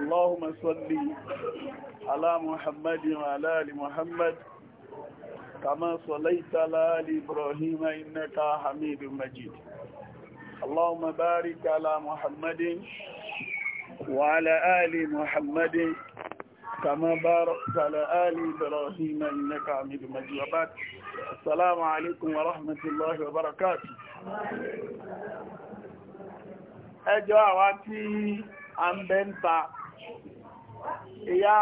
اللهم صل على محمد وعلى آل محمد كما صليت على ال ابراهيم انك حميد مجيد اللهم بارك على محمد وعلى آل محمد كما بارك على آل إبراهيم إنك حميد مجيد وبعد السلام عليكم ورحمة الله وبركاته ẹjọ́ àwa tí a ń bẹ́ ń ta ìyá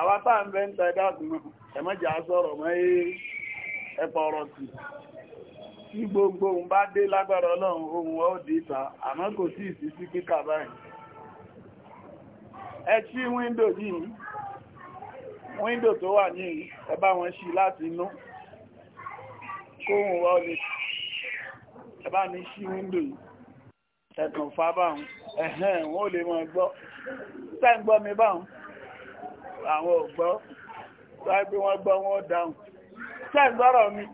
àwátà ń bẹ́ ń tẹ́ dákùn ẹ̀mọ́jà sọ̀rọ̀ mọ́ ẹ̀pọ̀ ọ̀rọ̀ sí tí gbogbo ń bá dé lágbára ọlọ́run ohun ó dé ìta àmọ́ kò sí ìsísí kíkà báyìí ẹ ṣí wíńdò yìí wíńdò tó wà ní ẹ bá wọn ṣí láti inú kóhùn wọ́n lè ẹ bá ní ṣí wíńdò yìí ẹ̀kàn fábáhùn ẹ̀hẹ́n wọ́n lè mọ́ gbọ́ sẹ́ǹgbọ́ mi báhùn àwọn ògbọ́ sáàbí wọn gbọ́ wọ́n dáhùn sẹ́ǹgbọ́rọ̀ mi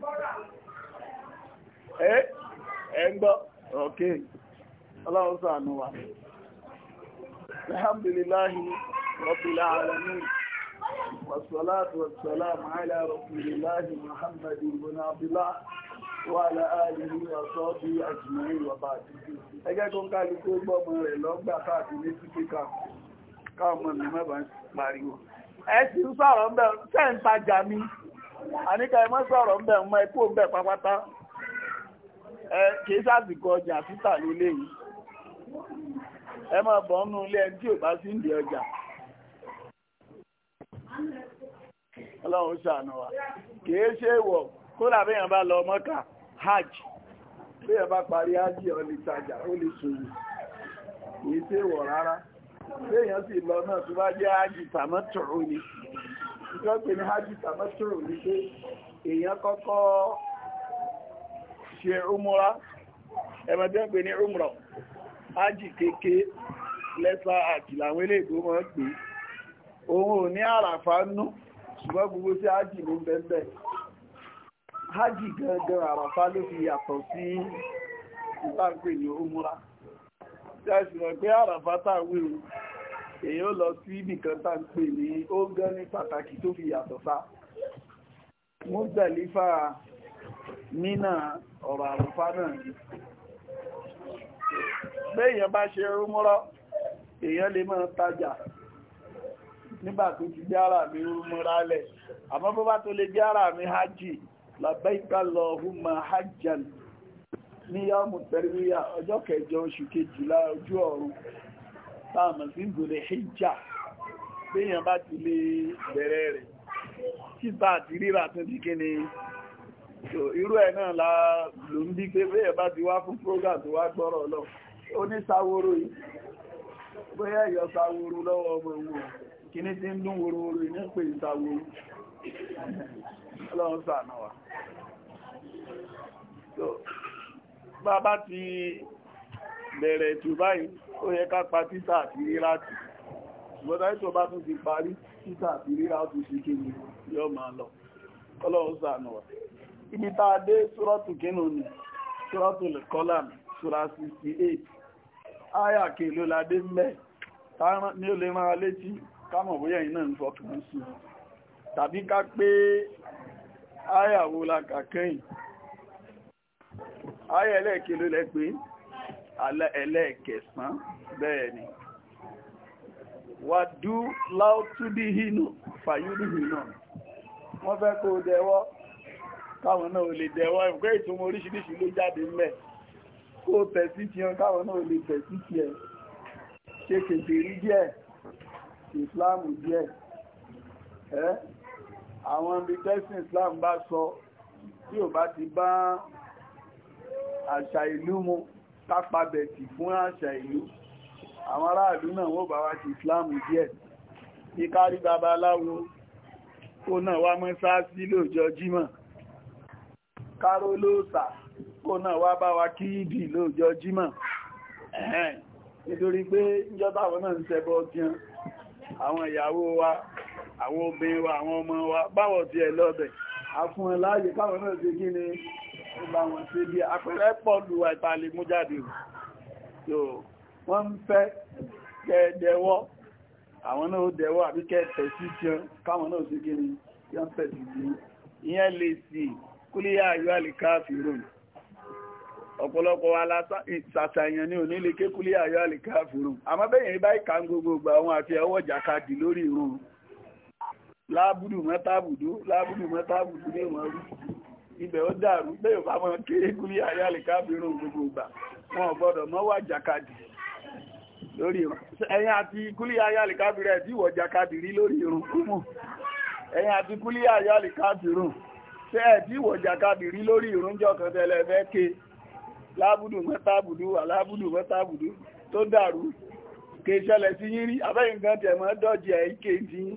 ẹ́ ẹ̀ǹgbọ́ ọ̀kẹ́ ọlọ́run ṣàánú wa alhamdulillahi rabbil alamin والصلاة والسلام على رسول الله وعلى آله وصحبه أجمعين وبعد ẹgẹ́ tó ń káàkiri tó gbọ́mọ rẹ̀ lọ́gbà káàkiri ní títíkà káàmọ̀ ní mẹ́bàá pariwo ẹ ti ń sọ̀rọ̀ ńbẹ̀ tẹ́ ń tajà mi àníkà ẹ mọ́ sọ̀rọ̀ ńbẹ̀ mọ́ ẹ kó ńbẹ̀ pápátá ẹ kìí sàsìkò ọjà títà lélẹ̀ yìí ẹ máa bọ̀ nínú ilé ẹni tí ò bá sí ìdí ọjà ọlọ́run ṣàánú wa kìí ṣe wọ̀ kó làbẹ́yàn bá lọ mọ́kà hajj bí ẹ bá parí hajj ọ ó lè ṣòwò èyí tí wọ̀ rárá bí sì lọ náà tó bá hajj ni ní hajj tàmọ́tòrò ni pé kọ́kọ́ ṣe umura ní hajj lẹ́sà àti làwọn máa ń pè òun ò hajj bẹ́ẹ̀ hajj gan àràfá ló fi yàtọ̀ sí ìtàgbé ní òmúra tí a pé àràfá tàwé o èyàn lọ sí ibìkan tá ń pè ní ó gán ní pàtàkì tó fi yàtọ̀ sá Muzdalifa mínà ọ̀rọ̀ àràfá náà ni béèyàn bá ṣe rúmúrọ́ èyàn lè máa tajà nígbà tó ti jẹ́ ara mi rúmúrálẹ̀ àmọ́ bó bá tó lè mi hajj labbaika Allahumma hajjan ní yàmù tẹ́rìwíyà ọjọ́ kẹjọ oṣù kejìlá ojú ọ̀run táàmù sí ìgbòlè hijja béèyàn bá ti lè bẹ̀rẹ̀ rẹ̀ títà àti rírà tún ti kíni so irú ẹ̀ náà la lò ń bí pé béèyàn bá ti wá fún program tó wá gbọ́rọ̀ lọ ó ní sáwóró yìí bóyá ìyọ sáwóró lọ́wọ́ ọmọ òun kìíní ti ń dún wòròwòrò ní pè sáwóró ọlọ́run ṣàánú wa so bàbá ti bẹ̀rẹ̀ ètò báyìí ó yẹ ká pa títà àti rírà tì ìgbọ́dá ètò bá tún ti parí títà àti rírà ó ti ṣe kí ni yóò máa lọ ọlọ́run ṣàánú wa ibi tá a dé súrọ́tù kínú ni súrọ́tù lè kọ́là súra 68 áyà kèlò ládé mẹ́ ní ó lè máa létí kámọ̀ bóyá iná ń fọkàn sí tàbí ká pé wo la kàkẹ́yìn ayà ẹlẹ́ẹ̀kẹ́ ló lẹ́gbẹ́ ẹlẹ́ẹ̀kẹsàn bẹ́ẹ̀ ni wà dú láótúdí hínú fàyúdú hínú wọ́n fẹ́ kó dẹwọ́ káwọn náà lè dẹwọ́ ẹ̀kọ́ ìtumọ̀ oríṣiríṣi ló jáde mẹ́ kó tẹ̀sí ti hàn káwọn náà lè tẹ̀sí ti ẹ̀ ṣe díẹ̀ ìsìláàmù díẹ̀ ẹ́ àwọn ibi tẹ́sìn Islam bá sọ tí ò bá ti bá àṣà ìlú mu tápabẹ̀tì fún àṣà ìlú àwọn aráàlú náà wọ́n bá wá ti Islam díẹ̀ ní kárí babaláwo kó náà wá mọ́ṣáláṣí lọ́jọ́ jímọ̀ káró lóòsà kó náà wá bá wa kí ìdì lọ́jọ́ jímọ̀ nítorí pé ìjọba àwọn náà ń ṣẹbọ ọdún àwọn ìyàwó wa àwọn obìnrin wa àwọn ọmọ wa báwọ̀ ti ẹ̀ lọ́bẹ̀ àfún ẹ̀ láàyè káwọn náà ṣe kí ni ó bá wọn ṣe bí àpẹẹrẹ pọ̀ lu àìtàlè mú jáde so wọ́n ń fẹ́ kẹ́ẹ̀dẹ̀wọ́ àwọn náà dẹ̀wọ́ àbí kẹ́ẹ̀tẹ̀ sí tiẹ́ káwọn náà ṣe kí ni yọ́n fẹ́ sí ti ìyẹn lè sí kúlíyà ayọ́ àlìkáàfìrún ọ̀pọ̀lọpọ̀ aláṣàṣàyàn ní onílé kékúlé ayọ́ àlìkáàfìrún àmọ́bẹ̀yìn bá ìkà ń gbogbo àwọn àti ọwọ́ jàkadì lórí ìrun láàbùdù mọ́tàbùdù láàbùdù mọ́tàbùdù ní ìwọ̀n rí ibẹ̀ ó dàrú bẹ́ẹ̀ bá wọn kéré kúrí àyálẹ̀ká bírùn gbogbo ìgbà wọn ò gbọ́dọ̀ mọ́ wà jàkadì lórí irun ẹ̀yin àti kúlí ayálìkábìrẹ̀ tí ìwọ̀ jàkadì rí lórí irun kúmù ẹ̀yin àti kúlí ayálìkábìrún tẹ́ ẹ̀ tí ìwọ̀ jàkadì rí lórí irun jọkan tẹ́lẹ̀ fẹ́ ké lábùdù mọ́tàbùdù alábùdù mọ́tàbùdù tó dàrú kè ṣẹlẹ̀ sí yín rí abẹ́yìn kan tẹ̀ mọ́ dọ́jì ẹ̀ ike ti yín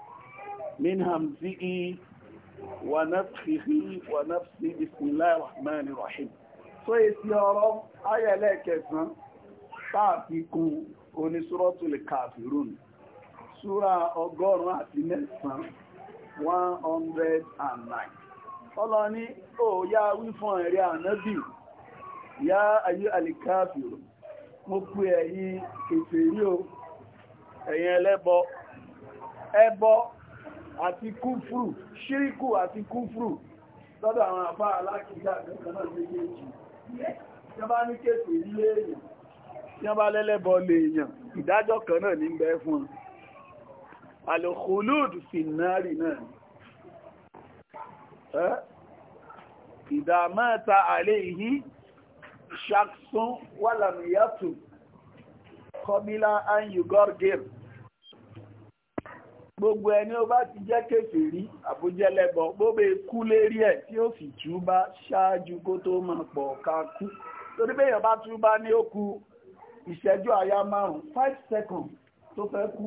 من همزه ونفخه ونفسه بسم الله الرحمن الرحيم صيت يا رب آية لك تعطيكم ونسرة الكافرون سورة ọgọ́rùn-ún àti mẹ́sàn-án 109 ọlọ́ni ó yá wí fún ẹ̀rẹ́ ànábì yá ayé alìkáàfìrò mo pè ẹ̀yin kèfèrí o ẹ̀yin ẹlẹ́bọ ẹbọ àti kúfrù ṣíríkù àti kúfrù lọ́dọ̀ àwọn àfá alákìíyà kankan náà méjèèjì tí wọ́n bá ní kéèkì ilé èèyàn tí wọ́n bá lẹ́lẹ́bọ lè èèyàn ìdájọ́ kan náà ní bẹ́ fún alòkòlùd fìnnárì náà ìdàmẹ́ta àlè ìhí ṣàkṣún wàlàmìyàtù kọbílá ayùgọ́rgẹ̀rù gbogbo ẹni ó bá ti jẹ́ kèfèrí àbójẹ́lẹ́bọ gbogbo ikú lérí ẹ̀ tí ó sì túbá ṣáájú kó tó máa pọ̀ ká kú torí bẹ́ẹ̀ yọba túbá ní ó kú ìṣẹ́jú àyá márùn five seconds tó fẹ́ kú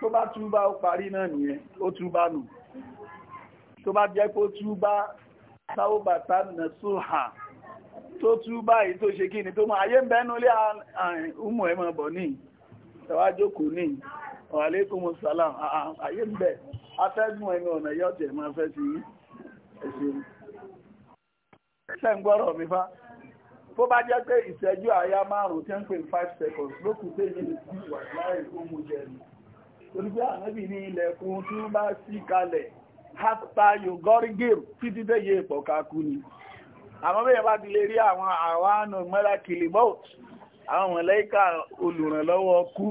tó bá túbá ó parí náà nìyẹn ó túbá nù tó bá jẹ́ kó túbá sáwọ́bàtà nẹ̀sùhà tó túbá yìí tó ṣe kí ni tó mọ ayé ń bẹ́nu lé àrùn ìmọ̀ ẹ̀mọ̀ bọ̀ ní ìtàwájókòó ní wàlékùnmù sálàm àyè ń bẹ̀ atẹ́gùn ẹnu ọ̀nà yọ̀tẹ̀ máa fẹ́ sí ẹ̀ṣẹ̀ ṣe ń gbọ́rọ̀ mi fá tó bá jẹ́ pé ìṣẹ́jú àyá márùn-ún ten point five seconds ló kù tẹ́yẹ ìwà láì kó mú jẹ̀rù ni àwọn àwọn àwánù mẹ́lákìlì bọ́ọ̀t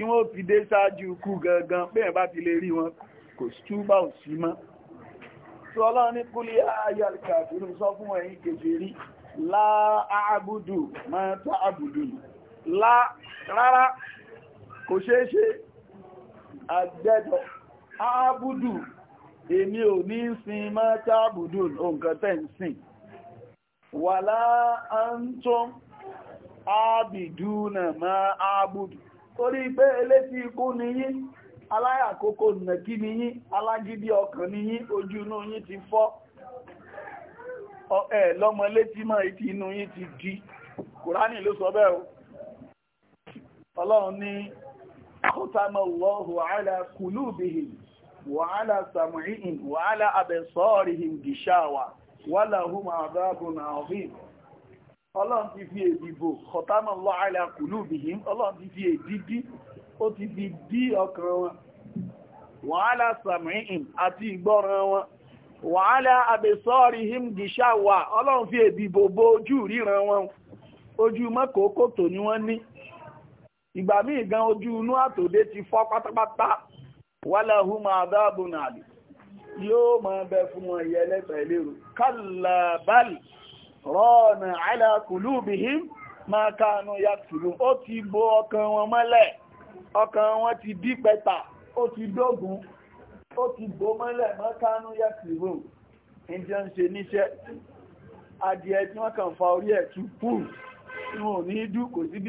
tí wọ́n fi dé ṣáájú ikú gangan bẹ́ẹ̀ bá ti lè rí wọn kò túbà ò sí mọ́ tí ọlọ́run ní kúlé ayé alìkàfírù sọ fún ẹ̀yin kèfèrí láàbùdù máa tó àbùdù rárá kò ṣeé ṣe àgbẹ́dọ̀ àbùdù èmi ò ní sin máa tó àbùdù nǹkan tẹ́ ń sìn wà láà ń tó àbìdù náà máa àbùdù torí pé elétí ikú ni yín aláyàkókò nàkí ni alágídí ọkàn ni ojú inú yí ti fọ́ ẹ̀ lọ́mọ létí mọ́ inú yí ti di kùránì ló sọ bẹ́ẹ̀ o ọlọ́run ní àkótámọ̀ wàhálà sàmùhìn ọlọ́run ti fi èdìbò kọ̀tánà lọ àìlà kùlù bìhín ọlọ́run ti fi èdìdí ó ti fi dí ọkàn wọn wàhálà sàmìín àti ìgbọ́ràn wọn wàhálà àbẹ̀sọ́ọ̀rì him gìṣàwà ọlọ́run fi èdìbò bo ojú ríran wọn ojú mọ́kò kòtò ni wọ́n ní ìgbà míì gan ojú inú àtòdé ti fọ́ pátápátá wàhálà huma adáàbò yóò máa bẹ fún wọn ìyẹlẹ́fẹ̀ẹ́ lérò kálàbálì rọ́ọ̀nà alákùlù máa kánú yàtùlù ó ti gbo ọkàn wọn mọ́lẹ̀ ọkàn wọn ti dí pẹta ó ti dógún ó ti bo mọ́lẹ̀ máa kánú yàtùlù ìjẹ́ ń ṣe níṣẹ́ adìẹ tí wọ́n kàn fa orí ẹ̀ tú pù ní dú kò sí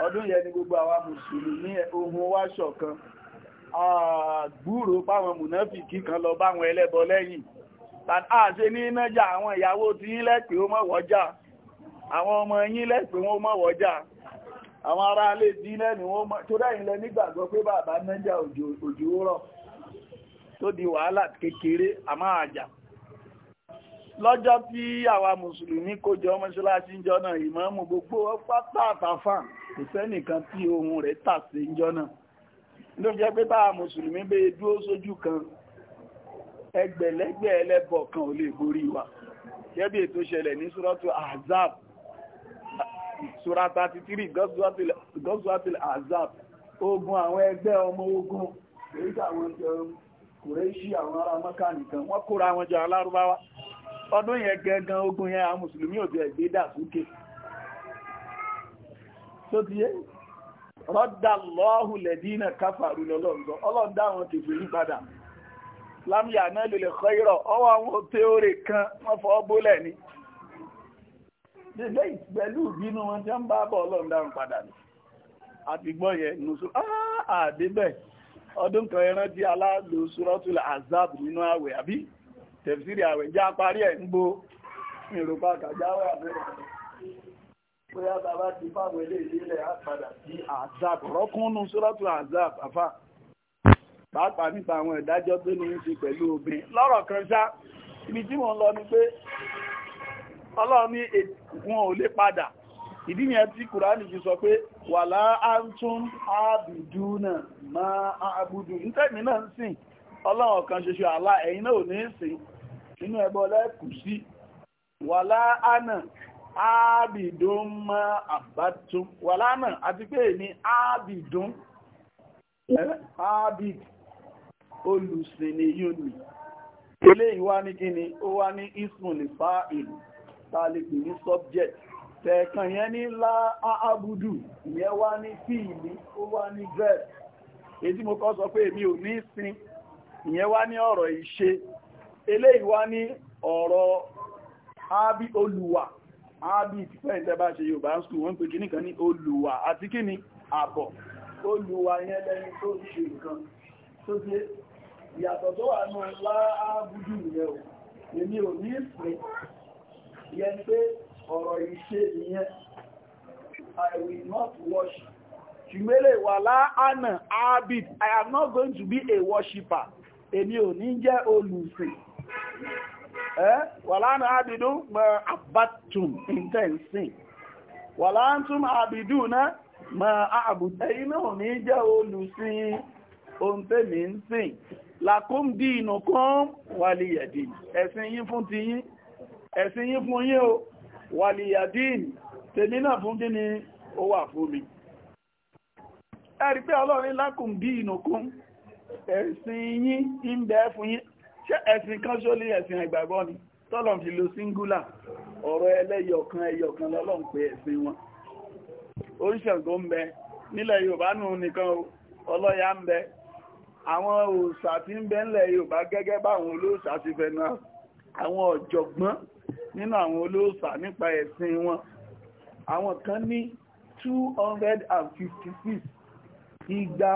ọdún yẹn ni gbogbo àwa mùsùlùmí ohun wa ṣọ̀kan àgbúrò páwọn mùnáfìkì kan lọ báwọn ẹlẹ́bọ lẹ́yìn àṣẹ ní nájà àwọn ìyàwó tí yín lẹ́pẹ́ ó mọ̀ wọ́jà àwọn ọmọ yín lẹ́pẹ́ wọ́n mọ̀ wọ́jà àwọn ará alé dínlẹ̀ ni wọ́n mọ̀ tó dáyìn lẹ nígbàgbọ́ pé bàbá nájà òjò rọ̀ tó di wàhálà kékeré àmáàjà lọ́jọ́ tí àwa mùsùlùmí kójọ mọ́ṣáláṣí ńjọ́ náà ìmáàmù gbogbo pátá àtàfà kò sẹ́nìkan tí ohun rẹ̀ tà sí ńjọ́ náà ló fi jẹ́ pé táwa mùsùlùmí bẹ́ẹ̀ dúró sójú kan ẹgbẹ̀lẹ́gbẹ̀ ẹlẹ́bọ kan ò lè borí wa gẹ́bí suratu azab surata 33 gọ́sùwátìlì azab ogun àwọn ẹgbẹ́ ọmọ ogun um, kòrèṣì àwọn ará mọ́kà nìkan wọ́n kóra wọn jọ alárúbáwá ọdún yẹn gẹ́gan ogun yẹn àwọn mùsùlùmí ò bẹ̀rẹ̀ dà tó ti yé rọ́dà lọ́hùn lẹ̀dínà káfàrú lọ́lọ́ǹgọ́ ọlọ́ǹdà àwọn tèfè yí padà lámìyà náà lè lè kọ́ ìrọ̀ ọwọ́ àwọn tẹ́ọ̀rẹ̀ kan wọ́n fọ́ bólẹ̀ ni ìbínú wọn tẹ̀fìsìrì àwẹ̀ já parí ẹ̀ ń gbó ìrùpa kàjáwẹ̀ àbẹ̀rẹ̀ bóyá bàbá ti fáwọn ilé ìlẹ̀ àpadà azab rọ́kúnnú sóràtún azab àfà pàápàá nípa àwọn ìdájọ́ tó ní ṣe pẹ̀lú obìnrin lọ́rọ̀ kan ṣá ibi tí mo ń lọ ni pé ọlọ́run ní e, wọn ò lè padà ìdí yẹn tí kùránì fi sọ pé wàlá àtún àbùdú náà máa àbùdú nítẹ̀mí náà ń sìn ọlọ́run ọ̀kan ṣoṣo àlá ẹ̀yin náà ò ní sìn nínú ẹbọ lẹ́kù sí wàlá ànà ábìdún mọ́ àbátún wàlá ànà àti pé èmi ábìdún ábìd olùsìn ni yóò nì ilé ìwá ní kíni ó wá ní ismun lè fa ìlú tààlìpì ní subject tẹ̀ẹ̀kan yẹn ní lá ábùdù ìyẹn wá ní fíìlì ó wá ní verb èyí tí mo kọ́ sọ pé èmi ò ní sin ìyẹn wá ní ọ̀rọ̀ ìṣe eléyìí wá ní ọ̀rọ̀ ábí olùwà ábí ìtìpẹ́ ìtẹ́bá ṣe Yorùbá school wọ́n pè kíní kan ní olùwà àti kíní àbọ̀ olùwà yẹn lẹ́ni tó ṣe nǹkan tó ṣe ìyàtọ̀ tó wà náà láàbùdù ìyẹn o èmi ò ní ìpín yẹn pé ọ̀rọ̀ ìṣe ìyẹn I will not worship. Ṣùgbẹ́lẹ̀ wà láàánà ábí I am not going to be a worshipper èmi ò ní jẹ́ olùsìn wàlánà àbìdú mọ̀ àbátùm intensin wàlántùm àbìdú náà mọ̀ àbùtẹ́ iná ò ní jẹ́ olùsìn ohun tẹ́mi ń sìn làkún dí inú kún wàlìyàdì ẹ̀sìn yín fún ti yín ẹ̀sìn yín fún yín o wàlìyàdì tèmi náà fún kí ni ó wà fún mi ẹ̀rí pé ọlọ́rin lákùn dí inú kún ẹ̀sìn yín ń bẹ fún yín ṣé ẹ̀sìn kan ṣó lè ẹ̀sìn àgbàgbọ́ ni tọ́lọ̀ fi lo síngúlà ọ̀rọ̀ ẹlẹ́yọ̀kan ẹyọ̀kan lọ́lọ́run pé ẹ̀sìn wọn oríṣàngó ń bẹ nílẹ̀ Yorùbá nù nìkan ọlọ́yà ń bẹ àwọn òòṣà tí ń bẹ ńlẹ̀ Yorùbá gẹ́gẹ́ báwọn olóòṣà ti fẹnu àwọn ọ̀jọ̀gbọ́n nínú àwọn olóòṣà nípa ẹ̀sìn wọn àwọn kan ní 256 igba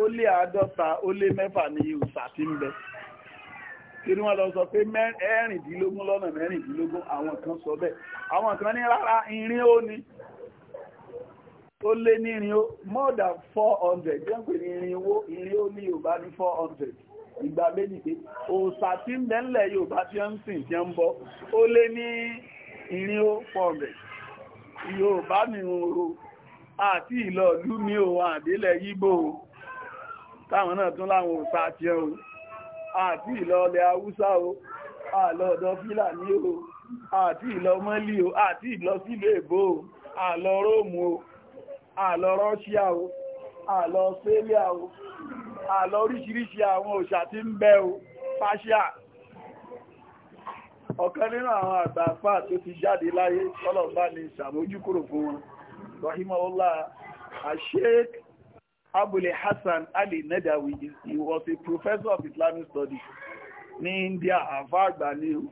ó lé àádọ́ta ó lé mẹ́fà ní òsà tí ń bẹ kí ni wọ́n lọ sọ pé ẹ̀rìndínlógún lọ́nà mẹ́rìndínlógún àwọn kan sọ bẹ́ẹ̀ àwọn kan ní rárá irin ó ní ó lé ní irin ó more than four hundred jẹ́ pé ní irin owó irin ó ní Yorùbá ní four hundred ìgbà méjì pé òsà tí ń bẹ ńlẹ̀ Yorùbá tí ń sìn tí ń bọ ó lé ní irin ó four hundred Yorùbá mi ń ro àti ìlọ̀lú mi ò àdélẹ̀ yíbò táwọn náà tún láwọn òsà ti ẹ̀ o àti ìlọlẹ̀ haúsá o àlọ́ọ̀dọ́ fílàní o àti ìlọ mọ́lì o àti ìlọ sílé èbó o àlọ róòmù o àlọ rọ́ṣíà o àlọ sẹ́líà o àlọ oríṣiríṣi àwọn òṣà tí ń bẹ o fáṣíà ọ̀kan nínú àwọn àgbàfà tó ti jáde láyé ọlọ́ọ̀bá ni ìṣàmójúkúrò fún wọn rahimahullah àṣẹ́kì Abule Hassan Ali Nadawi, he was a professor of Islamic studies ní India, àfá àgbà ní o.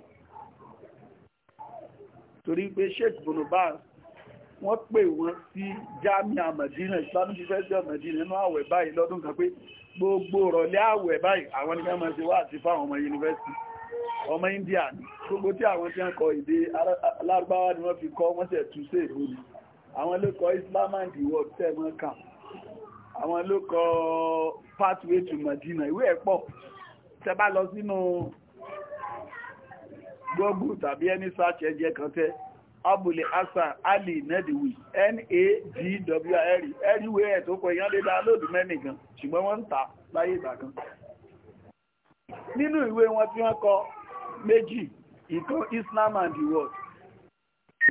Torí pé Sheikh Bonobas, wọ́n pè wọ́n sí Jami'a Madina, Islamic University of Madina nínú àwẹ̀ báyìí lọ́dún kan pé gbogbo rọ̀lẹ́ àwẹ̀ báyìí àwọn ni wọ́n máa ṣe wá àti fáwọn ọmọ yunifásitì ọmọ India ni. Gbogbo tí àwọn tí wọ́n kọ èdè Lárúbáwá ni wọ́n fi kọ́ wọ́n sì tún sí èdè ni. Àwọn ló kọ Islamic World tẹ́ wọ́n kàn àwọn ló kọ pathway to Medina ìwé ẹ̀ pọ̀ tẹ bá lọ sínú Google tàbí ẹni search ẹjẹ kan tẹ abúlé hasan ali nediwi nadwr e, ẹríwé ẹ̀ tó kọ ìyán lé dáálòdù mẹ́nìkan ṣùgbọ́n wọ́n ń tà láyé ìgbà kan nínú ìwé wọn tí wọ́n kọ méjì ìkan Islam and the world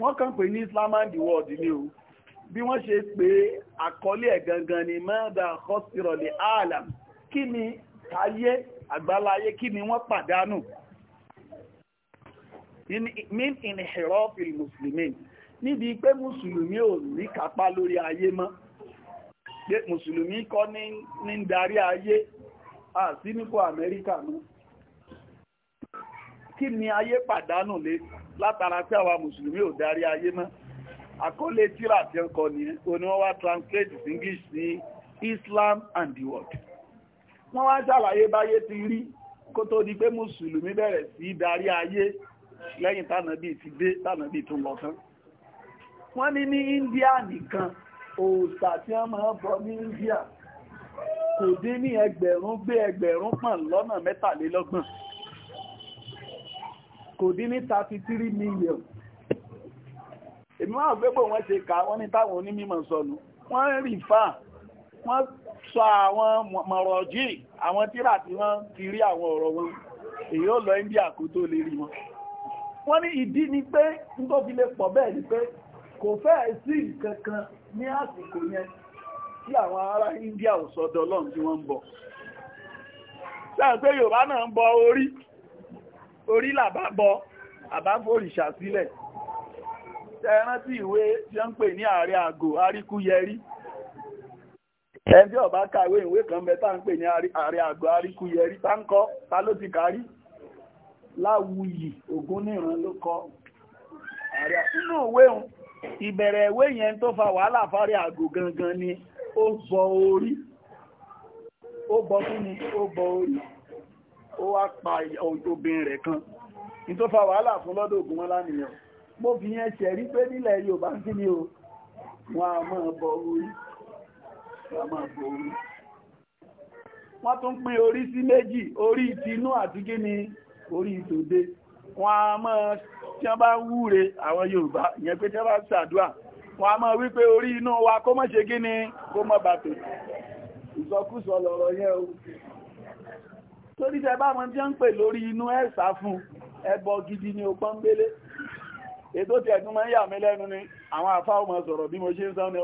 wọ́n kàn pè ní Islam and the world ní o bí wọ́n ṣe pé àkọlé ẹ̀ gangan ni mẹ́ta hospirali alam kí ni ayé àgbáláyé kí ni wọ́n pàdánù min inhirafil muslimin níbi pé musulmi ò ní kápá lórí ayé mọ́ pé musulmi kọ́ ní ń darí ayé àti nípò amẹ́ríkà mọ́ kí ni ayé pàdánù lé látara pé àwa musulmi ò darí ayé mọ́ àkọlé tíra tí ó kọ nìyẹn o ni wọ́n wá translate English sí Islam and the world wọ́n wá ṣàlàyé báyé ti rí kó tó di pé mùsùlùmí bẹ̀rẹ̀ sí darí ayé lẹ́yìn tánàbí ti dé tánàbí tún lọ tán wọ́n ní ní India nìkan òòṣà tí wọ́n máa bọ ní India kò dín ní ẹgbẹ̀rún gbé ẹgbẹ̀rún pọ̀n lọ́nà mẹ́tàlélọ́gbọ̀n kò dín ní 33 million èmi wọ́n fẹ́ bò wọ́n ṣe kà wọ́n ní táwọn onímọ̀ sọnù wọ́n rí fà wọ́n sọ àwọn mọ̀rọ̀jì àwọn tíra tí wọ́n ti rí àwọn ọ̀rọ̀ wọn èyí ó lọ India kó tó lè rí wọn wọ́n ní ìdí ni pé n tó fi lè pọ̀ bẹ́ẹ̀ ni pé kò fẹ́ sí kankan ní àsìkò yẹn tí àwọn ará India ò sọ́dọ̀ Ọlọ́run tí wọ́n ń bọ̀ sáà pé Yorùbá náà ń bọ orí orí làbá bọ àbá sílẹ̀ rántí ìwé tí ó ń pè ní ààrẹ àgò àríkúyẹrí ẹni ọba kan mẹta ń pè ní ààrẹ àgò àríkúyẹrí ta ń ta ló ti kárí láwùyí nìran ló kọ nínú ìwé ìbẹ̀rẹ̀ ìwé yẹn tó fa wàhálà àgò gangan ni ó bọ orí ó bọ kí ni ó bọ orí ó wá pa obìnrin kan ní tó fa wàhálà fún lọ́dọ̀ mo fi yẹn ṣẹ̀rí pé nílẹ̀ Yorùbá ń kí ni o wọ́n a máa bọ orí wọ́n tún pín orí sí méjì orí ìtinú àti kí ni orí ìtòde wọ́n a máa tí wọ́n bá wúre àwọn Yorùbá ìyẹn pé tí wọ́n bá ṣàdúà wọ́n a máa wípé orí inú wa kó mọ́ ṣe kí ni kó mọ́ bàtò ìsọkúsọ lọ̀rọ̀ yẹn o torí tẹ bá mọ́ tí ń pè lórí inú ẹ̀sà fún ẹbọ gidi ni ó pọ́ńbélé ètò tí ẹ̀dún máa ń yà mí lẹ́nu ni àwọn àfáà máa sọ̀rọ̀ bí mo ṣe ń sọ ní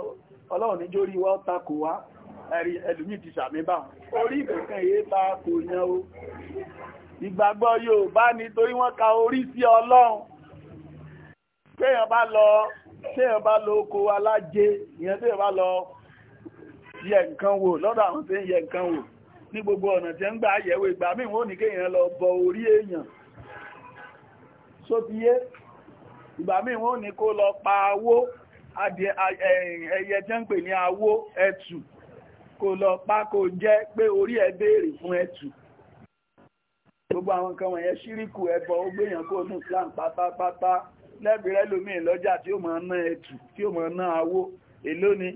ọlọ́run ní jórí wá takò wá ẹ̀rí ẹlùmí ti sàmì bá orí ìkẹ̀kẹ́ èyí ta kò yan o ìgbàgbọ́ Yorùbá ni torí wọ́n ka orí sí ọlọ́run kéèyàn bá lọ kéèyàn bá lọ oko alájẹ ìyẹn téèyàn bá lọ yẹ nǹkan wò lọ́dọ̀ àwọn tí ń yẹ nǹkan wò ní gbogbo ọ̀nà tí ń gbà yẹ̀wò ìgbà míì wọ́n ní kéèyàn lọ bọ orí èèyàn sótiyé ìgbà míì wọ́n ní kó lọ pa awó ẹyẹ tí ń pè ní awó ẹtù kó lọ pa kó jẹ́ pé orí ẹ béèrè fún ẹtù gbogbo àwọn nǹkan wọ̀nyẹn ṣíríkù ẹbọ ó gbéyàn kó nù Islam pátápátá lẹ́bìrẹ́ lómi ìlọ́jà tí ó máa ná ẹtù tí ó máa ná awó èló ni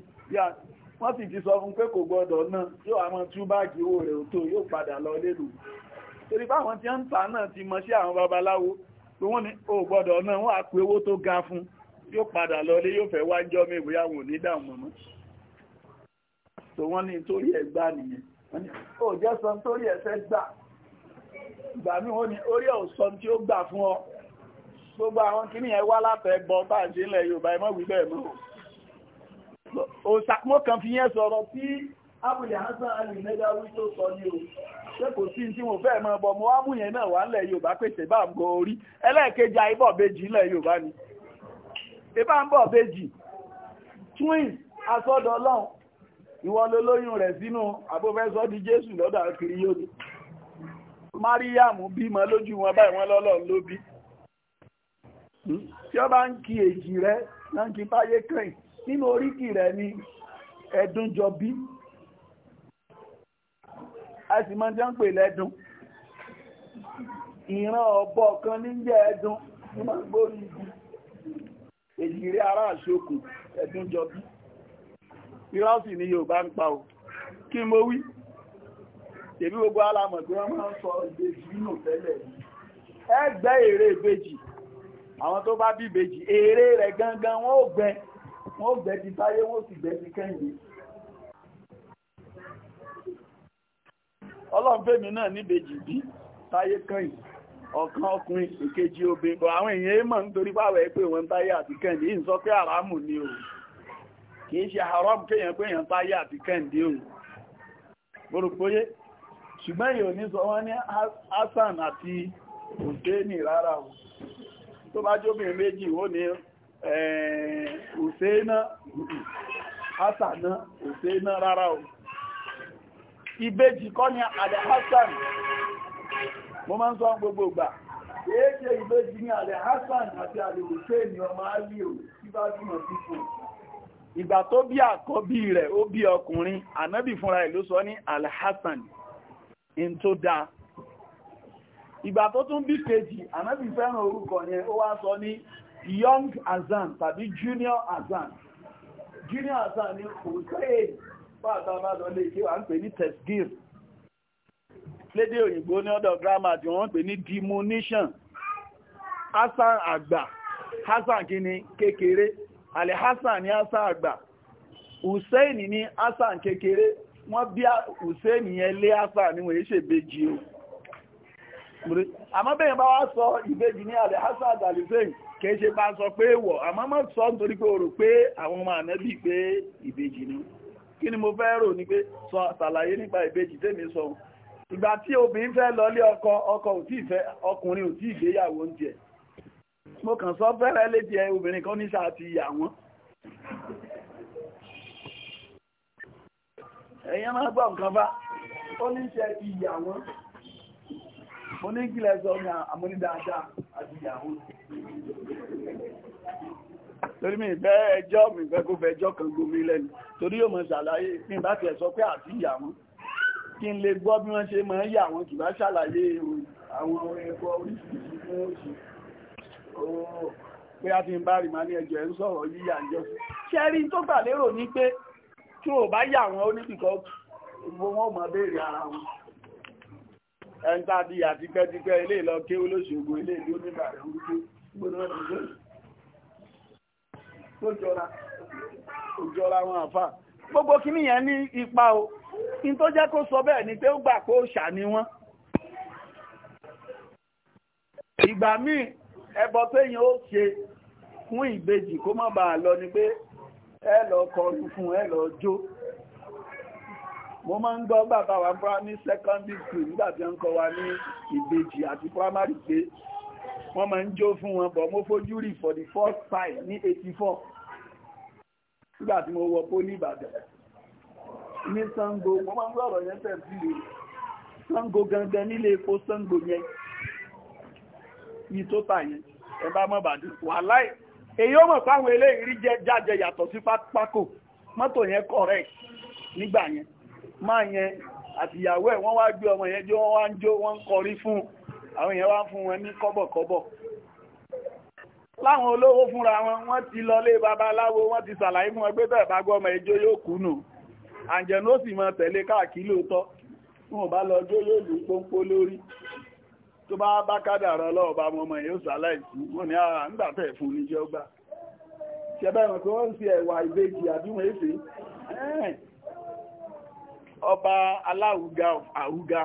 wọ́n sì ti sọ fún pé kò gbọ́dọ̀ náà yóò àwọn túbáàgì owó rẹ̀ ò tó yóò padà lọ lélùú torí báwọn tí ń ta náà ti mọ̀ sí àwọn babaláwo pé wọ́n ní o gbọ́dọ̀ náà wọ́n á pé owó tó ga fún yóò padà lọlé yóò fẹ́ wá jọ́ mi ìwòyà wò ní dààmú mọ́ tó wọ́n ní torí ẹ̀ gbà nìyẹn ó jẹ́ sọ torí ẹ̀ fẹ́ gbà ìgbà mi wọ́n ní orí ẹ̀ ò sọ tí ó gbà fún ọ gbogbo àwọn kìíní ẹ̀ wá látẹ̀ bọ bá ń ṣe ilẹ̀ Yorùbá ẹ̀ mọ̀ wí bẹ́ẹ̀ mọ́ abúlé hasan alì mẹ́gà wí tó sọ ní o ṣé kò sí tí mo fẹ́ mọ bọ mo wá mú yẹn náà wà nílẹ̀ yorùbá pèsè bá ń gọ orí ẹlẹ́ẹ̀kejì àìbọ̀ bèjì nílẹ̀ yorùbá ni ìbá ń bọ̀ bèjì twins asọ́dọ̀ ọlọ́run ìwọ lolóyún rẹ̀ sínú àbúfẹ́sọ́ di jésù lọ́dọ̀ àkiri yóò ní mariam bímọ lójú wọn báyìí wọn lọ́lọ́ ló bí hmm? tí ó ń kí èjì rẹ̀ náà kí fáyé kẹ́yìn nínú oríkì rẹ̀ ni ẹ̀dùnjọ bí a sì mọ́ jẹ́ ń pè lẹ́dùn ìran ọ̀bọ kan ní jẹ́ ẹ̀dùn ní máa gbórí ibi èjìrí ara àṣokùn ẹ̀dùn jọbí ìrọ́sì ni Yorùbá ń pa ò kí mo wí tèbí gbogbo alamọ̀ tí wọ́n máa ń sọ ìbejì nínú tẹ́lẹ̀ ẹgbẹ́ èrè ìbejì àwọn tó bá bí ìbejì èrè rẹ̀ gangan wọ́n ò gbẹ wọ́n ò gbẹ ti táyé wọ́n ò sì gbẹ ti kẹ́yìn ọlọ́nfẹ́mi náà níbejì bí táyé kàn ọ̀kan ọkùnrin ìkejì obi bọ̀ àwọn èèyàn mọ̀ nítorí báwẹ̀ pé wọ́n táyé àti kẹ́ndé ń sọ pé àrámù ni o kìí ṣe haram kéèyàn pé táyé àti kẹ́ndé o ṣùgbọ́n èèyàn ní sọ wọ́n ní Hassan àti Husseini rárá o tó bá méjì ní eh, Hassan ìbejì kọ́ ni alẹ́hassan mo máa ń sọ gbogbo ìgbà kéèkéé ìbejì ni alẹ́hassan àti alẹ́hussein ni ọmọ alíò tí bá túnmọ̀ pípò ìgbà tó bí àkọ́bí rẹ̀ ó bí ọkùnrin ànábì fúnra ẹ̀ ló sọ ní alẹ́hassan in tó dáa ìgbà tó tún bí kejì ànábì fẹ́ràn orúkọ yẹn ó wá sọ ní young azan tàbí junior azan junior azan ni hussein pàtà bá lọ lè kí wà ń pè ní tesgir lédè òyìnbó ní ọ̀dọ̀ gírámà tí wọ́n ń pè ní diminution hasan àgbà hasan kí ni kékeré alẹ́ Hassan ní hasan àgbà hussein ní Hassan, kékeré wọ́n bí hussein yẹn lé hasan ní wọ́n ṣe bèjì o àmọ́ bẹ́yìn bá wá sọ ìbejì ní alẹ́ hasan àgbà hussein kìí bá sọ pé wọ̀ àmọ́ mọ́ sọ nítorí pé o rò pé àwọn ọmọ ànábì pé ìbejì ni kí ni mo fẹ́ rò ní pé sọ ṣàlàyé nípa ìbejì tèmi sọ ìgbà tí obìnrin fẹ́ ọkọ ọkọ ò tí ọkùnrin ò tí ìgbéyàwó mo kàn sọ fẹ́rẹ́ obìnrin kan ní sáà ti yà wọ́n máa gbọ́ nǹkan bá ó ní mo sọ ní àti ìyàwó torí mi ìfẹ́ ẹjọ́ mi fẹ́ kó fẹ́ ẹjọ́ kan gbomi lẹ́nu torí yóò mọ̀ ṣàlàyé ní bá tiẹ̀ sọ pé àti ìyà wọn kí n lè gbọ́ bí wọ́n ṣe mọ̀ ń yà wọn kì bá ṣàlàyé àwọn ẹ̀kọ́ oríṣiríṣi fún òṣì pé a ti ń bá rí ma ní ẹjọ́ ẹ̀ ń sọ̀rọ̀ yíyà ìjọ ṣe rí tó gbà lérò ní pé tí ò bá yà wọn ó níbìkọ́ wọn mọ̀ béèrè ara wọn ẹ̀ńtàdì àtipẹ́tipẹ́ ilé ìlọ kéwú ilé ìlú nígbà rẹ̀ ń gbé tó jọra òjọra wọn àfà gbogbo kìíní yẹn ní ipa o in tó jẹ́ kó sọ bẹ́ẹ̀ ni pé ó gbà pé òòṣà ni wọ́n ìgbà míì ẹbọ péyìn ó ṣe fún ìbejì kó má bàa lọ ni pé ẹ lọ kọrin fún ẹ lọ jó mo máa ń gbọ́ bàbá wa ní secondary school nígbà tí ó ń wa ní ìbejì àti primary pé wọ́n máa ń jó fún wọn bọ̀ mo fojú rí for the first time ní 84 nígbà tí mo wọ pólí Ìbàdàn ní Sango mo máa ń lọ́rọ̀ yẹn tẹ̀ sí lè Sango gangan nílé epo Sango yẹn ní tó tà yẹn ẹ bá mọ̀ bàdí wà láì èyí ó mọ̀ páwọn eléyìí rí jẹ́ jáde yàtọ̀ sí pákó mọ́tò yẹn correct nígbà yẹn máa yẹn àtìyàwó ẹ̀ wọ́n wá gbé ọmọ yẹn jó wọ́n wá ń jó wọ́n ń kọrí fún un àwọn èèyàn wá fún wọn ní kọ́bọ̀kọ́bọ̀ láwọn olówó fúnra wọn wọ́n ti lọlé babaláwo wọ́n ti sàlàyé fún wọn pé bẹ́ẹ̀ bá gbọ́mọ ẹjọ́ yóò kú nù àǹjẹ̀nú ó sì mọ tẹ̀lé káàkiri lóòótọ́ fún ọba lọ́jọ́ yóò lù pọ́npọ́ lórí tó bá bá kádàrọ lọ́ọ̀bá ọmọ yóò sàláìsí wọ́n ní àà ńgbàtẹ̀ fún níjẹ́ ọgbà ṣẹbẹ̀rún tó ń fi ẹ̀wà ìbejì àbíwọ̀n èsè ọba aláwùga àwùga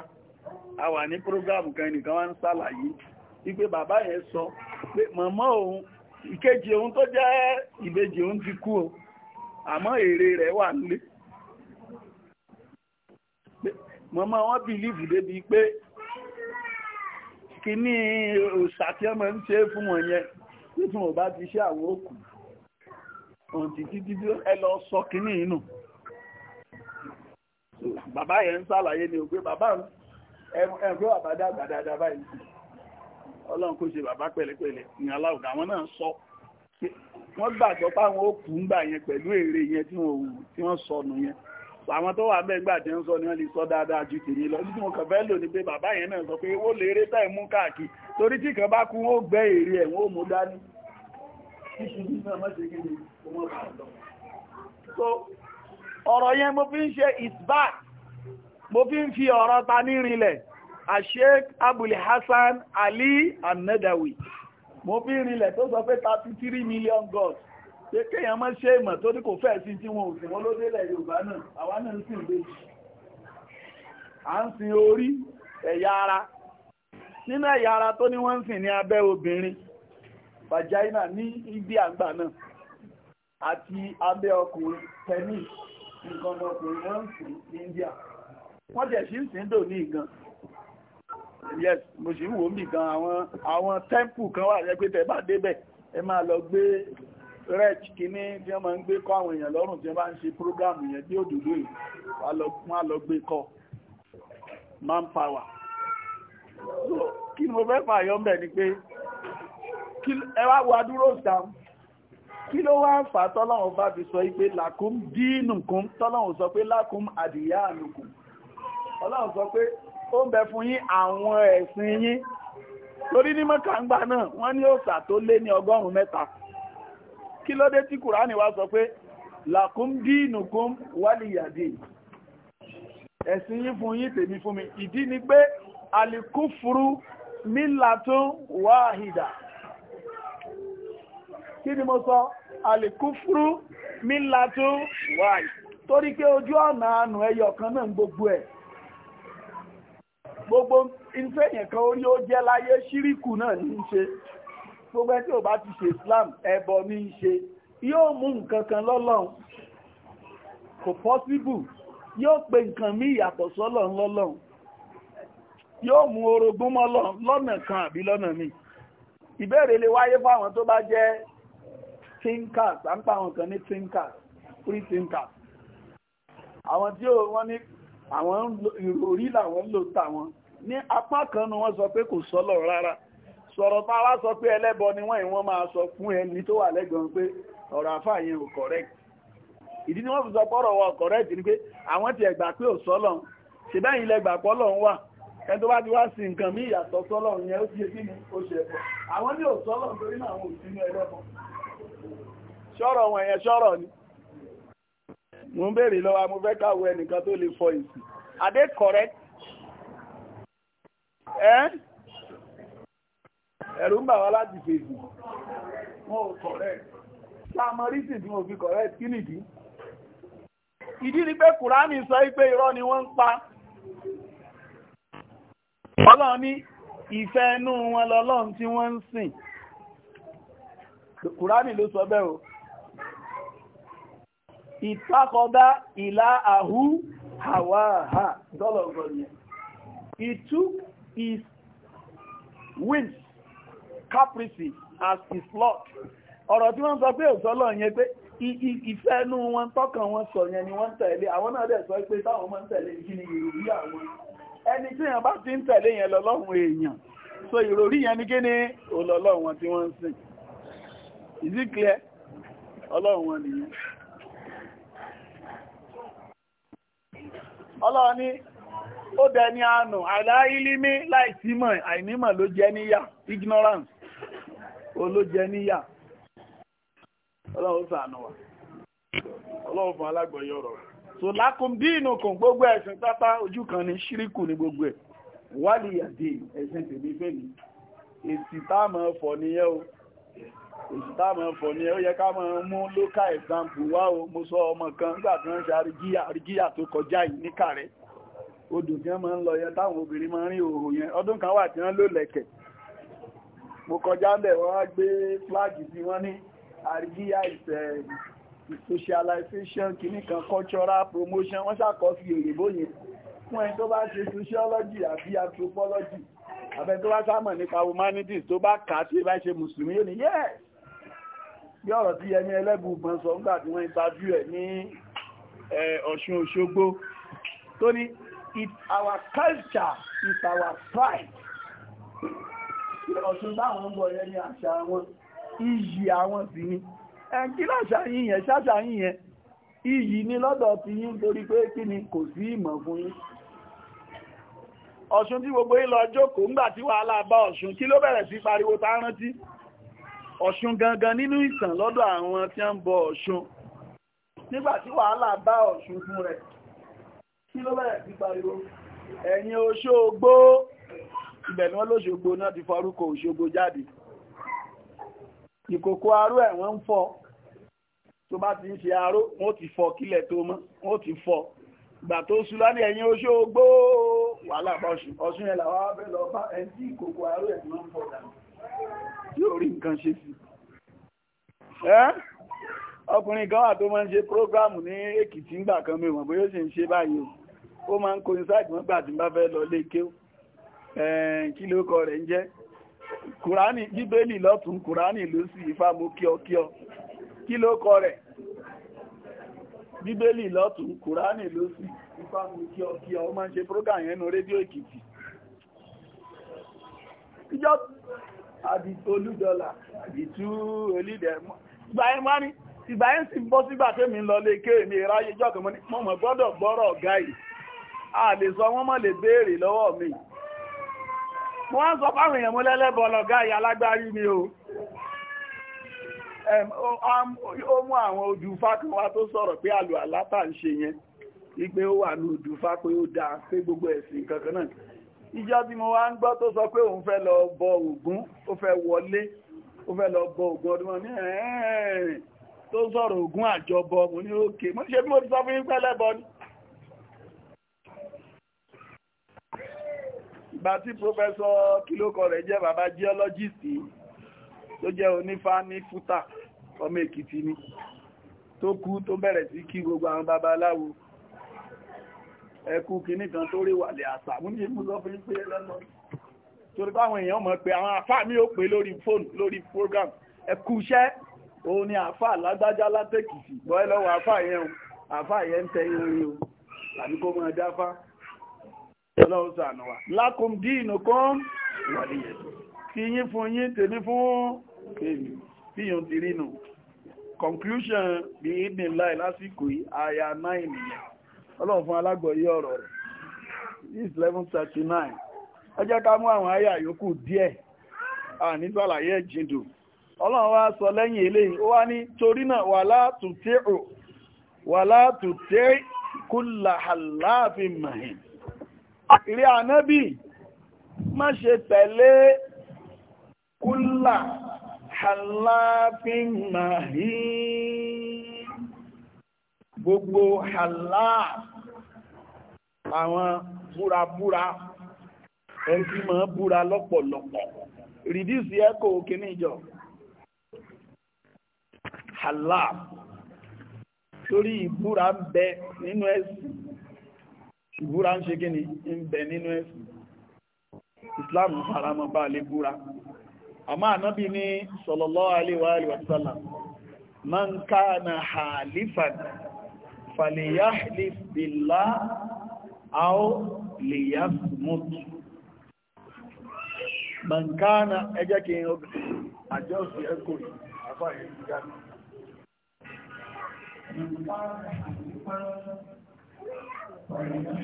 a wà ní prógámù kan nìkan wá ń sàlàyé wípé bàbá yẹn sọ pé mọ̀mọ́ òun ìkejì òun tó jẹ́ ìbejì òun ti kú o àmọ́ èrè rẹ̀ wà nílé mọ̀mọ́ wọn bìlíìfù débi pé kìíní òṣà tí ọmọ ń ṣe fún wọn yẹn títún ò bá ti ṣe àwọn òkú ọ̀tí títí tí ẹ lọ sọ kìíní inú bàbá yẹn ń sàlàyé ni ò pé bàbá ẹgbẹ́ àbádá àgbàdàdà báyìí ọlọ́run kó ṣe bàbá pẹ̀lẹ̀pẹ̀lẹ̀ ní aláwùdá àwọn náà sọ wọ́n gbàgbọ́ páwọn ó kù ń gbà yẹn pẹ̀lú èrè yẹn tí wọ́n wù tí wọ́n yẹn àwọn tó wà bẹ́ẹ̀ gbà jẹ́ ń sọ ni wọ́n lè sọ dáadáa ju tèmi lọ wọn lò ní bàbá yẹn náà sọ pé ó lè eré táì mú káàkiri torí tí kan bá kú ó èrè ẹ̀ mo fi ń fi ọ̀rọ̀ ta nírinlẹ̀ Sheikh Abul Hasan Ali An-Nadawi mo fi ń rinlẹ̀ tó sọ pé thirty three million gods pé kéèyàn mọ́ ṣe ìmọ̀ tó ní kò fẹ́ sí tí wọn ò sìn wọn ló délẹ̀ Yorùbá náà àwa náà ń sìn léjì à ń sin orí ẹ̀yà ara nínú ẹ̀yà ara tó ní wọ́n ń sìn ní abẹ́ obìnrin vagina ní ibi àgbà náà àti abẹ́ ọkùnrin penis nǹkan ọmọkùnrin wọ́n ń sìn ní India wọ́n jẹ̀ sí ń sìn dò ní ìgan yes mo sì ń wò mí gan àwọn àwọn tẹ́mpù kan wà jẹ́ pé tẹ́ bá débẹ̀ ẹ máa lọ gbé rẹ́ẹ̀kì kìíní tí wọ́n máa ń gbé kọ́ àwọn èèyàn lọ́rùn tí wọ́n bá ń ṣe prógámù yẹn bí òdòdó yìí wọ́n á lọ gbé kọ́ manpower so kí ni mo fẹ́ fààyọ́ ń bẹ̀ ni pé ẹ wá wo adúró ìdáhùn kí ló wá ń fà tọ́lọ́run bá fi sọ pé làkúm dínùkún tọ́lọ́run sọ pé làkúm àdìyá ànùkùn ọlọ́run sọ pé ó ń bẹ fún yín àwọn ẹ̀sìn yín torí ní mọ́kàngbà náà wọ́n ní òòsà tó lé ní ọgọ́rùn-ún mẹ́ta kí ló dé tí kùránì wá sọ pé làkún dínukum wálìyàdì ẹ̀sìn yín fún yín tèmi fún mi ìdí ni pé alikúfuru mílàtún wáhìdà kí ni mo sọ alikúfuru mílàtún wáhìdà torí pé ojú ọ̀nà àánú ẹyọ kan náà gbogbo ẹ̀ gbogbo iṣẹ́ yẹn kan orí ó jẹ́ láyé ṣíríkù náà ní í ṣe gbogbo ẹni tí ò bá ti ṣe Islam ẹbọ ní í ṣe yóò mú nǹkan kan lọ́lọ́run kò pọ́síbù yóò pe nǹkan mí ìyàtọ̀ sọ́lọ́run lọ́lọ́run yóò mú orogún mọ́ lọ́nà kan àbí lọ́nà mi ìbéèrè lè wáyé fáwọn tó bá jẹ́ thinkers à ń pa àwọn kan ní thinkers free thinkers àwọn tí wọ́n ní àwọn ìròrí làwọn lò táwọn ní apá kan ni wọ́n sọ pé kò sọ́lọ̀ rárá sọ̀rọ̀ tá a sọ pé ẹlẹ́bọ ni wọ́n ìwọ́n máa sọ fún ẹni tó wà lẹ́gbọ̀n pé ọ̀rọ̀ àfà yẹn ò correct ìdí ni wọ́n fi sọ pọ́rọ̀ wọ correct ni pé àwọn ti ẹ̀gbà pé ò sọ́lọ̀ ṣe bẹ́yìn ilẹ̀ gbà pọ́lọ̀ ń wà ẹni tó bá ti wá sí nǹkan mí ìyàtọ̀ sọ́lọ̀ yẹn ó ẹ̀fọ́ àwọn ní ò sọ́lọ̀ náà àwọn ò ẹ́ ẹ̀rù ń bà wá láti fèsì wọn ò correct sáàmọ́ rísì tí wọ́n fi correct kí nìdí ìdí ni pé kùránì sọ pé irọ́ ni wọ́n ń pa ọlọ́run ní ìfẹ́ inú wọn lọ́lọ́run tí wọ́n ń sìn kùránì ló sọ bẹ́ẹ̀ o ìtakọ̀dá ìlà àhú àwáhà dọ́lọ̀gọ̀ yẹn it took his whims, caprices as his lot. Ọ̀rọ̀ tí wọ́n sọ pé òṣọ́lọ̀ yẹn pé ìfẹ́ inú wọn tọ́kàn wọn sọ yẹn ni wọ́n tẹ̀lé. Àwọn náà dẹ̀ sọ pé táwọn máa ń tẹ̀lé kí ni ìròrí àwọn. Ẹni tí èèyàn bá ti ń tẹ̀lé yẹn lọ́lọ́run èèyàn. So ìròrí yẹn ni kí ni òlọ́lọ́run wọn tí wọ́n ń sìn. Is it clear? Ọlọ́run wọn nìyẹn. Ọlọ́run ni ó dẹni àánú àìláìlímí láìsímọ̀ àìnímọ̀ ló jẹ́ níyà ignorance ó ló jẹ́ níyà ọlọ́run ṣàánú wa ọlọ́run fún alágbọ̀yọ̀ ọ̀rọ̀ rẹ̀ so lákùn dínú kùn gbogbo ẹ̀sìn pátá ojú kan ní ṣíríkù ní gbogbo ẹ̀ wálìyàdé ẹ̀sìn tèmi fẹ́ ni èsì táàmù ọ̀fọ̀ nìyẹn o èsì táàmù ọ̀fọ̀ nìyẹn ó yẹ ká máa mú local example wá o mo sọ ọmọ kan nígbà tí wọ́n ṣe àrígíyà tó kọjá yìí níkàrẹ́ odò tí wọ́n máa ń lọ yẹn táwọn obìnrin máa ń rìn òhò yẹn ọdún kan wà tí wọ́n lò lẹ̀kẹ̀ mo kọjá ń bẹ̀ wọ́n á gbé fúláàgì tí wọ́n ní àríyá ìṣẹ̀ eh, socialization kìíní kan cultural promotion wọ́n ṣàkọ́sí òyìnbó yẹn fún ẹni tó bá ṣe sociology àbí anthropology àbẹ tó bá sámọ̀ nípa humanities tó bá kà á tí ìbá ṣe mùsùlùmí yóò ní yes bí ọ̀rọ̀ tí Yẹmí Ẹlẹ́bùúbọn sọ nígbà tí wọ́n interview ẹ̀ ní eh, Ọ̀ṣun Òṣogbo tó ní it's our culture it's our pride ọ̀tún báwọn ń bọ̀ yẹn ní àṣà wọn iyì àwọn sì ni ẹ̀kí láṣà yìí yẹn ṣáṣà yìí yẹn iyì ni lọ́dọ̀ ti yín torí pé kí ni kò sí ìmọ̀ fún yín ọ̀ṣun tí gbogbo yín lọ jókòó ńgbà tí wàhálà bá ọ̀ṣun kí ló bẹ̀rẹ̀ sí pariwo tá rántí ọ̀ṣun gangan nínú ìtàn lọ́dọ̀ àwọn tí ń bọ ọ̀ṣun nígbà tí wàhálà bá ọ̀ṣun fún rẹ̀ kí ló bẹ̀rẹ̀ sí pariwo ẹ̀yin Òṣogbo ibẹ̀ ni wọ́n lóṣogbo náà ti farúkọ Òṣogbo jáde ìkòkò aró ẹ̀ wọ́n ń fọ́ tó bá ti ń ṣe aró wọ́n ti fọ́ kílẹ̀ tó mọ́ wọ́n ti fọ́ ìgbà tó sú lánàá ẹ̀yin Òṣogbo wàhálà bá Ọ̀ṣun yẹn làwọn abẹ́ lọ bá ẹ̀ tí ìkòkò aró ẹ̀ wọ́n ń fọ́ dànù tí ò nǹkan ṣe sí ọkùnrin kan wà tó máa ń ṣe prógráàmù ní Èkìtì ńgbà kan mẹ́wọ̀n bóyá ó sì ń ṣe báyìí ó máa ń coincide mọ́gbà tí bá fẹ́ lọ lé kéw kí ló kọ rẹ̀ ń jẹ́ kùránì bíbélì lọ́tún kùránì ló sì ifá mú kíọ kí ló kọ rẹ̀ bíbélì lọ́tún kùránì ló sì ifá mú ó máa ń ṣe program yẹn nu rédíò èkìtì ìjọ olúdọ́là ìtú olídẹ̀mọ́ ìgbàyẹn máa ní ìgbàyẹn sì ń sígbà lọ a lè sọ wọ́n mọ́ lè béèrè lọ́wọ́ mi mo wá ń sọ fáwọn èèyàn mú lẹ́lẹ́bọ̀ lọ́gá ìyá alágbárí mi o ó mú àwọn odùfá kan wá tó sọ̀rọ̀ pé àlù àlátà ń ṣe yẹn wípé ó wà ní odùfá pé ó dáa pé gbogbo ẹ̀sìn kankan náà ìjọ tí mo wá ń gbọ́ tó sọ pé òun fẹ́ lọ bọ Ògún ó fẹ́ wọlé ó fẹ́ lọ bọ Ògún ọdún ní ẹ̀ẹ́rìn tó sọ̀rọ̀ Ògún àjọbọ mo ní òkè mo ṣe bí mo ti sọ fún yín pẹ́lẹ́bọ ni gbà tí pọ́fẹ́sọ́ kìlókọ rẹ̀ jẹ́ bàbá geologist tó jẹ́ onífá ní fúta ọmọ èkìtì ni tó kú tó bẹ̀rẹ̀ sí kí gbogbo àwọn babaláwo ẹkù kìíní kan tó rí wàlẹ̀ àṣà mú ní mú sọ fún pé lọ́nà torí báwọn èèyàn mọ̀ pé àwọn àfáà program ẹkù iṣẹ́ òun ni àfáà lágbájá látẹ̀kìtì bọ́ ẹ lọ́wọ́ àfáà yẹn àfáà yẹn ń tẹ ọlọ́run ṣàánú wa lakum dinukum waliya tí yín fún yín tèmi fún èmi tí yín ti rí conclusion bí ìdí láì lásìkò yìí àyà náà nìyẹn ọlọ́run fún alágbọ̀yé ọ̀rọ̀ rẹ̀ is 1139 ẹ jẹ́ ká mú àwọn àyà yòókù díẹ̀ àní sàlàyé jìndù ọlọ́run wá sọ lẹ́yìn eléyìí ó wá ní torí náà wala tuti'u wala tuti'u ìrí ànábì má ṣe tẹ̀lé kúlà halafin mahin gbogbo halaf àwọn búrabúra ẹni tí máa búra lọ́pọ̀lọpọ̀ reduce ẹ̀kọ́ òkè níjọ halaf torí ìbúra ń bẹ nínú ẹ̀sìn ìbúra ń ṣe kí ni ń bẹ nínú ẹ̀sìn islam faramọ́ bá lè búra àmọ́ ànábì ní sallallahu alaihi wa sallam man kana halifan falyahlif billah aw liyasmut man kana ẹjẹ́ kí n àjọ́ sí ẹkùn àfáà ìgbìyànjú من كان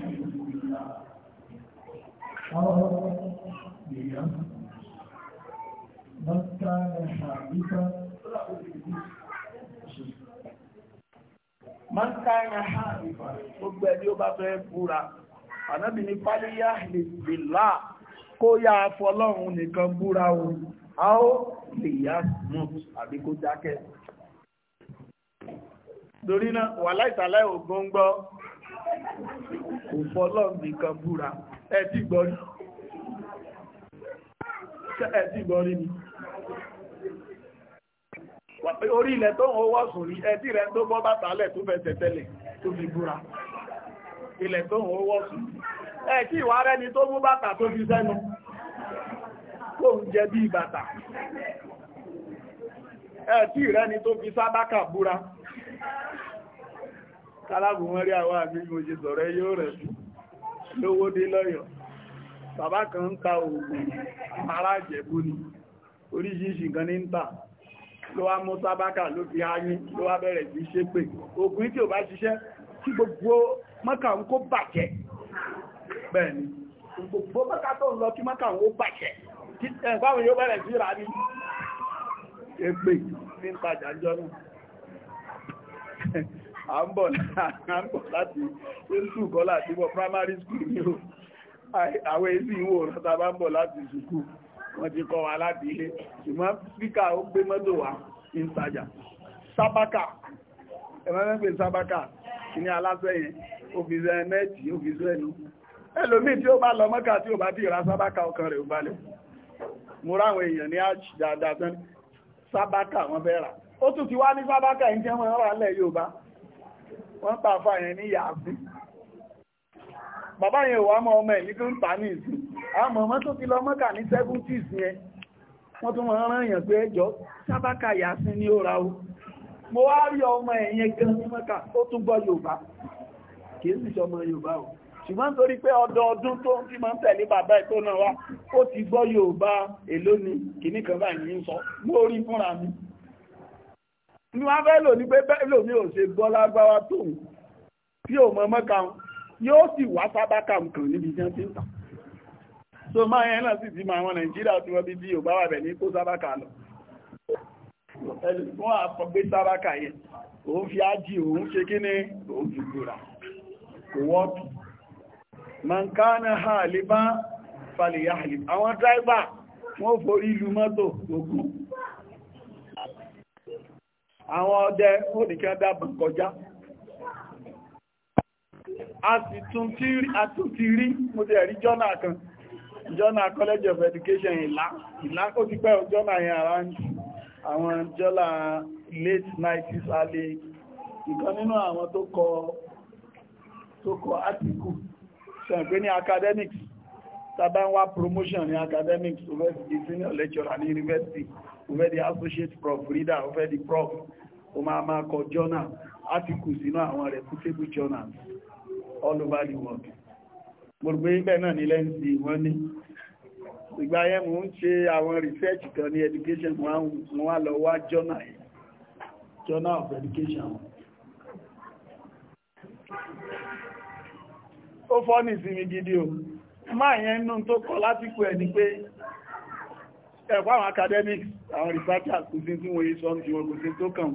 حادثا من كان حادثا gbogbo ẹni ó bá fẹ́ búra ànábì ní fálíyà lè bèlá kó yá afọlọ́run nìkan búra ohun a ó lè yá mọ́ àbí kó dákẹ́ torí náà wà láìsàlẹ̀ ògbóngbọ́ kò kan bụra, búra ẹ ti gbọ́ rí ni orí ilẹ̀ tó ń wọ́ sùn rí rẹ̀ tó bọ́ bàtà lẹ̀ tó tẹ̀tẹ̀lẹ̀ tó búra ilẹ̀ tó ń wọ́ ni tó mú bàtà tó fi sẹ́nu kó ń jẹ bí bàtà ẹ kálábùmọ́rí àwọn àmì mo ṣe sọ̀rọ̀ yóò rẹ̀ sí lówó dé lọ́yọ̀ bàbá kan ń ta oògùn ara jẹ̀bú ni oríṣiríṣi nǹkan ní ń tà ló wá mú sábákà ló fi ayín ló wá bẹ̀rẹ̀ sí ṣépè oògùn tí ò bá ṣiṣẹ́ tí gbogbo mọ́kà ń kó bàjẹ́ bẹ́ẹ̀ni gbogbo à ń bọ̀ láti ṣéṣù kọ́ láti wọ primary school ní o àwọn èsì ìwò ọ̀rọ̀ta bá ń bọ̀ láti ṣùkú wọ́n ti kọ́ wa láti ilé ṣùgbọ́n spíkà ó gbé mọ́tò wá ìtajà sábákà ẹ̀mọ́mẹ́gbẹ̀ sábákà ní alásẹ́yìn òfìsẹ́ nẹ́ẹ̀tì òfìsẹ́ ẹnu ẹlòmí tí ó bá lọ mọ́kà tí ó bá ti ra sábákà ọkàn rẹ̀ ò balẹ̀ mo ráwọn èèyàn ní ájì dáadáa tán sábákà wọ́n fẹ́ rà ó tún ti wá ní sábákà ìjẹun ọ̀rọ̀ alẹ́ Yorùbá wọ́n pa àfà yẹn ní yàáfí bàbá yẹn wà mọ́ ọmọ ẹ̀mí tó ń tà ní ìsìn àmọ́ ọmọ tó ti lọ mọ́kà ní 70s yẹn wọ́n tún wọ́n rán èèyàn pé ẹjọ́ sábàkà yàáfí ní ó ra o mo wá rí ọmọ ẹ̀yẹn gan ní mọ́kà ó tún gbọ́ Yorùbá kìí sì sọmọ Yorùbá o ṣùgbọ́n torí pé ọdọọdún tó ń fi máa ń tẹ̀lé bàbá ẹ̀ tó náà wá ó ti gbọ́ Yorùbá èló ni kìíní kan báyìí ń sọ mo rí fúnra mi ní wọ́n fẹ́ lò ní pé bẹ́ẹ̀lò mi ò ṣe gbọ́ lágbára tó ń tí ò mọ mọ́ka wọn yóò sì wá sábàkà nǹkan níbi tí wọ́n ti ń tà so máa yẹn náà sì ti mọ àwọn nàìjíríà tí wọ́n bí bí yorùbá wà bẹ̀ ní kó sábàkà lọ wọ́n á fọ gbé sábàkà yẹn òun fi ájì òun ṣe kí ni òun fi gbòrà kò wọ́pì mankana ha àlébá falẹ̀ àlébá àwọn dráìbà wọ́n forí lu mọ́tò ogun àwọn ọdẹ ó nìkan dábà kọjá a sì tún ti rí mo ti ẹ̀rí jọ́nà kan jọ́nà college of education ìlà ìlà ó ti pẹ́ jọ́nà yẹn àwọn jọ́là late 90s ìkan nínú àwọn tó kọ tó kọ átíkù ṣẹ̀gbé ní academics tàbí wá promotion ní academics university senior lecturer ní university ó fẹ́ di associate prof reader ó fẹ́ di prof ó máa máa kọ journal articles sínú àwọn reputable journals all over the world gbogbo ibẹ̀ náà ní lẹ́ǹsì wọ́n ní ìgbà yẹn mò ń ṣe àwọn research kan ní education wọ́n wá lọ wá journal journal of education ó fọ́ ní ìsinmi gidi o máa yẹn nú tó kọ lásìkò ẹ̀ ni pé ẹ̀kọ́ àwọn academics àwọn researchers kò sí tí wọ́n yí sọ tí wọ́n kò sí tó kàn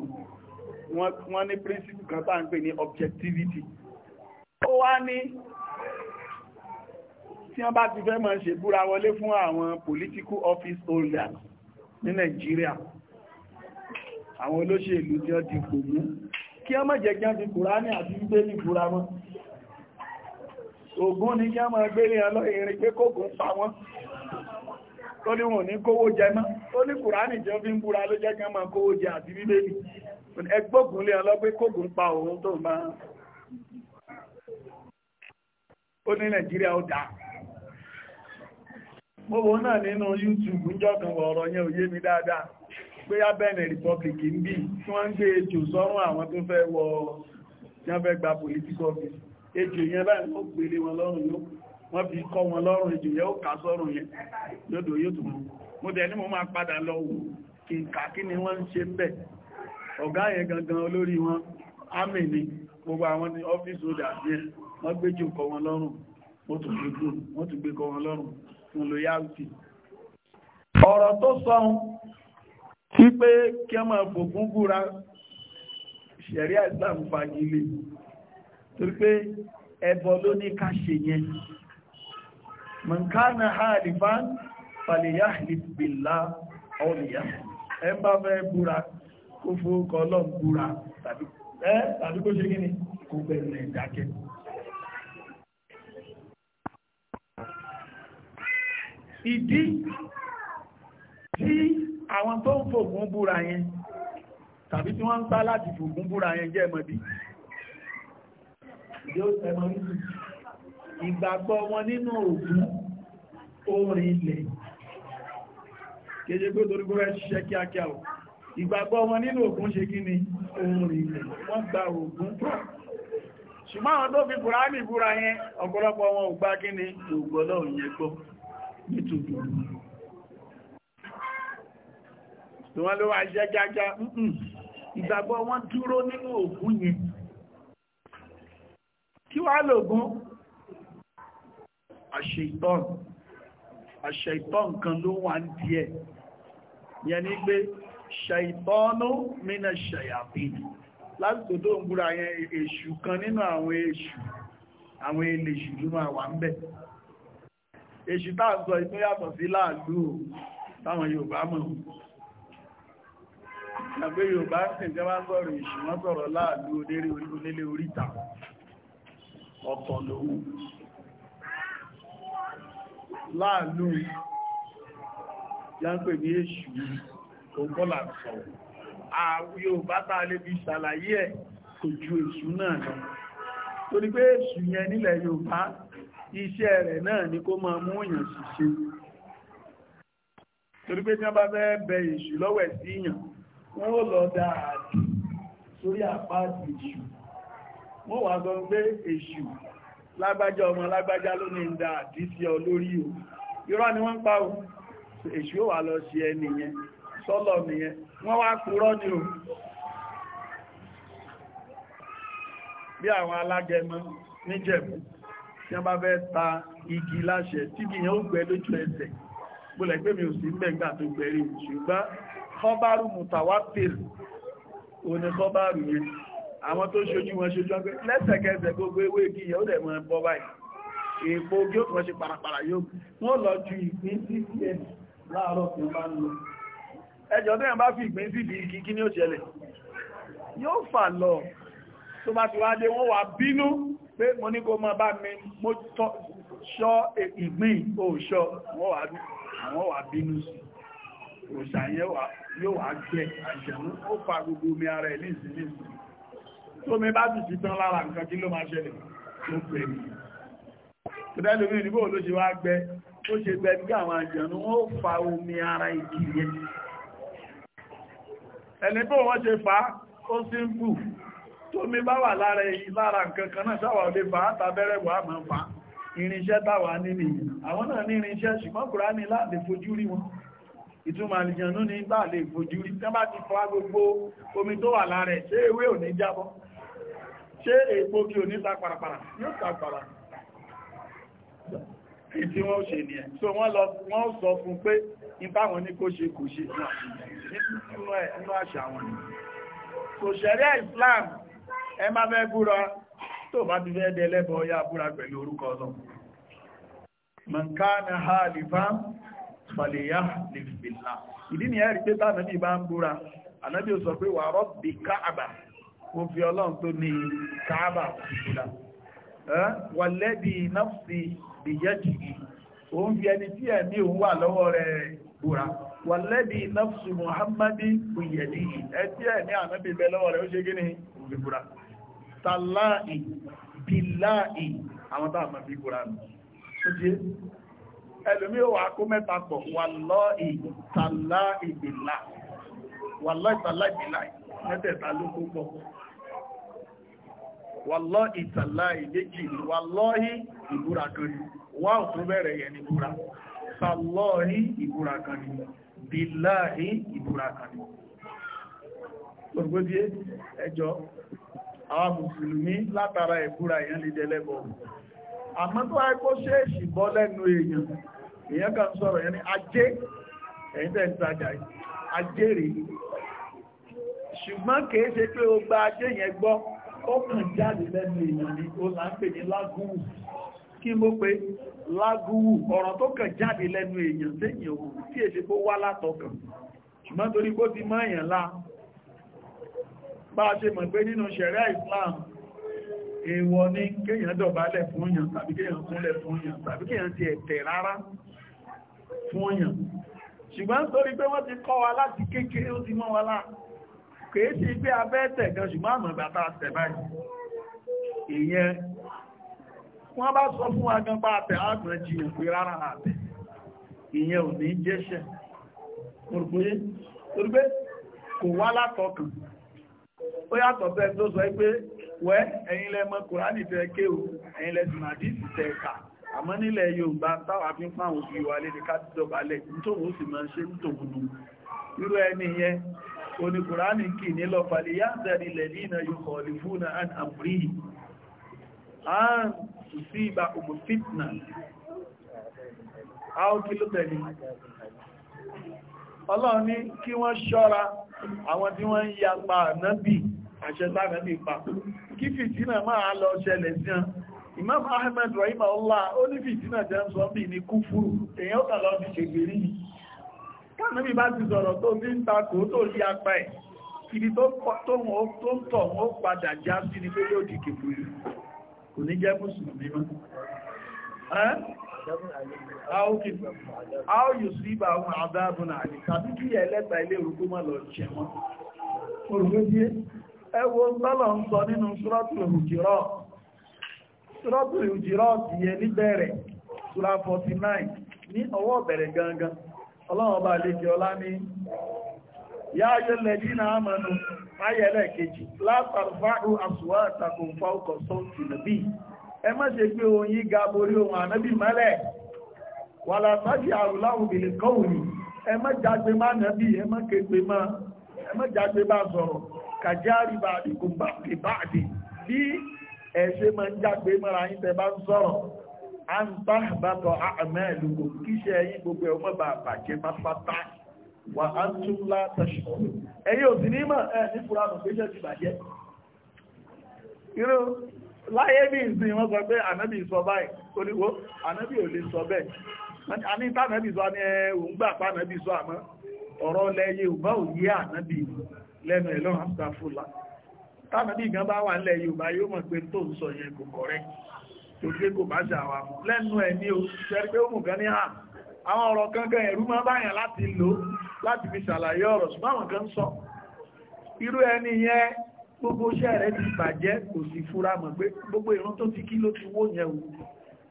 wọ́n ní principle kan tá ń pè ní objectivity ó wá ní tí wọ́n bá ti fẹ́ mọ̀ ṣe búra wọlé fún àwọn political office holders ní Nigeria. àwọn olóṣèlú tí wọ́n ti kò mú kí wọ́n má jẹ́ kí wọ́n ti Kùránì àti gbé ní búra wọn Ògún ni kí wọ́n má gbé ní ọlọ́ tó ní wọn ní kówó jẹ mọ́ tó ní kùránì jẹ́ fi ń búra ló jẹ́ kí wọ́n máa kówó jẹ àti bíbélì ẹgbógun lé ọlọ́gbé kógun pa òun tó máa ó ní nàìjíríà ó dáa gbogbo náà nínú youtube ń jọ́kan ọ̀rọ̀ yẹn òye mi dáadáa pé republic ń tí wọ́n ń gbé gba political office yẹn ó wọn lọ́rùn wọ́n fi kọ́ wọn lọ́rùn ìjò yẹ́ ó kà sọ́rùn yẹn lódò yóò tún mú dẹ̀ ní mo máa padà lọ wò kí n kà kí ni wọ́n ń ṣe bẹ̀ ọ̀gá yẹn gangan olórí wọn ámì ni gbogbo àwọn ní ọ́fíìsì ó dàbí ẹ̀ wọ́n gbé jù kọ́ wọn lọ́rùn wọ́n tún gbé kú wọ́n tún gbé kọ́ wọn lọ́rùn fún loyalty ọ̀rọ̀ tó sọ sí pé kí ọmọ ògùn búra ṣẹ̀ríà Islam fagilé torí pé ẹbọ ló ní ká ṣe yẹn man kana halifan falyahlif billah aw liyasmut ẹ bá fẹ́ búra kó fórúkọ ọlọ́run búra tàbí kó ṣe gíní kó bẹ̀rẹ̀ ìdákẹ́ ìdí tí àwọn tó ń fògùn búra yẹn tàbí tí wọ́n ń gbá láti fògùn búra yẹn jẹ́ mọ̀bí yóò tẹ́mọ̀ ní ṣùgbọ́n ìgbàgbọ́ wọn nínú ògún orin ilẹ̀ kéje pé torí gúnrẹ́ ṣiṣẹ́ kíákíá o ìgbàgbọ́ wọn nínú ògún ṣe kí ni orin ilẹ̀ wọ́n gba ògún pọ̀ ṣùgbọ́n tó fi kùránì búra yẹn ọ̀pọ̀lọpọ̀ wọn ò gbá kí ni ògbọ́lọ́ yẹn gbọ́ nítòdò tí wọ́n ló wá jẹ́ jájá ìgbàgbọ́ wọn dúró nínú ògún àṣẹ̀tọ́n àṣẹ̀tọ́n kan ló wà ń díẹ̀ yẹn ni pé ṣẹ̀tọ́nú mínà ṣẹ̀yàbí lásìkò tó ń búra yẹn èṣù kan nínú àwọn èṣù àwọn eléṣù ló máa wà ń bẹ̀ èṣù táà sọ ìtó yàtọ̀ sí láàlú táwọn Yorùbá mọ̀ àgbé Yorùbá ń ń sọ̀rọ̀ èṣù wọ́n sọ̀rọ̀ láàlú onílé oríta ọ̀tọ̀ lòun láàánú yánpẹ̀ ní èṣù ògbọ́là sọ̀rọ̀ àwí ò bá tàà lè fi ṣàlàyé ẹ̀ kò ju èṣù náà lọ torí pé èṣù yẹn nílẹ̀ Yorùbá iṣẹ́ rẹ̀ náà ni kó máa mú èèyàn ṣiṣẹ́ torí pé tí wọ́n bá fẹ́ bẹ èṣù lọ́wẹ̀ sí èèyàn wọ́n lọ dáadì sórí àpáàdì èṣù wọ́n wà gan gbé èṣù lágbájá ọmọ lágbájá ló ní ìdá àdísí ọ lórí o irọ́ ni wọ́n ń pa o èṣù ó wà lọ sí ẹni yẹn sọ́lọ̀ nìyẹn wọ́n wá purọ́ ni o bí àwọn alágẹmọ níjẹ̀bú tí wọ́n bá fẹ́ ta igi láṣẹ tí kì yẹn ó gbẹ lójú ẹsẹ̀ gbọ́lẹ̀ mi ò sí mẹ́gbà tó gbẹ̀rí ṣùgbọ́n kọ́bárù mùtàwátìrì òní kọ́bárù yẹn àwọn tó ṣojú wọn ṣojú ọgbẹ́ lẹ́sẹ̀kẹsẹ̀ gbogbo ewé igi yẹ́ ó dẹ̀ mọ́ bọ́ báyìí èpo kí ó tún parapara yóò wọ́n lọ ju ìpín sí cm láàárọ̀ tó bá ń lọ ẹjọ́ tó yẹn bá fi ìpín sí igi kí ni ó ṣẹlẹ̀ yóò fà lọ tó bá ti wá dé wọ́n wà bínú pé mo ní kó máa bá mi mo ṣọ́ ìgbín òṣọ́ wọ́n wà bínú sí òṣàyẹ́wà yóò wà jẹ́ àjẹ̀mú ó fa gbogbo omi ara ẹ̀ ní ìsinmi tó mi bá tìtì tán lára nǹkan kí ló máa ṣẹlẹ̀ tó pè mí ìdẹ́lómi ìdíbò ló ṣe wá gbẹ ó ṣe gbẹ bí àwọn àjẹ̀nú ó fa omi ara igi yẹn ẹni bó wọ́n ṣe fa ó sí ń bù tó mi bá wà lára èyí lára nǹkan kan náà sáwà olè fa àtàbẹ́rẹ̀ wà máa fa irinṣẹ́ táwà nínú àwọn náà ní irinṣẹ́ ṣùgbọ́n Kùránì láti fojú rí wọn ìtumọ̀ àlìjànú ní gbà lè fojú rí tẹ́ bá ti fa gbogbo omi tó wà lára ẹ̀ ṣé ewé ò ní jábọ́ ṣé èpo kí o ní ta parapara yóò ta para kí tí wọ́n ṣe ní ẹ̀ so wọ́n lọ wọ́n sọ fún pé ìbáwọn ní kó ṣe kò ṣe Islam ẹ má fẹ́ búra tó bá ti fẹ́ dẹ lẹ́bọ̀ ọya búra pẹ̀lú orúkọ Ọlọ́run mọ̀nkánà ha lè fà fàlèyà lè fìlà ò sọ pé wà rọ́bì káàbà mo fi ọlọ́run tó ní káàbà ìṣúra wàlẹ́bí nọ́ọ̀sì ìyẹ́jì òun fi ẹni tí ẹ̀mí òun wà lọ́wọ́ rẹ̀ búra wàlẹ́bí nọ́ọ̀sì muhammadi ìyẹ̀dì ẹtí ẹ̀mí ànábì bẹ lọ́wọ́ rẹ̀ ó ṣe kí ni òfin búra tàláì bíláì àwọn tá a máa fi búra nù ó ti ẹlòmí ò wà kó mẹ́ta pọ̀ wàlọ́ì tàláì bíláì wàlọ́ì tàláì bíláì mẹ́tẹ̀ẹ̀ta ló kó pọ̀ wàlọ́ ìtàlá ìdéjì wàlọ́hí ìbúra kan ni wà tó bẹ̀rẹ̀ yẹn ni búra sàlọ́hí ìbúra kan ni bíláhí ìbúra kan ni ẹjọ́ àwọn mùsùlùmí látara ìbúra èèyàn lè ṣùgbọ́n pé ajé yẹn gbọ́ ó kàn jáde lẹ́nu èèyàn ni ó là ń pè ní lágúwù kí mo pé lágúwù ọ̀rọ̀ tó kàn jáde lẹ́nu èèyàn téèyàn ò tí èsì kó wá látọkàn ṣùgbọ́n torí kó ti mọ́ lá bá a ṣe mọ̀ pé nínú ṣẹ̀ríà Islam èèwọ̀ ní kéèyàn dọ̀bálẹ̀ fún èèyàn tàbí kéèyàn kúnlẹ̀ fún èèyàn tàbí kéèyàn ti ẹ̀tẹ̀ rárá fún èèyàn wa láti kékeré ó ti wa láà kìí sí pé abẹ́tẹ̀ gan ṣùgbọ́n àmọ̀ bàtà tẹ̀ báyìí èèyàn wọ́n bá sọ fún agan bá tẹ̀ àgbọn jí òpin rárá àtẹ̀ ìyẹn ò ní jẹ́ṣẹ̀ orùgbóyé orùgbé kò wá látọkàn ó yàtọ̀ bẹ́ẹ̀ tó sọ pé wẹ́ ẹ̀yin lẹ mọ̀ kùránì tẹ ké o ẹ̀yin lẹ sùn àdìsí tẹ kà àmọ́ nílẹ̀ Yorùbá táwa fi ń fáwọn òbí wa lè ní ká dọ̀bálẹ̀ nítòun ó sì máa ṣe nítòun nù irú ẹni yẹn Oni kùránì kì ní lọ fàlìyàndẹ̀rì lẹ̀lẹ́nà yukhalifuna an amrihi an tusiba umu fitna aw kí ló tẹ̀lé ọlọ́run ní kí wọ́n ṣọ́ra àwọn tí wọ́n ń ya pa ànábì àṣẹta ànábì pa kí fìtínà máa lọ ṣẹlẹ̀ sí ọ́n Imam Ahmed rahimahullah ó ní fìtínà jẹ́ ń sọ bí ní kúfúrú èyàn ó kà lọ káàmì bá ti sọ̀rọ̀ tó ní takò tó rí apá ẹ̀ ibi tó wọn tó ń tọ̀ wọ́n padà já sí ni pé yóò di kèfèrí kò ní jẹ́ mùsùlùmí mọ́ How you sleep àwọn àdáàbùn àrí tàbí kí ẹlẹ́ta ilé orúkú mọ́ lọ jẹ wọn. Olùgbé ẹ wo lọ́lọ́ ń sọ nínú Suratul Hujurat. Suratul Hujurat ti yẹ níbẹ̀rẹ̀, Sura 49, ní ọwọ́ bẹ̀rẹ̀ gangan. ọlọ́run ọba ọlá ní yá ayọ́lẹ̀ dínà àmọ́nu ayẹ̀lẹ̀ kejì látàrùfáàrù àṣùwà àtàkùn fáwọkọ̀ sọ́ọ̀tì nàbí ẹ má ṣe gbé ohun yí ga borí ohun ànábì mẹ́lẹ̀ wà látàjì àrùláwù àǹtá àbátọ̀ àmẹ́ẹ̀lùkò kíṣẹ́ ẹ̀yìn gbogbo ẹ̀ ọmọ bàbà jẹ́ wà á tún látàṣọ́ ẹ̀yìn òsì ní mọ̀ ẹ̀ ní ti bàjẹ́ irú láyé bí wọ́n sọ pé ànábì sọ báyìí oníwó ànábì ò lè sọ bẹ́ẹ̀ àní sọ ní ẹ òun gbà pa ànábì sọ àmọ́ ọ̀rọ̀ lẹ́yẹ ò bá òye ànábì lẹ́nu ẹ̀ lọ́hàn sáfúlà tànábì gan bá wà nílẹ̀ Yorùbá yóò mọ̀ pé tó tó ṣe kò bá ṣàwà mú lẹ́nu ẹ̀ ní oṣìṣẹ́ pé ó mú gan ní à ah, àwọn ọ̀rọ̀ kankan ẹ̀rú máa báyàn láti lò láti fi ṣàlàyé ọ̀rọ̀ ṣùgbọ́n àwọn kan sọ irú ẹni yẹn gbogbo iṣẹ́ rẹ̀ ti bàjẹ́ kò sì fura mọ̀ pé gbogbo ìrun tó ti kí ló ti wó yẹn o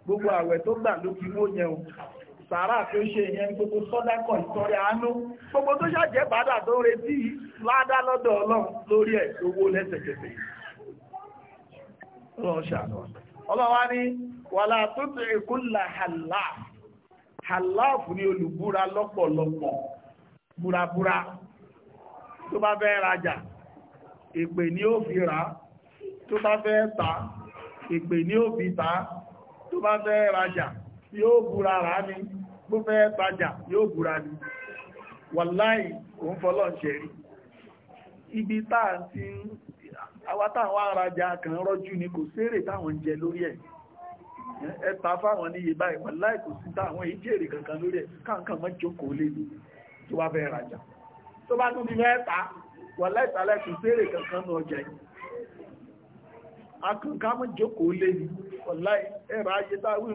gbogbo àwẹ̀ tó gbà ló ti wó yẹn o sàárà tí ó ṣe yẹn gbogbo sọ́dákọ̀ ìtọrẹ àánú gbogbo tó ṣàjẹ́ bàdà tó retí ládá lọ́dọ̀ ọlọ́run lórí ẹ̀ owó lẹ́sẹ̀kẹsẹ̀ ọlọ́wà ní wàlá tó tẹ̀ ìkúlà hàláàfù hàláàfù ní olùbúra lọ́pọ̀lọpọ̀ búrabúra tó bá fẹ́ rajà èpè ní ó fi rà tó bá fẹ́ ta èpè ní ó fi ta tó bá fẹ́ rajà yóò búra rà ní bó fẹ́ tajà yóò búra ní wàláì òun fọlọ́ ṣẹ̀rí ibi táà ti ń àwátàwọn arajà kan rọ́jú ni kò sérè táwọn jẹ lórí ẹ̀ ẹta fáwọn ní iye báyìí wọ́n láì kò sí táwọn ìjèrè kankan lórí ẹ̀ káàkàn mọ́ jókòó lè ní tó bá fẹ́ rajà tó bá tún bí mẹ́ta wọ́n láìta láìkò sérè kankan ní ọjà yìí akànká mọ́ jókòó lè ní wọ́n láì ẹ̀rọ ayé táwọn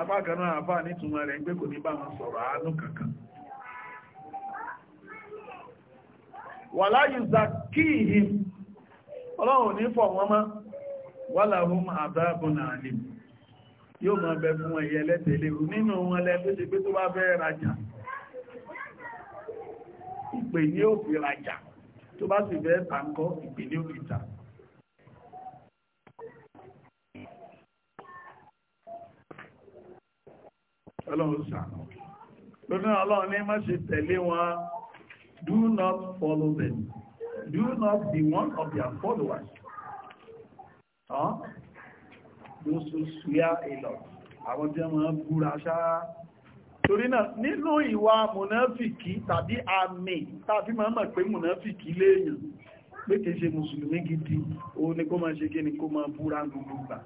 apákaná àfà nítumọ̀ rẹ̀ ń pé kò ní bá wọn sọ̀rọ̀ àánú kankan wà láyé zakíhì ọlọ́run ní fọ̀ wọ́n mọ́ wà láhùn àdáàbùn àlè fún nínú wọn ọlọ́run sànà lónà ọlọ́run ní má ṣe do not follow them do not be one of their followers huh? those who swear a lot àwọn tí wọ́n to ṣáá torí náà nínú ìwà mùnáfìkì tàbí àmì tàbí máa mọ̀ pé mùnáfìkì léèyàn pé kìí ṣe mùsùlùmí gidi òun ni kó máa ṣe kí ni kó máa búra gbogbo gbà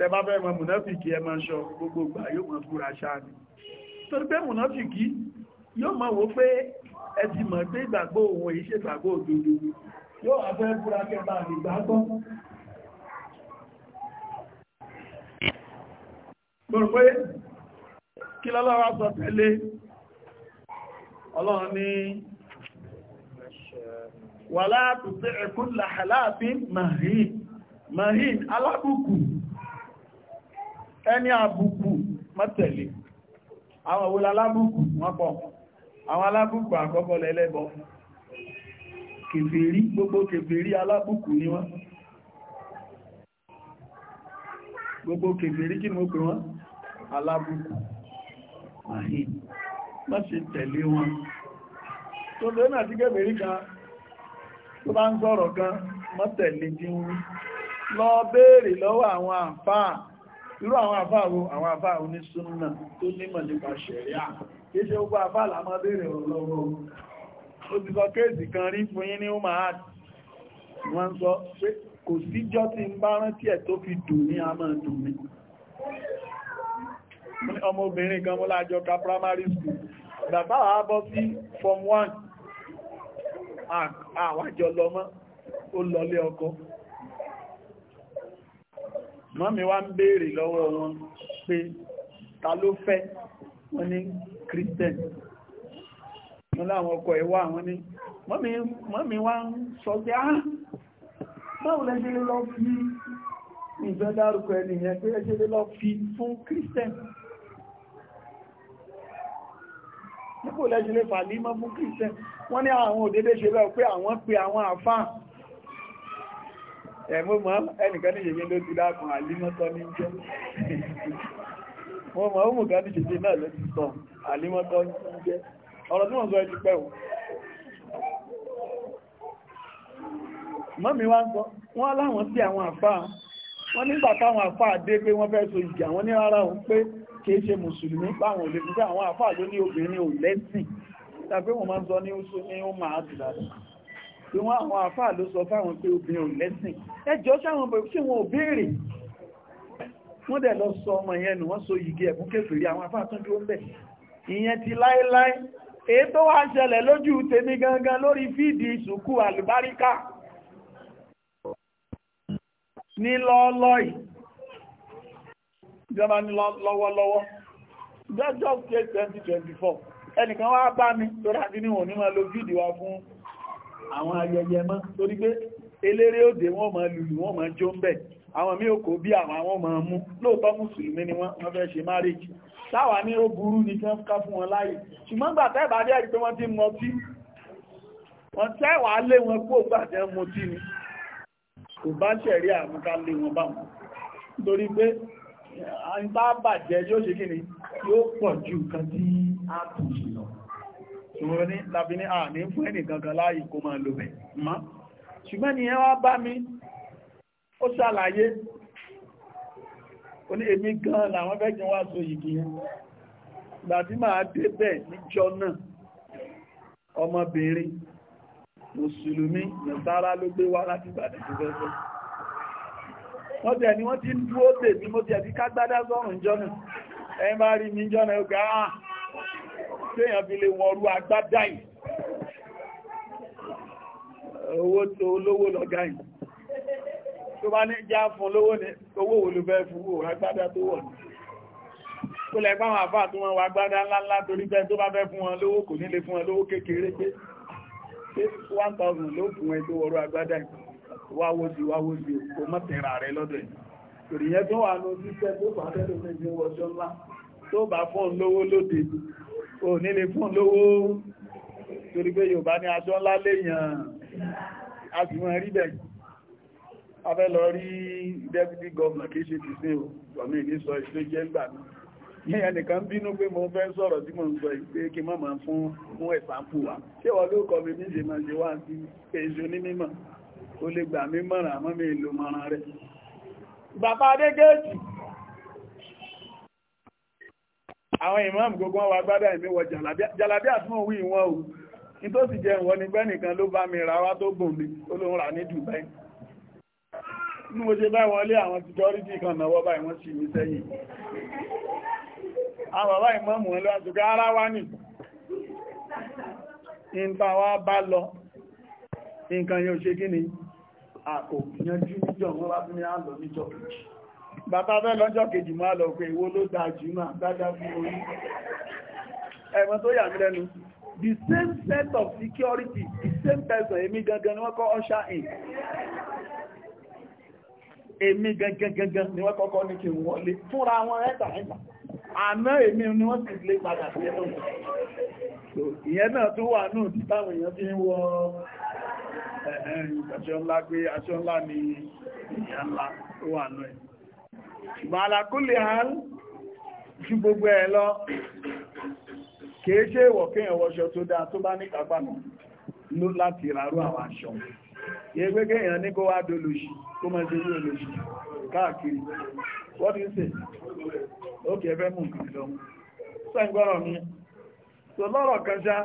tẹbá fẹ́ mọ̀ mùnáfìkì ẹ máa ṣọ gbogbo gbà yóò mọ̀ fúra ṣáàni torí pé mùnáfìkì yóò mọ̀ wó pé ẹ ti mọ̀ pé ìgbàgbọ́ òun iṣẹ́ ìgbàgbọ́ òdodo yóò wá fẹ́ fúra kẹba ìgbàgbọ́ gbọ́n pé mahin alábùkù ẹni àbùkù mọ́tẹ̀lé àwọn òwúlà alábùkù wọ́n pọ̀ àwọn alábùkù àkọ́kọ́ lẹ́lẹ́bọ kèfèrí gbogbo kèfèrí alábùkù ni wọ́n gbogbo kèfèrí kí mo pè wọ́n alábùkù àhìn wọn náà tí lọ béèrè lọ́wọ́ àwọn àǹfàà irú àwọn àfáàwò àwọn àfáàwò ní súnnà tó nímọ̀ nípa ṣẹ̀ríà kìí ṣe gbogbo àfáà la máa béèrè ọ̀rọ̀lọ́wọ́ ó ti sọ kéèsì kan rí fún yín ní umar wọ́n sọ pé kò school bàbá wa bọ́ sí form 1 àwájọ lọ mọ́ mọ́mí wá ń béèrè lọ́wọ́ wọn pé ta ló fẹ́ wọ́n ní christian wọ́n láwọn ọkọ ẹ̀wà àwọn ní mọ́mí wá ń sọ pé á ah, báwọn lẹ́ṣẹ́lẹ́ lọ fi ìfẹ́ dárúkọ ènìyàn pé lẹ́ṣẹ́lẹ́ lọ fi fún christian nípò lẹ́ṣẹ́lẹ́ fà ní mọ́ fún christian wọ́n ní àwọn òdédé ṣe bẹ́ẹ̀ pé àwọn pe àwọn àfáà ẹ̀mú mọ́ ẹnìkan ní ṣèṣe ló ti dákùn àlímọ́tọ́ ní jẹ́ mo mọ̀ ó mú kan ní ṣèṣe náà ló ti sọ àlímọ́tọ́ ní jẹ́ ọ̀rọ̀ tí wọ́n sọ ẹjú pẹ́ mọ́mí wá ń sọ wọ́n láwọn sí àwọn àfáà wọ́n nígbà táwọn àfáà dé pé wọ́n fẹ́ so ìjà wọ́n ní rárá òun pé kìí ṣe mùsùlùmí páwọn olè fún àwọn àfáà ló ní obìnrin ò lẹ́sìn tàbí wọ́n máa ń sọ ní ó máa dùn dáadáa pé wọ́n àwọn àfáà ló sọ fáwọn pé obìnrin ò lẹ́sìn ẹjọ́ sáwọn bẹ̀rẹ̀ ṣe wọn ò béèrè wọ́n dẹ̀ lọ sọ ọmọ yẹn nù wọ́n so yìí ẹ̀kún kéfèrí àwọn àfáà tún dúró bẹ̀ ìyẹn ti láéláé èyí tó wá ṣẹlẹ̀ lójú tèmi gangan lórí fídì ìsùnkú àlùbáríkà ní lọ́ọ́lọ́ì ìjọba ní lọ́wọ́lọ́wọ́ jọ́jọ́ 2024 ẹnìkan wá bá mi lórí àdínníwọ̀n ní máa lo fídì wa fún àwọn ayẹyẹ mọ́ torí pé eléré òde wọ́n máa lùlù wọ́n máa jó ń bẹ̀ àwọn mí ò kò bí àwọn àwọn máa mú lóòótọ́ mùsùlùmí ni wọ́n fẹ́ ṣe marriage táwa ní ó burú ní kí wọ́n ká fún wọn láàyè ṣùgbọ́n gbà tẹ́ẹ̀bà dé ẹ̀rí pé wọ́n ti mọ tí ni kò bá ṣẹ̀rí àmúká ṣùgbọ́n ní lábí ní àní fún ẹnì kankan láàyè kó máa lò bẹ̀ mọ́ ṣùgbọ́n ni ẹ wá bá mi ó ṣàlàyé ó ní èmi gan làwọn fẹ́ kí wá so yìí yẹn ìgbà tí máa dé bẹ̀ níjọ́ wọ́n tẹ̀ ni wọ́n ti ń dúró tèmi mo tẹ̀ ti ká gbádá sọ́rùn jọ́nà ẹ bá rí mi jọ́nà ó gbà téèyàn fi lè wọ̀rú agbádá yìí owó tó olówó lọ́gá yìí tó bá ní já fún lówó ní owó olùfẹ́ fúwò agbádá tó wọ̀ ní tó lẹ pàwọn àfáà tó wọn wà agbádá ńláńlá torí pé tó bá fẹ́ fún wọn lówó kò ní lè fún wọn lówó kékeré pé 1000 ló fún ẹ tó wọ̀rú agbádá yìí wáwó sí wáwó sí kò mọ́ tẹ̀ra rẹ lọ́dọ̀ yìí torí yẹn tó wà ní ojú tẹ́ tó bá fẹ́ tó fẹ́ ò nílé fún lówó torí pé Yorùbá ní aṣọ ńlá léèyàn a sì wọ́n rí bẹ̀ abẹ́ lọ rí deputy governor kìí ṣe ti sí ọmọ ìní sọ ìṣẹ́ jẹ́ ńgbà ní ẹnìkan bínú pé mo fẹ́ sọ̀rọ̀ tí mo ń sọ ìpé kí mọ́ máa fún mú ẹ̀sàmpù wa ṣé wọ́n ló kọ́ mi ní ṣe máa ṣe wá sí èṣù ní mímọ̀ ó lè gbà mí mọ̀ràn àmọ́ mi ìlú mọ̀ràn rẹ̀ bàbá adégéèjì àwọn imam gbogbo wọn wà gbádá ìmí wọ jàlàbí àtúnwò wí wọn o ní tó sì jẹ ìwọ nígbẹ́ nìkan ló bá mi ra wá tó gbòm mi olóhun rà ní Dubai ní mo ṣe bá wọlé àwọn security kan náà wọ́n báyìí wọ́n sì mí sẹ́yìn imam wọn lọ àtúkà ara wá nì ìta wá bá lọ nǹkan ni àkò bàbá fẹ́ lọ́jọ́ kejì máa lọ pé ìwó ló dáa jù náà dáadáa fún orí ẹ̀mọ́ tó yà mí the same set of security the same person èmi gangan ni wọ́n kọ́ usher in èmi gangan ni wọ́n kọ́kọ́ ní kí n wọlé fúnra wọn ẹ́ta ẹ́ta àná èmi ni wọ́n ti lè padà sí ẹ̀tọ́ ìyẹn náà tó wà náà tí táwọn èèyàn fi ń wọ ẹ̀ẹ́ aṣọ ńlá pé aṣọ ńlá ni ìyá ńlá tó wà náà ṣùgbọ́n alákúnlé hàn ju gbogbo ẹ̀ lọ kìí ṣe ìwọ̀kíyàn wọṣọ tó dáa tó bá ní kápánà ló láti ràrú àwọn aṣọ yẹ pé kéèyàn ní kó wá dolóṣì kó mọ́ sí ilé olóṣì káàkiri what do you say ókè ẹfẹ́ mú nǹkan lọ sẹ́gbọ́rọ̀ mi so lọ́rọ̀ kan ṣá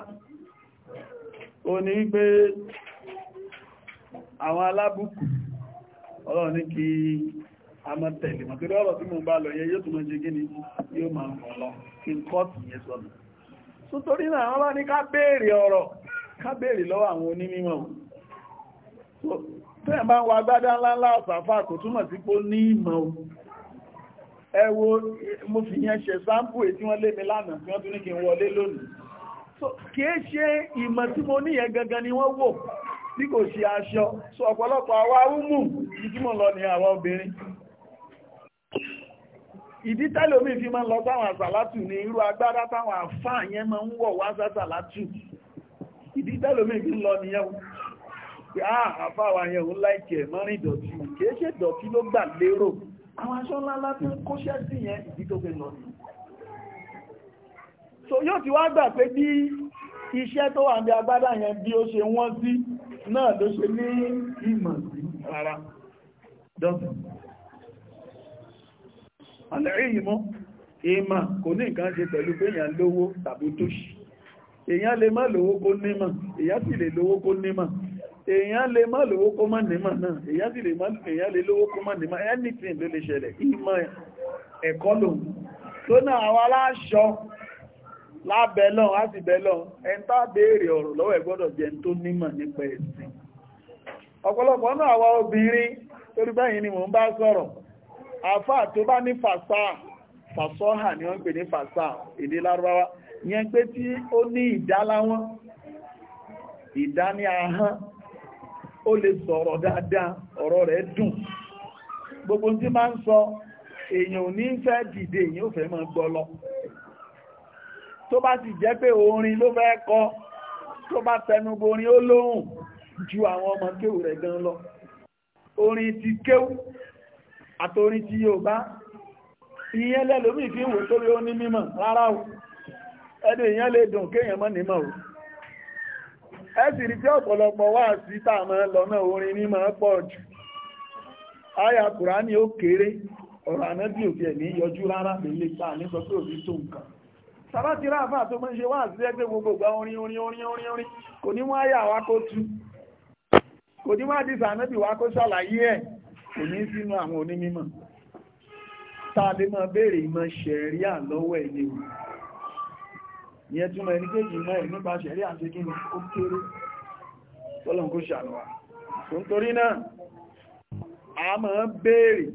o ní pé àwọn alábùkù ọlọ́ ní kí a mọ́ tẹ̀lé tí mo bá lọ yẹn yóò tún mọ́ gíní yóò máa fọ́ lọ kí n kọ́ tì yẹn sọ́nà so torí náà wọ́n bá ní ká bèèrè ọ̀rọ̀ ká bèèrè lọ́wọ́ àwọn onímọ̀ bá ń gbádá ńláńlá kò sí pó ní ìmọ̀ o mo fi yẹn ṣe sáńpù èyí wọ́n lé mi lánàá tí wọ́n tún ní kí wọlé lónìí kìí ṣe ìmọ̀ ìdí tẹ́lómi fi máa ń lọ sáwọn àsàlátù ní irú agbára táwọn àfáà yẹn máa ń wọ̀ wá sásàlátù ìdí tẹ́lómi fi ń lọ nìyẹn pé ah, àfáwà yẹn òun láìkẹ̀ mọ́rin ìdọ̀tí kìí ṣe ìdọ̀tí ló gbà lérò àwọn aṣọ ńláńlá tí kó ṣẹ́ sí yẹn ìdí tó fẹ́ lọ ní so yóò ti wá gbà pé bí iṣẹ́ tó wà ní agbádá yẹn bí ó ṣe wọ́n sí náà ló ṣe ní ìmọ̀ sí rárá àlẹ́rìnmọ́ ìmọ̀ kò ní nǹkan ṣe pẹ̀lú pé èèyàn lówó tàbí tòṣì èèyàn lè má lówó kó nímọ̀ èèyàn sì lè lówó kó nímọ̀ èèyàn lè má lówó kó má nímọ̀ náà èèyàn sì lè lówó kó má nímọ̀ anything ló lè ṣẹlẹ̀ ìmọ̀ ẹ̀kọ́ lòun tó náà àwọn aláṣọ lábẹ́lọ́n á sì ẹn tá béèrè ọ̀rọ̀ lọ́wọ́ ẹ̀ jẹ́ tó nímọ̀ nípa ẹ̀sìn ọ̀pọ̀lọpọ̀ náà obìnrin torí ni bá sọ̀rọ̀ àfá tó bá ní fàṣà fàṣọ́hà ni wọ́n pè ní fàṣà èdè lárúbáwá yẹn pé tí ó ní ìdáláwọ́n ìdá ní ahán ó lè sọ̀rọ̀ dáadáa ọ̀rọ̀ rẹ̀ dùn gbogbo tí máa ń sọ èèyàn ò ní fẹ́ dìde èèyàn ò fẹ́ máa gbọ́ tó bá ti jẹ́ pé orin ló fẹ́ kọ tó bá tẹnubo orin ó lóhùn ju àwọn ọmọ kéwù rẹ̀ gan lọ orin ti kéwù àtorí tí yóò bá ìyẹn lẹ́lòmí fi ń wò torí ó ní mímọ̀ rárá o ẹni ìyẹn lè dùn kéèyàn mọ́ nímọ̀ o ẹ sì rí pé ọ̀pọ̀lọpọ̀ wà sí tààmà lọ́nà orin mímọ̀ pọ̀ jù àyà kùránì ó kéré ọ̀rọ̀ ànábì òfì ẹ̀ ní yọjú rárá lè ta ní sọ pé òfin ẹ̀ kò ní sínú àwọn onímímọ̀ táa lè máa béèrè ìmọ̀ ṣẹ̀ríà lọ́wọ́ ẹni o ìyẹn túnmọ̀ ẹni kéjì mọ́ ẹ̀ nípa ṣẹ̀ríà ṣe kí ni ó kéré tọ́lọ̀n kó ṣàlọ́wà tó ń torí náà a máa béèrè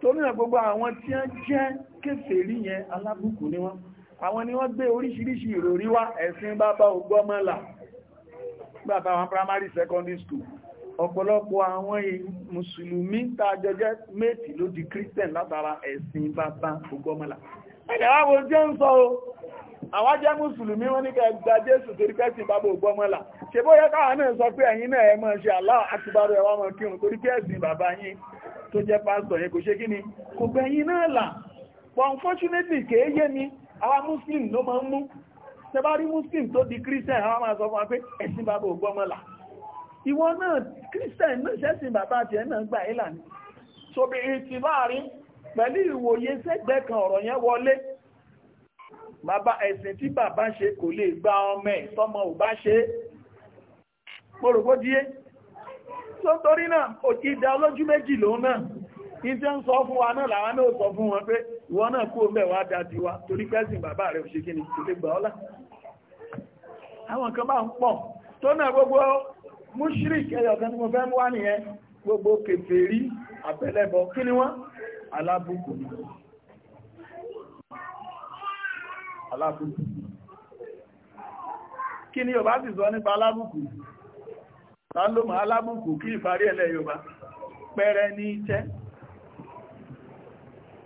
torí náà gbogbo àwọn tí wọ́n jẹ́ kèfèrí yẹn alábùkù ni wọ́n àwọn ni wọ́n gbé oríṣiríṣi ìròrí wá ẹ̀sìn bàbá ògbọ́mọ́là bàbá wọn primary secondary school ọ̀pọ̀lọpọ̀ àwọn mùsùlùmí tàjọjẹ́ méjì ló di christian látara ẹ̀sìn bàbá ògbọ́mọ́lá ẹ̀dẹ̀wà wo jẹ́ ń sọ o àwa jẹ́ mùsùlùmí wọ́n ní kẹgbà jésù torí pẹ́sìn bàbá ògbọ́mọ́lá ṣe bó yẹ káwa náà sọ pé ẹ̀yin náà ẹ but unfortunately kèé yé mi àwa muslim ló muslim tó di christian àwa máa sọ fún ìwọ náà kírísítẹ̀n náà ṣẹ́sìn bàbá àti ẹ̀ náà gbà ìlà ní ṣòbìnrin ti láàrin pẹ̀lú ìwòye sẹ́gbẹ́ kan ọ̀rọ̀ yẹn wọlé bàbá ẹ̀sìn tí bàbá ṣe kò lè gba ọmọ ẹ̀ tọ́mọ ò bá ṣe mọ́rògbódíé tó torí náà òkìdá olójú méjì ló náà ní tí ó ń sọ fún wa náà làwọn náà sọ fún wọn pé ìwọ náà kú ọmọ ẹ̀wà dá ti wa torí pẹ́sìn bàbá rẹ̀ tó náà gbogbo mushrik ẹyọ̀kan tí mo fẹ́ mú wá nìyẹn gbogbo kèfèrí àbẹ̀lẹ́bọ kí ni wọ́n alábùkù ni alábùkù kí ni Yorùbá sì sọ nípa alábùkù ta ló mọ̀ alábùkù kí ìparí ẹ̀lẹ́ Yorùbá pẹ̀rẹ ní iṣẹ́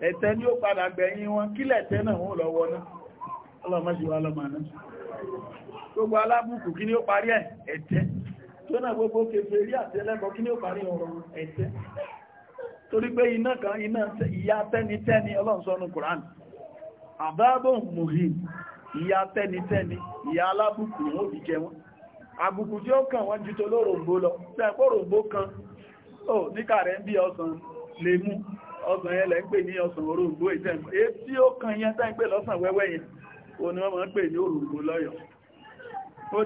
ẹ̀tẹ́ ni ó padà gbẹ̀yìn wọn kílẹ̀ tẹ́ náà wọ́n lọ́wọ́ náà ọlọ́mọ́síwá lọ́mọ́ náà gbogbo alábùkù kí ni ó parí ẹ̀ ẹ̀tẹ́ tó náà gbogbo kèfè rí àti ẹlẹ́bọ̀ kí ní ó parí ọ̀rọ̀ ẹ̀tẹ́ torí pé iná kan iná ìyá tẹ́nitẹ́ni ọlọ́nsọ́nù Qur'an àbábọ̀ mohim ìyá tẹ́nitẹ́ni ìyá alábùkù wọn òbí jẹ wọn àbùkù tí ó kàn wọ́n ju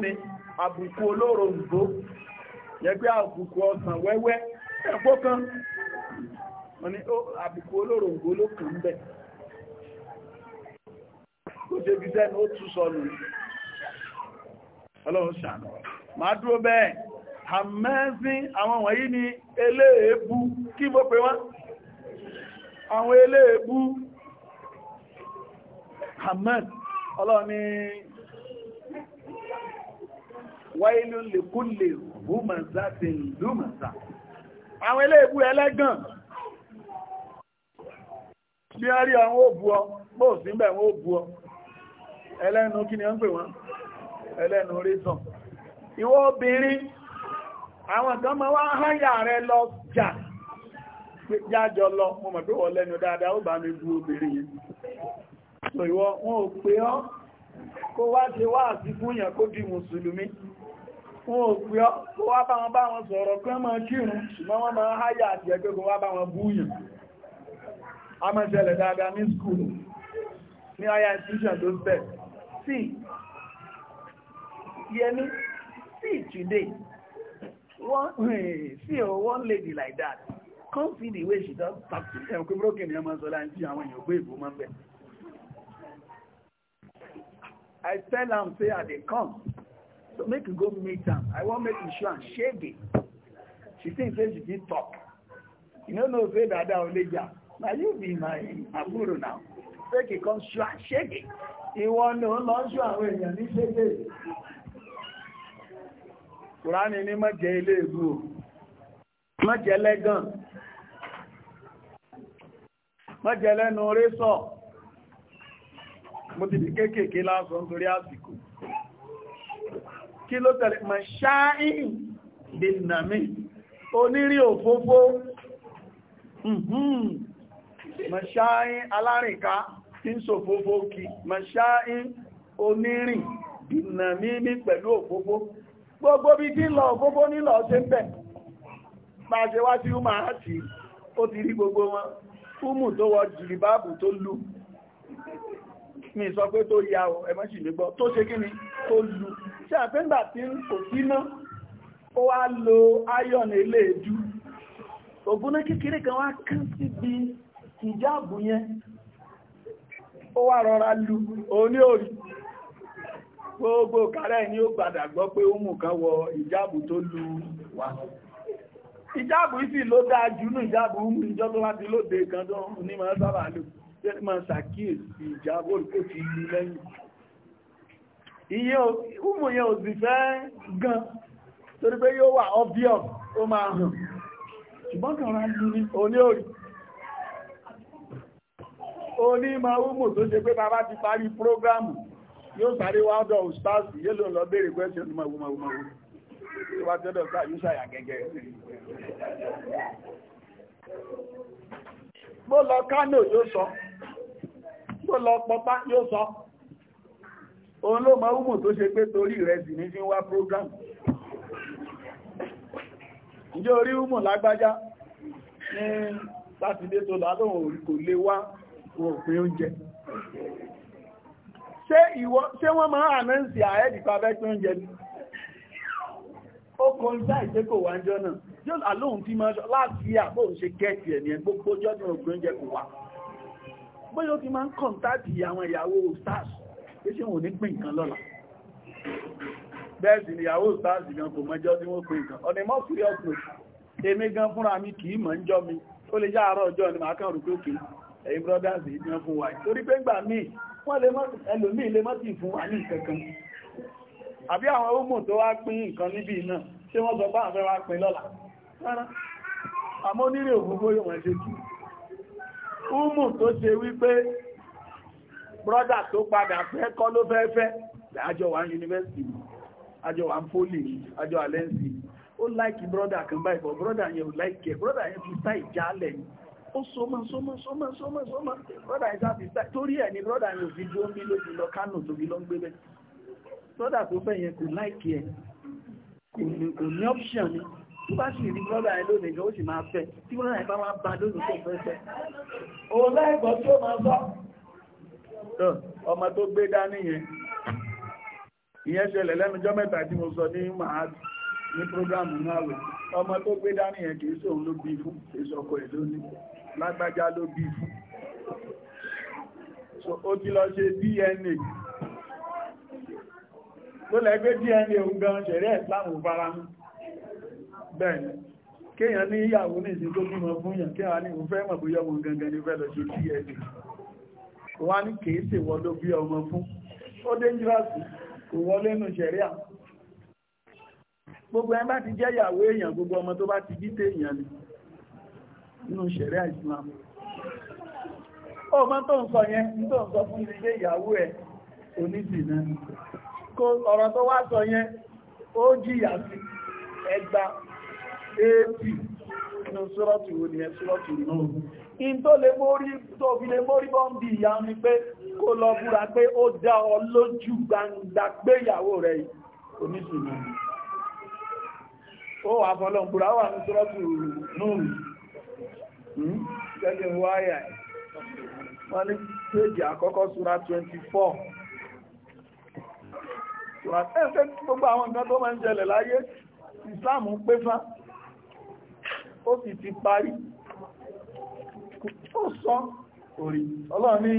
kan àbùkù olóòròǹgbò yẹgbẹ́ àbùkù ọsàn wẹ́wẹ́ ẹ̀pọ́ kan wọ́n ní àbùkù ló kàn ń bẹ̀ kò débi sọ ó tún sọnù ọlọ́run ṣàánú máa dúró bẹ́ẹ̀ àmẹ́sìn àwọn wọ̀nyí ni eléèébú kí mo pè wá àwọn eléèébú hamas ọlọ́run ni wáyélú lè kú lè húmọ̀sá ti lúmọ̀sá àwọn ilé ìbú ẹlẹ́gàn bí a rí àwọn òbú ọ bóò sí ń bẹ̀ wọ́n òbú ọ ẹlẹ́nu kí ni ó ń pè wọ́n ẹlẹ́nu rétàn ìwọ obìnrin àwọn kan ma wá háyà rẹ lọ jà jájọ lọ mo mọ̀ pé wọ́n lẹ́nu dáadáa ó bá mi bú obìnrin yìí so ìwọ wọn ò pé ọ kó wá ṣe wá àti fúnyàn kó di mùsùlùmí wọn ò pè ọ́ kó wá bá wọn bá wọn sọ̀rọ̀ pé mọ́ kírun ṣùgbọ́n wọ́n máa háyà àti ẹgbẹ́ kó wá bá wọn búyàn a máa ṣẹlẹ̀ dáadáa ní skúl ní higher institution tó stẹ̀ sí yẹni sí today one see one lady like that come see the way she just talk to them kó broken ni ọmọ sọlá ń jí àwọn èèyàn gbé ìbò mọ́ bẹ́ẹ̀ I tell am say I dey come So make you go meet am. I wan make you show am shege. She think say she fit talk. You no know say Dada Oleja. Na you be my guru now. Make you come show am shege. Ìwọ ni ó lọ ṣú show èèyàn ní ṣége. Kùránì ní má jẹ ilé ìlú o. Má jẹ lẹ́gàn. Má jẹ lẹ́nu orí sọ. Mo ti di kekeke lásán torí àsìkò. kí ló tẹ̀lé mọ̀ ṣááìn dìnnàmí onírí òfófó mọ̀ mhm. ṣááìn alárìnká tí ń sòfófó kí mọ̀ ṣááìn onírìn dìnnàmí ní pẹ̀lú òfófó gbogbo bí tí lọ òfófó nílọ ṣe ń bẹ̀ máa ṣe wá sí ọmọ àti ó ti rí gbogbo wọn fúmù tó wọ jìlìbáàbù tó lù mi sọ pé tó yà ọ nígbọ́ tó ṣe kí ni tó lù ṣe àfẹ́gbà tí kò síná ó wá lo iron eléèdú ògúnná kékeré kan wá kán síbi ìjáàbù yẹn ó wá rọra lu òní orí gbogbo kàrẹ́ ni ó gbàdà gbọ́ pé ó mú kan wọ ìjáàbù tó lu wà ìjáàbù ìsì ló dáa jù ní ìjáàbù ìjọ tó láti lóde kan tó ní ma sábà lò tẹ́lẹ̀ ma ṣàkíyèsí ìjáàbù olùkó ti lu lẹ́yìn iye umu yẹn ò sì fẹ́ gan torí pé yóò wà obvious ó máa hàn ṣùgbọ́n kàrà ní oní orí oní ma umu tó ṣe pé bàbá ti parí prógrámù yóò sáré wá ọ̀dọ̀ ustazi yóò lọ béèrè pẹ́sẹ̀ ọdún mọ̀wọ̀mọ̀wọ̀ mo lọ Kánò yóò sọ mo lọ Pọ̀pá yóò sọ òun ló mọ wùmù tó ṣe pé torí ìrẹsì ní fi wá program ìjọ orí wùmù lágbájá ní sátidé tó látọ̀wọ̀n orí kò lè wá wọn òpin oúnjẹ ṣé wọ́n máa àmẹ́ǹsì àẹ́dìpá fẹ́ pín oúnjẹ ní ó kọ ìdá ìṣẹ́ kò wá ń jọ náà yóò àlóhun tí máa láti àpò òṣè kẹ́ẹ̀kì ẹ̀ ní gbogbo jọ́dún ògbóúnjẹ kò wá bóyá ti máa ń kọ̀ǹtàtì àwọn ìyàwó stars ṣe wọ́n ní pín nǹkan lọ́la bẹ́ẹ̀sì ìyàwó sáàsì gan kò mọ́jọ́ tí wọ́n pín nǹkan ọ̀nà mọ́ sí ọkùn èmi gan fúnra mi kì í mọ̀ ń jọ mi ó lè jáàárọ̀ ọjọ́ ni màá kàn rúkú òkè ẹ̀yin brothers yìí ní fún wa torí pé ńgbà míì wọ́n lè ẹlòmíì lè mọ́tì fún wa ní kankan àbí àwọn ọmọ tó wá pín nǹkan níbi náà ṣé wọ́n sọ bá àwọn wa pín lọ́la rárá àmọ́ onírè òfófó yóò wọ́n ṣe jù ọmọ tó ṣe wípé brọ́dà tó padà fẹ́ kọ́ ló fẹ́ àjọ wà yunifásitì àjọ wà fólì àjọ àlẹ́ǹsì ó láìkì brọ́dà kan báyìí bọ̀ brọ́dà yẹn ò láìkì brọ́dà yẹn fi sá ìjálẹ̀ ni ó sọmọ sọmọ sọmọ sọmọ sọmọ brọ́dà yẹn sáfi ni brọ́dà yẹn ò fi dúró bí ló fi lọ Kánò tó fi lọ ń gbé bẹ́ẹ̀ brọ́dà tó fẹ́ yẹn option ni tó bá sì brọ́dà yẹn lónìí gan ó sì máa fẹ́ tí brọ́dà yẹn bá ba lónìí tó fẹ́ fẹ́ ọmọ tó gbé dání yẹn ìyẹn ṣẹlẹ̀ lẹ́nujọ́ mẹ́ta tí mo sọ ní mahad ní prógrámù náà rẹ̀ ọmọ tó gbé dání yẹn kìí sóun ló bí fún ìṣọ̀kọ ẹ̀ lónìí lágbájá ló bí fún so ó ti lọ ṣe DNA ló lẹ́gbẹ́ DNA òun gan ṣẹ̀rẹ́ ìsìláàmù fara mú bẹ́ẹ̀ kéèyàn ní ìyàwó ní ìsìn tó bímọ fún yàn kéèyàn ní òun fẹ́ mọ̀ bóyá ọmọ gangan ní fẹ́ lọ ṣe DNA kò wá ní kìí bí ọmọ fún ó kò wọlé nù gbogbo ẹ bá ti jẹ ìyàwó èèyàn gbogbo ọmọ tó bá ti bí téèyàn ni Islam ọmọ tó ń sọ yẹn tó ń sọ fún ilé ìyàwó onídìínà ọ̀rọ̀ tó wá sọ yẹn ó sí sọ́rọ̀tù wo ni in tó lè mórí tó fi lè mórí bọ́ bí ìyá ni pé kó lọ búra pé ó dá ọ lójú gbangba pé ìyàwó rẹ̀ oníṣùnà ó wà fọ́lọ́n wà ní tọ́rọ́tù núùrù hmm? gẹ́gẹ́ wáyà wọ́n ní péjì àkọ́kọ́ súra 24 ẹ̀fẹ́ gbogbo àwọn nǹkan tó máa ń jẹlẹ̀ láyé ìsìláàmù pé fá ó sì ti parí ó sọ orí ọlọ́run ní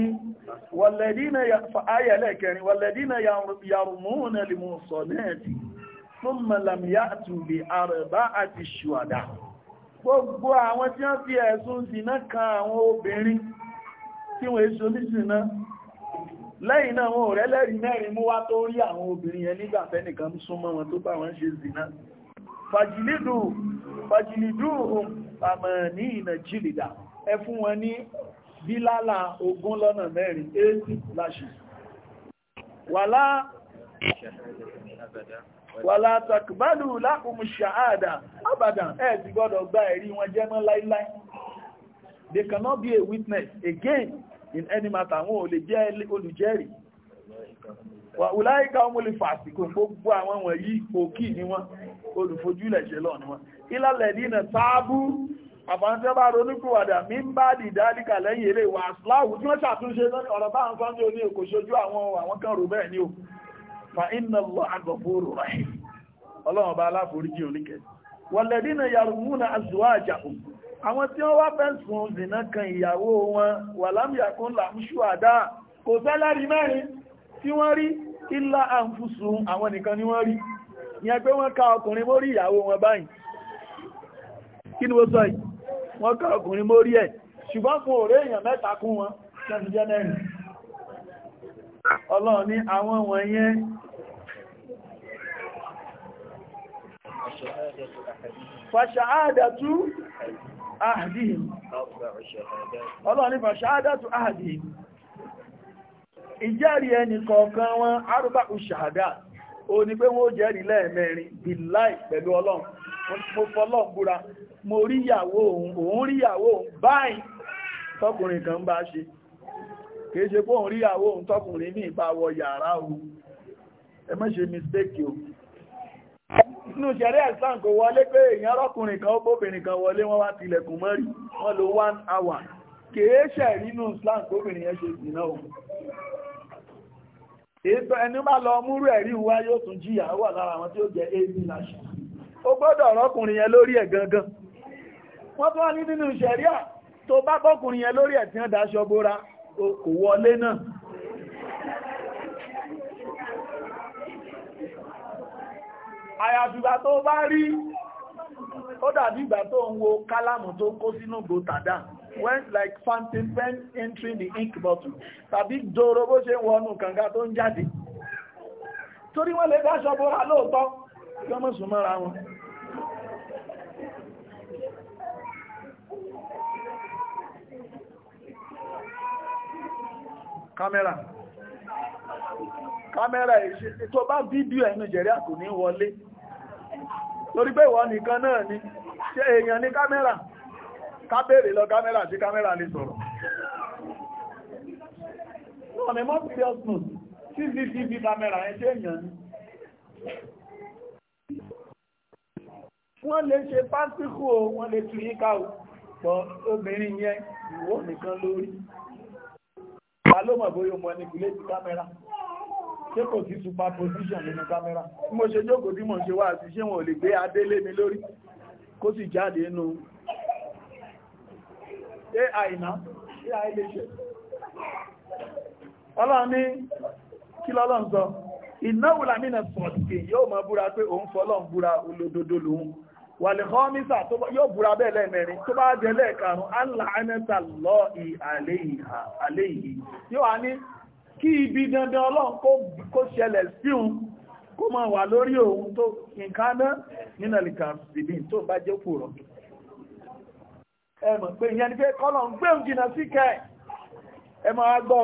wàlẹ̀dínà ayẹ̀lẹ̀ kẹrin wàlẹ̀dínà yàrùmúnà lè mú sọ náà ti fún mẹ́làmíyà àtúnbí àrẹ̀bá àti ṣùwàdà gbogbo àwọn tí wọ́n fi ẹ̀sùn ìsìná kan àwọn obìnrin tí wọ́n èso nísìná lẹ́yìn náà wọn ò rẹ́lẹ́rì mẹ́rin mú wá tó rí àwọn obìnrin yẹn nígbàfẹ́ nìkan súnmọ́ wọn tó bá wọn ṣe ìsìná fàjìlìdù fàjìlìdù àmà ní ìnà ẹ fún wọn ní bílálà ogún lọ́nà mẹ́rin 80 lashes wàlá wàlá takbalu lákùnmù ṣàádà abadan ẹ̀ ti gbọ́dọ̀ gba ẹ̀rí wọn jẹ́ mọ́ láíláí they cannot be a witness again in any matter wọn ò jẹ́ olùjẹ́rìí wàhùláìka ọmọ fàásìkò gbogbo àwọn wọ̀nyí òkì ni wọ́n olùfojúlẹ̀ ṣẹlọ́ ni wọ́n ilálẹ̀ dínà táàbù àbáwọn tí wọ́n bá ronúkúwàdà mí ń bá dìdálíkà lẹ́yìn eré wà láwù tí wọ́n ṣàtúnṣe lórí ọ̀rọ̀ bá ń sọ ní oní kò ṣojú àwọn àwọn kan rò bẹ́ẹ̀ ni o fa inna Allaha ghafurur rahim ọlọ́run bá aláforíjì oníkẹ́ walladhina yarmuna azwajahum àwọn tí wọ́n wá fẹ́ sùn zìnà kan ìyàwó wọn wà lámìyàkún làmúṣù àdá kò sẹ́lẹ́rì mẹ́rin tí wọ́n rí illa anfusuhum àwọn nìkan ni wọ́n rí ìyẹn pé wọ́n ká ọkùnrin mórí ìyàwó wọn báyìí kí ni wọ́n sọ yìí wọ́n kọ́ ọkùnrin mórí ẹ̀ ṣùgbọ́n fún òré èèyàn mẹ́ta kún wọn lẹ́nu jẹ́ mẹ́rin ọlọ́run ní àwọn wọ̀nyẹn fàṣàádàtú àhàdìhìm ọlọ́run ní fàṣàádàtú ẹni kọ̀ọ̀kan wọn arúbá òṣàádà ó ní pé wọ́n lẹ́ẹ̀mẹ́rin bí láì pẹ̀lú ọlọ́run mo ríyàwó òun òun ríyàwó òun báyìí tọkùnrin kan bá ṣe kìí ṣe pé òun ríyàwó òun tọkùnrin ní ìbáwọ yàrá o ẹmọ́ ṣe mistake o nínú ṣẹ̀rẹ́ ẹ̀sán kò pé èèyàn rọ́kùnrin kan ó bóbìnrin kan wọlé wọ́n wá tilẹ̀kùn mọ́rí wọ́n lo one hour kìí ṣẹ̀ ṣe ètò wọ́n tó wá ní nínú ṣẹ̀ríà tó bá bọ́kùnrin yẹn lórí ẹ̀tí wọ́n dáṣọ kò wọlé náà àyàfìgbà tó bá rí ó dàbí ìgbà tó ń wo kálámù tó kó sínú gbòtàdá when like fountain pen entering the ink bottle tàbí dòrò bó ṣe wọnú kànga tó ń jáde torí wọ́n lè dáṣọ bóra lóòótọ́ yọ́mọ̀sùn mọ́ra wọn kámẹ́rà kámẹ́rà ìṣẹ́ tó bá fídíò ẹnu jẹ̀rí àkò ní wọlé lórí pé ìwọ nìkan náà ni ṣe èèyàn ní kámẹ́rà kábèrè lọ kámẹ́rà sí kámẹ́rà lè sọ̀rọ̀ on a more serious note cctv kámẹ́rà ẹ̀ ṣe èèyàn ni wọ́n lè ṣe pásíkò wọ́n lè tún yíká ò obìnrin yẹn ìwọ nìkan lórí ta ló mọ̀ bóyá mọ̀ manipulate kámẹ́rà ṣé kò sí superposition nínú kámẹ́rà tí mo ṣe jókòó tí mo ṣe wá àti ṣé wọn ò lè gbé adélé mi lórí kó sì jáde nínú ai náà ai lè ṣe ọlọ́run ní kí lọ́lọ́run sọ ìnáwó làmínà sọ̀tì yóò máa búra pé òun fọlọ́run búra olódodo lòun wàlẹ̀kọ́ mísà yóò búra bẹ́ẹ̀ lẹ́mẹ̀rin tó bá jẹ lẹ́ẹ̀karùn aláàánẹ́ta lọ àléyìí yóò wá ní kí ibi dandan ọlọ́run kó ṣẹlẹ̀ síun kó máa wà lórí ohun tó nǹkaná nínàlìkà síbí tó bá jẹ́ òpùrọ́ ẹmọ̀ pé ìyẹn ni pé kọ́lọ̀ ń gbé òjìnà síkẹ́ ẹ máa ò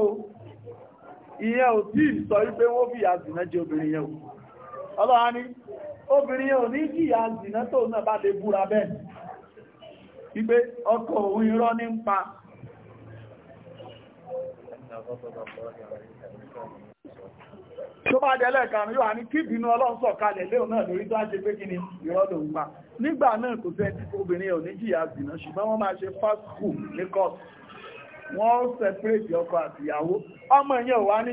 tí ì sọ wọ́n fìyà zìnà jẹ obìnrin yẹn o ọlọ́wà ní obìnrin ò ní tó náà bá lè búra bẹ́ẹ̀ ipé ọkọ òun irọ́ ní ń pa tó bá jẹ́ lẹ́ẹ̀kan yóò ní kí ìbínú ọlọ́run sọ̀kalẹ̀ léò náà lórí tó á ṣe pé kí ni ló ń wọ́n máa ṣe ọmọ ìyẹn ò wá ní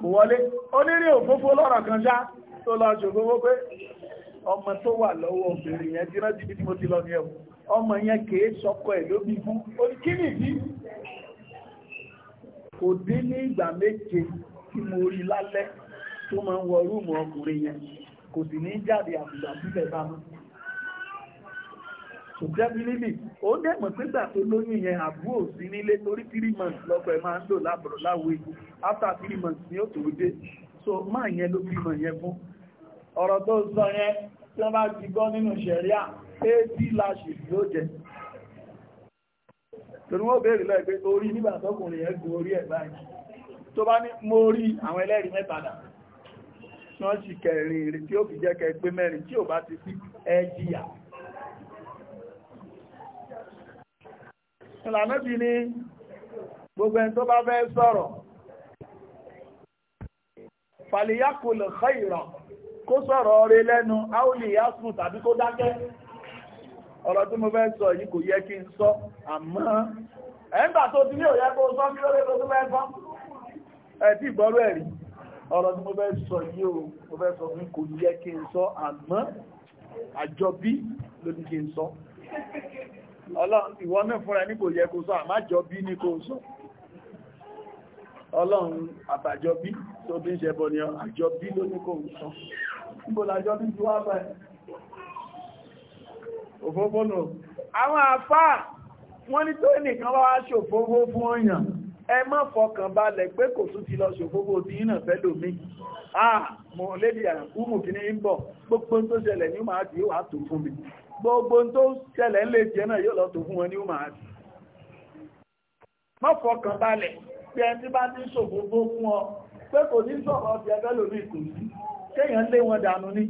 kò wọlé onírí òfófó lọ́rọ̀ kan já tó lọ ṣòfófó pé ọmọ tó wà lọ́wọ́ obìnrin yẹn tí bí mo lọ ní ọmọ yẹn kèé sọkọ ẹ̀ ló fún oníkíní kò dín ní ìgbà méje tí mo rí lálẹ́ tó máa ń wọ rúùmù ọkùnrin yẹn kò sì ní ìjẹ́bílíbì ó dẹ̀mọ̀ pígbà tó lóyún yẹn àbúrò sí nílé torí 3 months lọ́pọ̀ ẹ̀ máa ń lò lábọ̀rọ̀ láwé after 3 months ni ó tó dé so máa yẹn ló fi mọ̀ yẹn fún ọ̀rọ̀ tó sọ yẹn tí wọ́n bá ti gbọ́ nínú ṣẹ̀ríà éèdì láṣì yóò jẹ torí wọ́n béèrè lọ́ẹ̀ pé orí nígbà tọkùnrin yẹn gun orí ẹ̀ báyìí tó bá ní mo rí àwọn ẹlẹ́rìí mẹ́tàdà tí wọ́n sì kẹrin tí ó fi jẹ́ kẹ pé mẹ́rin tí ò bá ti sí ẹ jìyà ìlànà bí ní gbogbo ẹni tó bá fẹ́ sọ̀rọ̀ fàlìyàkùlù khayran kó sọ̀rọ̀ ọ̀rẹ́ lẹ́nu áúlì yásùn tàbí kó dákẹ́ ọ̀rọ̀ tí mo fẹ́ sọ yìí kò yẹ kí n sọ àmọ́ ẹ̀ńgbà tó ti ní òyẹ kó sọ kí lórí tó fẹ́ sọ ẹ̀tí ìgbọ́rú ẹ̀rí ọ̀rọ̀ tí mo fẹ́ sọ yìí o mo fẹ́ sọ fún kò yẹ kí n sọ àmọ́ àjọ ló ní kí n sọ ọlọ́run ìwọ náà fúnra ní kò yẹ kó sọ àmájọ bí ní kó sọ ọlọ́run àtàjọ bí tó bí ń ṣẹbọ ni àjọ bí ló ní kó sọ níbòlájọ́ bí tí wá bẹ̀rẹ̀ òfófónà àwọn àfáà wọ́n ní tó nìkan wá ṣòfófó fún ọ̀yàn ẹ má fọkàn balẹ̀ pé kò tún ti lọ ṣòfófó tí ìnà fẹ́lò mí ah mọ̀ lédi àkúrù kìíní ń bọ̀ gbogbo tó ṣẹlẹ̀ ní máa tí ó wà tó fún mi gbogbo tó ṣẹlẹ̀ lè jẹ́ náà yóò lọ tó fún wọn ní ọmọ àti mọ́fọ̀kàn balẹ̀ pé ẹni bá ní ṣògbogbo fún ọ pé kò ní sọ̀rọ̀ ọ̀bẹ̀ ẹgbẹ́ lórí ìkò sí kéèyàn lé wọn dànù ní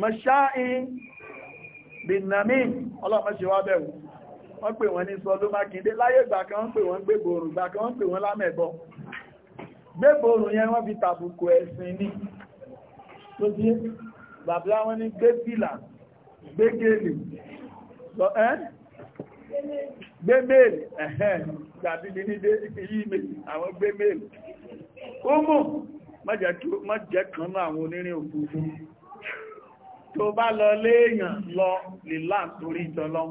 mọ̀ṣáìn bìnàmín ọlọ́mọṣẹ́wà bẹ̀rù wọ́n pè wọ́n ní sọdún mákindé láyé ìgbà kan wọ́n pè wọ́n gbégbòrùn ìgbà kan wọ́n pè wọ́n lámẹ̀bọ gbégbòrùn yẹn gbégèlè gbémèlì ẹ̀hẹ́n tàbí ní nídé èyí méjì àwọn gbémèlì ó mọ̀ mọ́jẹ́ kan náà àwọn onírin òkúrú tó bá lọ léèyàn lọ lílá torí ìtọ́lọ́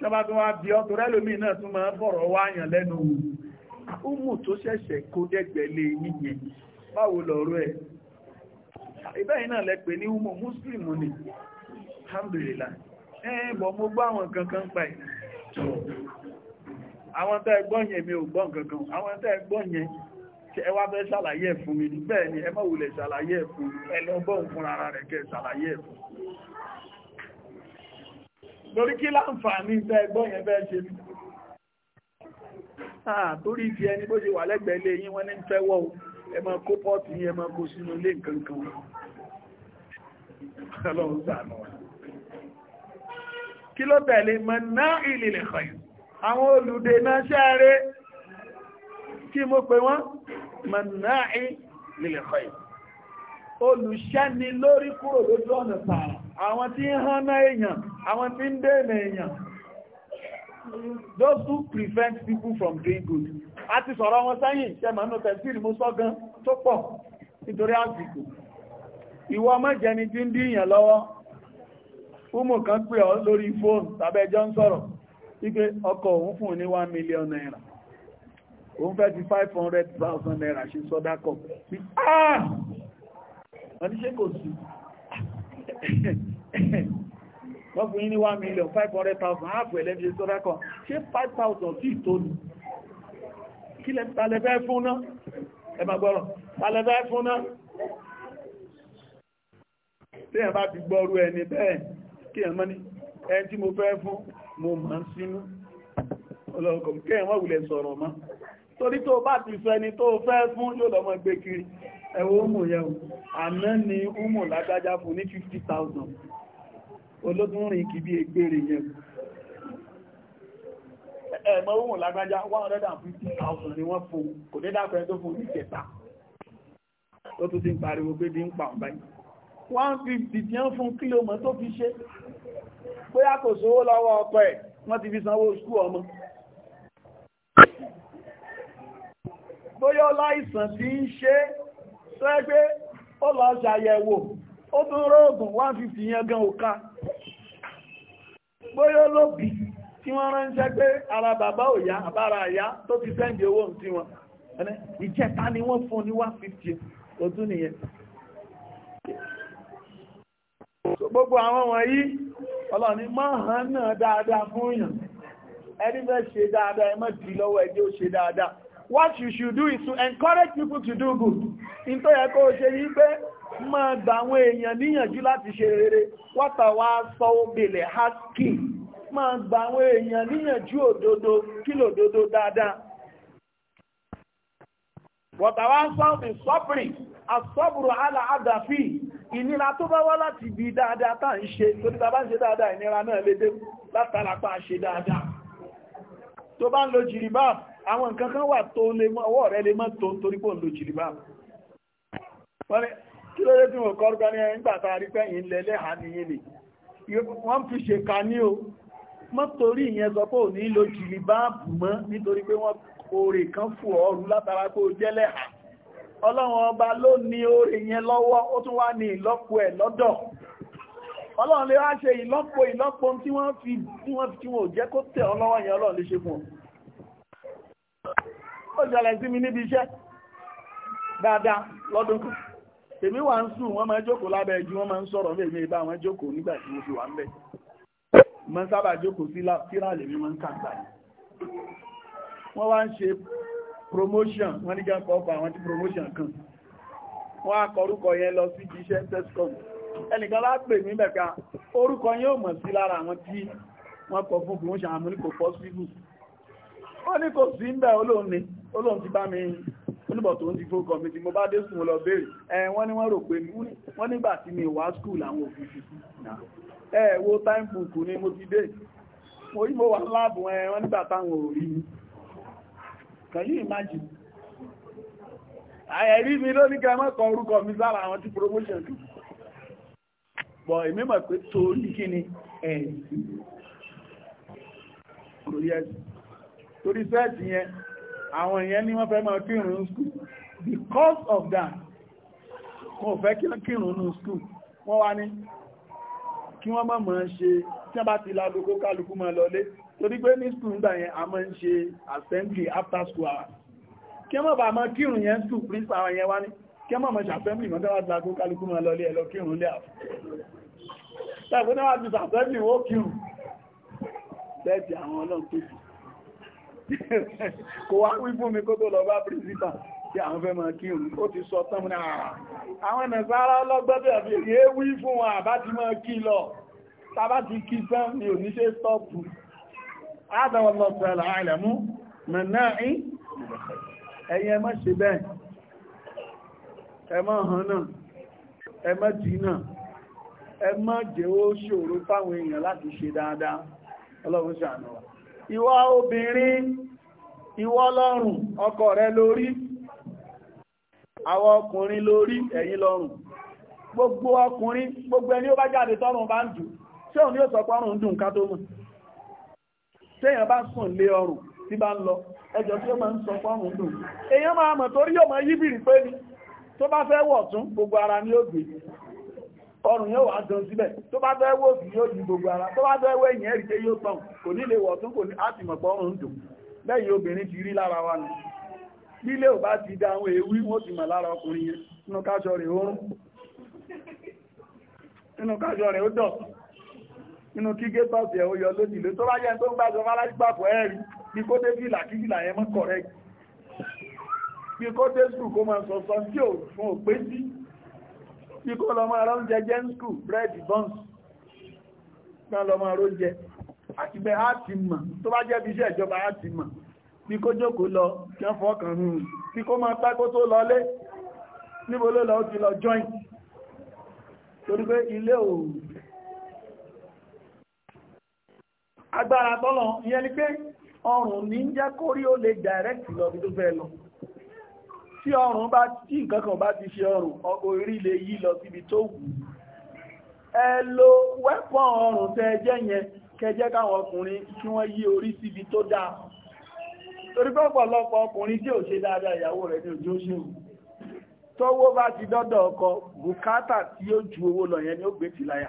sábà tó wá bí ọ́ torẹ́ lómi náà tún máa bọ̀rọ̀ wáyàn lẹ́nu ọmọ tó ṣẹ̀ṣẹ̀ kó dẹ́gbẹ̀lẹ̀ níyẹn báwo lọ̀rọ̀ ẹ̀ ìbẹ́yìn náà lẹ pè ní ọmọ mùsùlùmù alhamdulillah bọ̀, mo gbọ́ àwọn kankan pa ẹ̀ àwọn tẹ́ mi ò gbọ́n kankan àwọn tẹ́ fún mi ní bẹ́ẹ̀ ẹ ara rẹ̀ kẹ́ fún lórí kí láǹfààní tẹ́ ṣe mí torí ti ẹni bó ṣe wà yín wọ́n ní fẹ́ wọ́ kó pọ́ọ̀tì yín kí ló tẹ̀lé mọ̀ náà ìlìlẹ̀ kọ̀yìn àwọn olùdènà ṣẹ́ẹ̀rẹ́ kí mo pè wọ́n mọ̀ náà ìlìlẹ̀ kọ̀yìn olùṣẹ́ni lórí kúrò lójú ọ̀nà tààrà àwọn tí ń hánà èèyàn àwọn tí ń dènà èèyàn those who prevent people from doing good a ti sọ̀rọ̀ wọn sẹ́yìn ṣẹ́mọ̀nù tẹ̀síìlì mú sọ́gán tó pọ̀ nítorí àsìkò ìwọ mọ́jẹni tí ń díyàn lọ́wọ́ umu kan pè ọ́ lórí fóònù tàbẹ́jọ́ ń sọ̀rọ̀ wípé ọkọ òun fún ní 1 million naira òun fẹ́ ti 500,000 naira ṣe sọ́dá kọ̀ sí àà ah! wọ́n ní ṣe kò sí wọ́n fún yín ní 1 million 500,000 áàpù ẹlẹ́bí ṣe sọ́dá kọ̀ ṣe 5,000 sí ìtónù kí lẹ́ tàlẹ́fẹ́ fún náà ẹ máa gbọ́rọ̀ tàlẹ́fẹ́ fún náà tí ẹ bá ti gbọ́rú ẹni bẹ́ẹ̀ kí ẹ̀mọ́ ní ẹni tí mo fẹ́ fún mo máa ń sínú ọlọ́ọ̀kọ̀ kí ẹ̀mọ́ wulẹ̀ sọ̀rọ̀ mọ́ torí tó bá ti sọ ẹni tó fẹ́ fún yóò lọ́mọ gbé kiri ẹwọ ọmọ yẹun àná ni ọmọ lágbájá fún ní 50,000 ológun rìn kì bí egbèrè yẹn ẹ̀mọ́ ọmọ lágbájá 150,000 ni wọ́n fún kò ní dákọ̀ ẹ́ tó fún ìkẹta ó tún ti ń pariwo gbé dín pàmbáyì 150 tí wọ́n fún kílò mọ́ tó fi ṣe bóyá kò sówó lọ́wọ́ ọkọ ẹ̀ wọ́n ti fi sanwó skú ọmọ bóyá láìsàn tí ń ṣe sẹ́gbé ó lọ ṣàyẹ̀wò ó tún 150 yẹn gan òká bóyá lóbi tí wọ́n ránṣẹ́ pé ara bàbá òyá àbára àyá tó ti sẹ́ndì owó tí wọn ìjẹta ni wọ́n ọlọ́ni máa hàn náà dáadáa fún èèyàn ẹni fẹ́ ṣe dáadáa ẹmọ́ dì lọ́wọ́ ẹjẹ́ ó ṣe dáadáa what you should do is to encourage people to do good in tó yẹ kó o ṣe yí pé máa gba àwọn èèyàn níyànjú láti ṣe rere wọ́ta wá sọ́wọ́ bèlẹ̀ haski máa gba àwọn èèyàn níyànjú òdodo kílò òdodo dáadáa wọ́ta wá sọ́wọ́ bè sọ́bìrì asọ́bùrù alá àdàfíì ìnira tó bá wá láti bí dáadáa tá ń ṣe tó ní bàbá ń ṣe dáadáa ìnira náà lè dé látàlápá ṣe dáadáa tó bá ń lo jìrìbáà àwọn nǹkan kan wà tó lè mọ́ ọwọ́ rẹ̀ lè mọ́ tó torí pò ń lo jìrìbáà wọ́n ní kí ló dé tí wọ́n kọ́rùkọ ní ẹgbà tá rí pẹ́yìn lẹ́lẹ́ hà nìyí ni wọ́n fi ṣe ka ní o mọ́ torí ìyẹn sọ pé ò ní lo jìrìbáà mọ́ nítorí pé wọ́n kan fò ọrùn látara pé jẹ́lẹ̀ hà ọlọ́run ọba ló ní oore yẹn lọ́wọ́ ó tún wá ní ìlọ́po ẹ̀ lọ́dọ̀ ọlọ́run lè wá ṣe ìlọ́po ìlọ́po tí wọ́n fi tí wọ́n fi wọn ò jẹ́ kó tẹ̀ ọ́ lọ́wọ́ yẹn ọlọ́run lè ṣe fún ọ ó ṣẹlẹ̀ sí mi níbi iṣẹ́ dáadáa lọ́dún kan èmi wà ń sùn wọ́n máa jókòó lábẹ́ ẹjú wọ́n máa ń sọ̀rọ̀ mí èmi ìbá wọn jókòó nígbà tí mo fi wà ń mo sábà jókòó sí tíráàlì mi máa ń kà wọ́n wá ń ṣe promotion wọ́n ní jẹ́ ọkọ̀ àwọn tí promotion kan wọ́n akọrúkọ yẹn lọ sí iṣẹ́ tescom ẹnìkan lápè mí bẹ̀ka orúkọ yóò mọ̀ sí lára àwọn tí wọ́n kọ fún promotion àmú ní kò possible ó ní kò sí ń bẹ̀ olóhun ni olóhun ti bá mi oníbọ̀ tó ń ti fó kọmítì mo bá dé sùn lọ béèrè ẹ wọ́n ní wọ́n rò time book ni mo mo yí mo wà láàbù ẹ wọ́n Can you imagine? Àyẹ̀rí mi ló ní kẹmọ́kọ̀ orúkọ mi sára àwọn tí promotion tó. Bọ̀ èmi mọ̀ pé tó ní kí ni ẹ̀sìn. Kò yẹ torí sẹ́ẹ̀tì yẹn, àwọn èèyàn wọ́n Because of that, wọ́n fẹ́ kírun ní skúl. Wọ́n wá ní kí wọ́n mọ̀ mọ̀ ṣe tí wọ́n bá ti lágogo kálukú mọ́ lọlé torí pé ní skùl ń gbà yẹn a máa ń ṣe assembly after school hours kí mọ̀ bá mọ́ kírun yẹn skùl principal àwọn yẹn wá ní kí mọ̀ mọ̀ ṣàfẹ́mì mọ́tẹ́wà tí lágún kálukú mọ́ lọ lé ẹ̀lọ kírun lé àfẹ́ tẹ́gbẹ́nẹ́wà ti ṣàfẹ́mì ó kírun tẹ́ẹ̀tì àwọn ọlọ́run tó kù kò wá wí fún tí àwọn fẹ́ máa kírun ó ti sọ tán mú náà ah, àwọn nàìjíríà ọlọ́gbọ́dọ̀ àbí èyí wí fún wọn àbá ti máa kí lọ tá ti kí tán ni ò ní ṣe stọ́ọ̀pù هذا والله تعالى أعلم مناعي ẹ̀yẹ má ṣe bẹ́ẹ̀ ẹ hàn náà jẹ́ ó ṣòro fáwọn èèyàn láti ṣe dáadáa ọlọ́run ọkọ rẹ lori awọ lori gbogbo ọkùnrin gbogbo ẹni ó bá jáde tọ́rùn bá ń téèyàn bá sùn lé ọrùn tí bá ń lọ ẹjọ́ tí ó máa ń sọ fọ́rùn lò èèyàn máa mọ̀ torí yóò máa yíbìrì pé ni tó bá fẹ́ wọ̀ tún gbogbo ara ni ó gbé ọrùn yóò wá gan síbẹ̀ tó bá fẹ́ wò sí yóò di gbogbo ara tó bá fẹ́ wẹ̀ yẹn rí pé yóò tàn kò ní lè wọ̀ tún kò ní láti mọ̀ pọ́ dùn lẹ́yìn obìnrin ti rí lára wa nù nílé ò bá ti da àwọn èwí wọ́n ti mọ̀ lára ọkùnrin yẹn nínú kájọ rẹ̀ ó dọ̀ inú kí gébàbù ẹ̀ ó yọ lónìí ló tó bá yẹ tó ń gbàgbọ́ fárájì gbàbù ẹ̀ rí bí kó dé fìlà kí fìlà yẹn mọ́ kọ̀rẹ́ bí kó dé skul kó máa sọ̀sọ́ tí ò fún òpé sí bí kó lọ máa rọ́njẹ jẹ́ ń skul bírẹ́dì bọ́ns náà lọ máa rọ́njẹ àti bẹ́ẹ̀ á ti mọ̀ tó bá jẹ́ bí iṣẹ́ ìjọba á ti mọ̀ bí kó jókòó lọ kí wọ́n fọkàn rún bí kó máa pẹ́ kó tó lọlé níbo ló lọ ó ti lọ join torí pé ilé òòrùn agbára tọ́lọ̀ ìyẹn ni pé ọrùn ní jẹ́ kó rí ó lè direct lọ bí tó fẹ́ lọ tí ọrùn bá tí nǹkan kan bá ti ṣe ọrùn orí lè yí lọ síbi tó wù ẹ lo wẹ́pọ̀n ọrùn tẹ jẹ́ yẹn kẹjẹ́ káwọn ọkùnrin kí wọ́n yí orí síbi tó dáa torí pé ọ̀pọ̀lọpọ̀ ọkùnrin tí ò ṣe dáadáa ìyàwó rẹ̀ ní òjò ṣe òun tọ́wọ́ bá ti dọ́dọ̀ ọkọ bùkátà tí ó ju owó lọ yẹn ni ó gbé tìláyà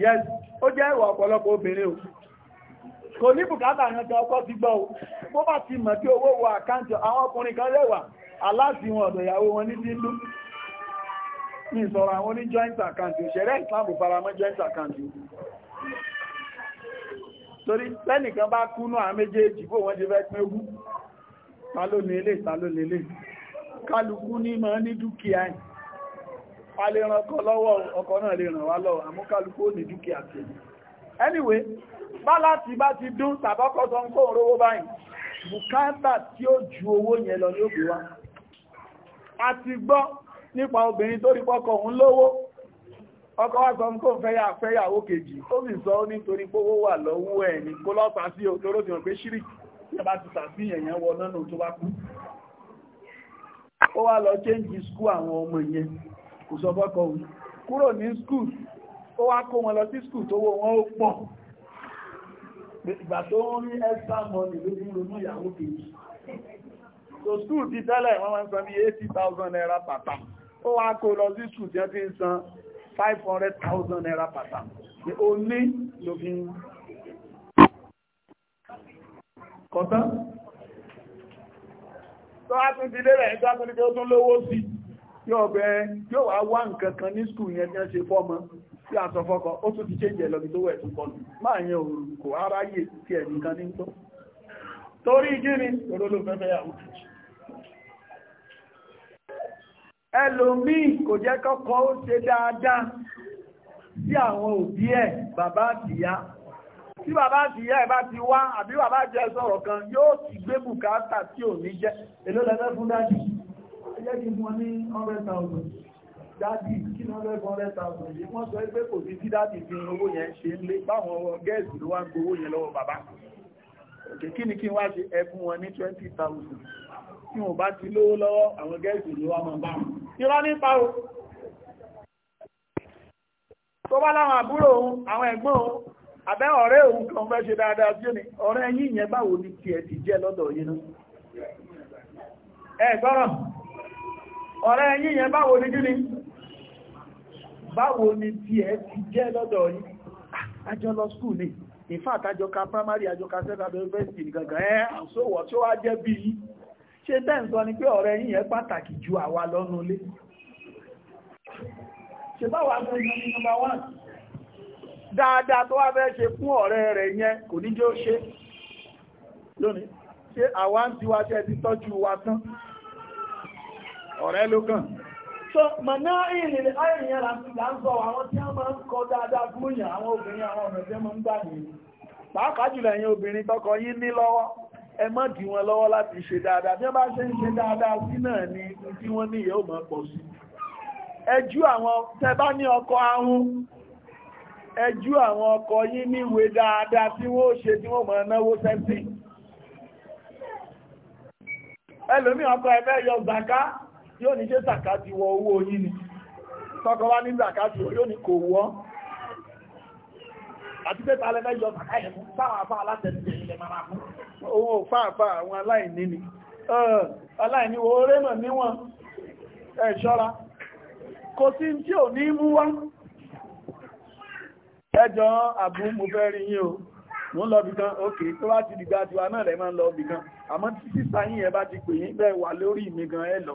yes ó jẹ́ ìwà ọ̀pọ̀lọpọ̀ obìnrin o kò ní bùkátà ọkọ ti gbọ́ o bó bá ti mọ̀ kí owó wọ àkáǹtì àwọn ọkùnrin kan lẹ́wà aláti wọn ọ̀dọ̀ ìyàwó wọn ní sílú ní ìsọ̀rọ̀ àwọn oní joint account joint account torí lẹ́nìkan bá àwọn méjèèjì bó wọ́n ti fẹ́ kálukú ní mọ́ ní dúkìá yìí a lè ràn ọkọ̀ lọ́wọ́ ọkọ̀ náà lè ràn wá lọ́wọ́ àmúkálukú ní dúkìá tí anyway bá láti bá ti dún tàbọ́kọ́ sọ ń kó òrówó báyìí bùkátà tí ó ju owó yẹn lọ ní òbí wá a ti gbọ́ nípa obìnrin tó rí pọ́kọ òun lówó ọkọ wá sọ kó fẹ́yà fẹ́yàwó kejì ó sì sọ ó nítorí pówó wà lọ́wọ́ ẹ̀ ní kó lọ́ta sí òtóró ti hàn pé ṣírì yẹba ti tàbí ẹ̀yàn wọ náà tó bá kú ó wá lọ change school àwọn ọmọ yẹn kò sọ bọ́kọ̀ wù kúrò ní skùl ó wá kó wọn lọ sí skùl tó wó wọn ó pọ̀ ìgbà tó ń rí extra money lójú ronú ìyàwó kejì so skùl ti tẹ́lẹ̀ wọ́n wọ́n san bí 80,000 naira pàtà ó wá kó lọ sí skùl tí wọ́n ti ń san 500,000 naira pàtà ni ó ní ló fi ń kọ́tán tó wá tún ti lérẹ̀ ẹgbẹ́ akọ́ni pé ó tún lówó sí yóò bẹ yóò wá wá nǹkan kan ní skul yẹn tí wọ́n ṣe fọ́mọ tí a sọ fọ́kọ ó tún ti ṣéjẹ lọ bí tó wẹ̀ tó kọlù máa yẹn òru kò ara yè tí ẹ̀ nìkan ní tó torí gíní olólo fẹ́fẹ́ yàwó ẹlòmíì kò jẹ́ kọ́kọ́ ó ṣe dáadáa sí àwọn òbí ẹ̀ bàbá àtìyá tí bàbá àtìyá ẹ̀ bá ti wá àbí bàbá àjẹ́ sọ̀rọ̀ kan yóò ti gbé ẹjẹ́ kí wọ́n ní 100,000 dádì kí ní 100,000 yìí wọ́n sọ pé kò sí tí dádì fi owó yẹn ṣe ń lé báwọn gẹ́ẹ̀sì ló wá ń gbowó yẹn lọ́wọ́ bàbá òkè kí ni kí wá ṣe ẹkún wọn ní 20,000 tí wọ́n bá ti lówó lọ́wọ́ àwọn gẹ́ẹ̀sì ló wá mọ̀ bá irọ́ nípa o tó bá láwọn àbúrò òun àwọn ẹ̀gbọ́n òun àbẹ́ ọ̀rẹ́ òun kan fẹ́ ṣe dáadáa tí ó ní ọ̀rẹ́ yín yẹn báwo ni tiẹ̀ ti jẹ́ lọ́dọ̀ yín náà ẹ̀ gbọ́rọ̀ ọ̀rẹ́ yíyẹn báwo ni gíní báwo ni tí ẹ ti jẹ́ lọ́dọ̀ yìí àjọ lọ skúl ní ìfàt àjọka primary àjọka central university gangan ẹ́ àṣòwọ̀ tí ó wá jẹ́ bí i ṣe bẹ́ẹ̀ ni pé ọ̀rẹ́ yíyẹn pàtàkì ju àwa lọ́nu lé dáadáa tó wá fẹ́ ṣe fún ọ̀rẹ́ rẹ̀ yẹn kò ní jẹ́ ó ṣe lónìí ọ̀rẹ́ ló kàn. so mọ̀nà ìrìnlẹ̀ àìyàn láti là ń sọ àwọn tí wọ́n máa ń kọ dáadáa fún yàn àwọn obìnrin àwọn ọ̀nà tí wọ́n máa ń gbà nìyí pàápàá jùlọ ẹ̀yin obìnrin tọkọ yín ní lọ́wọ́ ẹ má dì wọn lọ́wọ́ láti ṣe dáadáa bí wọ́n bá ṣe ń ṣe dáadáa sí náà ni tí wọ́n ní yóò máa pọ̀ sí ẹjú àwọn tẹ bá ní dáadáa tí wọ́n ṣe tí wọ́n máa náwó sẹ́sìn ẹlòmí ọkọ ẹ̀fẹ́ yọ zaka yóò ní ṣe zaka ti wọ owó yín ni tọ́kọ wá ní zaka ti wọ yóò ní kò wọ́ àti pé tààlẹ́ mẹ́jọ zaka yẹn fún fáàfá alátẹ̀lẹ̀ ilẹ̀ máa fún owó fáàfá àwọn aláìní ni aláìní wo rémọ̀ níwọ̀n ẹ̀ṣọ́ra kò sí tí ò ní mú wá ẹjọ́ àbú mo fẹ́ rí yín o mo ń lọ bìkan òkè tó bá ti dìgbà tiwa náà rẹ̀ máa ń lọ bìkan àmọ́ títí sáyìn ẹ bá ti pè yín bẹ́ẹ̀ wà lórí mi ẹ lọ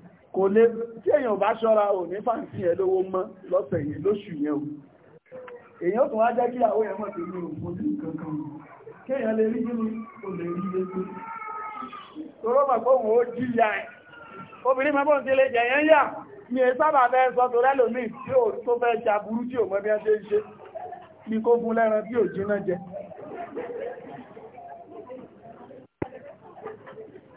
kò lè tí èyàn bá ṣọ́ra ò ní fàǹtí ẹ̀ lówó mọ́ lọ́sẹ̀ yìí lóṣù yẹn o èyàn tó wá jẹ́ kí àwọn ẹ̀mọ́ tó ní òfòdí kankan kí èyàn lè rí nínú o lè rí lẹ́gbẹ́ tóró mà pé òun ó jìyà ẹ̀ obìnrin mọ́ bóun ti lè jẹ̀ yẹn yà mi è sábà fẹ́ sọ tó rẹ́lò míì tí ò tó fẹ́ jaburú tí ò mọ́ bí wọ́n ṣe ń ṣe ni kó fún lẹ́ran tí ò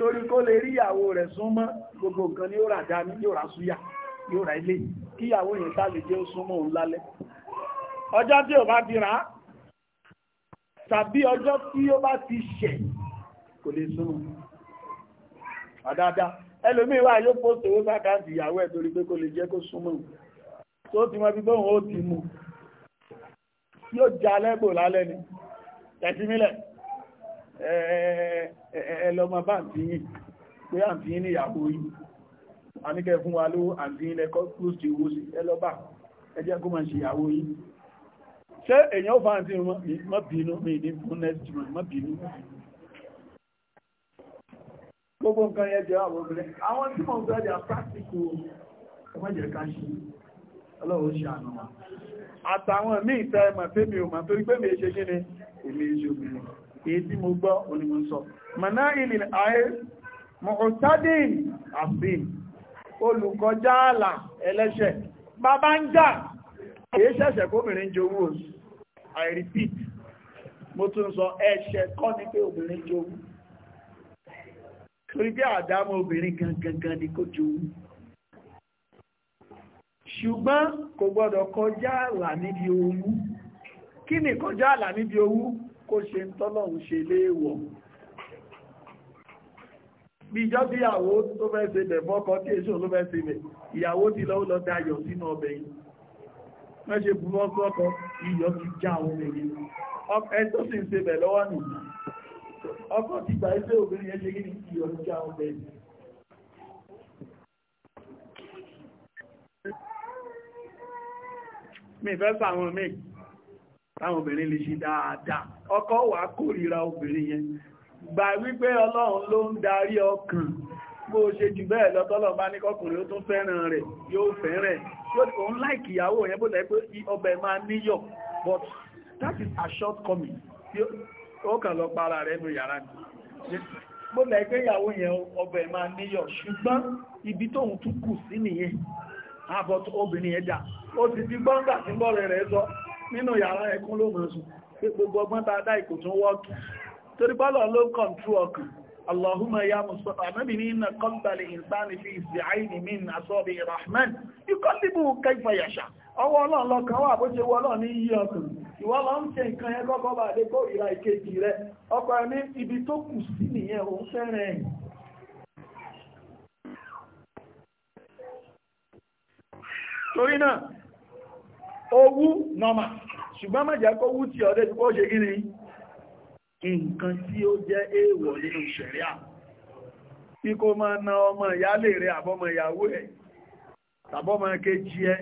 torí kó lè rí ìyàwó rẹ̀ súnmọ́ gbogbo nǹkan ni ó rà dání yóò rà súyà yóò rà ilé kí ìyàwó yẹn sáàlè jẹ́ súnmọ́ òun lálẹ́ ọjọ́ tí ò bá ti rà á tàbí ọjọ́ tí ó bá ti ṣẹ̀ kò lè súnmọ́ àdáadáa ẹlòmíì wà yóò post owó sákàǹtì ìyàwó ẹ̀ torí pé kò lè jẹ́ kó súnmọ́ tó ti wọn bí bóun ó ti mú yóò jalẹ́gbò lálẹ́ ni tẹ̀sí mílẹ̀ ẹ̀ẹ́ ẹlọmọ bá ń fi yìn pé à ń fi yìn ní ìyàwó yìí a ní kẹ fún wa ló à ń fi yìn lẹ́kọ́ close to owó sí ẹlọ́bà ẹjẹ́ kó máa ṣe ìyàwó yìí ṣé èèyàn ó fáǹtì mọ́ bínú mi ní fún next month mọ́ bínú gbogbo nǹkan yẹn jẹ́ àwọn obìnrin àwọn tí mo ń gbé ọjà practical ọmọdé ká ṣe ọlọ́run ṣe àná wa àtàwọn míì tẹ́ ẹ̀mọ̀ tẹ́mi ò mọ̀ pé mi ṣe kí ni èmi ìṣòbìnrin èyí tí mo gbọ́ olùmọ̀sọ mana ilẹ̀ ayé mọ̀kọ̀tádìn àfin olùkọjá àlà ẹlẹ́ṣẹ̀ bàbá ń jà èyí ṣẹ̀ṣẹ̀ kóbìnrin jowú oṣù i repeat mo tún sọ ẹ̀ṣẹ̀ kọ́ ní pé obìnrin jowú torí pé àdámọ́ obìnrin gangan ni kó jowú ṣùgbọ́n kò gbọ́dọ̀ kọjá àlà níbi owú kí ni kọjá àlà níbi owú kó ṣe ń tọ́lọ̀hún ṣe léèwọ̀ bí ìjọ́ tí ìyàwó tó fẹ́ ṣe bẹ̀ fọ́kọ tí èso ló fẹ́ ṣe bẹ̀ ìyàwó ti lọ́wọ́ lọ dayọ̀ sínú ọbẹ̀ yìí wọ́n ṣe burú ọkọ̀ iyọ̀ ti já àwọn èyí ẹ tó sì ń ṣe bẹ̀ lọ́wọ́ nì ọkọ̀ ti gbà ẹgbẹ́ obìnrin yẹn ṣe já àwọn èyí mi fẹ́ sàwọn méjì táwọn obìnrin lè ṣe dáadáa ọkọ wà kórìíra obìnrin yẹn gbà wípé ọlọ́run ló ń darí ọkàn bó ṣe jù bẹ́ẹ̀ lọ́tọ́lọ́ bá ní ó tún fẹ́ràn rẹ̀ yóò fẹ́rẹ̀ òun láìkì ìyàwó yẹn bó lẹ́ pé ọbẹ̀ máa níyọ̀ but that is a shortcoming ó kàn lọ para rẹ̀ nù yàrá ni bó lẹ́ pé ìyàwó yẹn ọbẹ̀ máa níyọ̀ ṣùgbọ́n ibi tóun tún kù sí nìyẹn àbọ̀t ah, obìnrin ẹ̀dà ó ti fi gbọ́ngbà tí gbọ́rẹ̀ rẹ̀ sọ nínú yàrá ẹkún ló mọ̀ sùn gbogbo ọgbọ́n ta dá ìkò tún wọ́ọ̀kì torí bọ́lọ̀ ló kọ̀ntrú ọkàn Allahumma ya musamman Ànábì ní na qalbal insani fi ìsìáìní min asọ́bi Rahman yuqallibu kayfa yasha. Ọwọ́ Ọlọ́run wà bó ṣe wọ́lọ́ ní yí ọkàn. Ìwọ lọ ń ṣe nǹkan yẹn kọ́kọ́ bá kó ìra ìkejì rẹ̀. Ọkọ̀ ẹni ibi tó kù sí nìyẹn òun fẹ́rẹ̀ ẹ̀. Torí náà, owú nọ́mà ṣùgbọ́n má jẹ́ kó wú tí ọdẹ́ tí kó ṣe kí ni nǹkan tí ó jẹ́ èèwọ̀ nínú ìṣẹ̀ríà tí kó máa na ọmọ ìyálé rẹ̀ àbọ́mọ ìyàwó ẹ̀ tàbọ́mọ kejì ẹ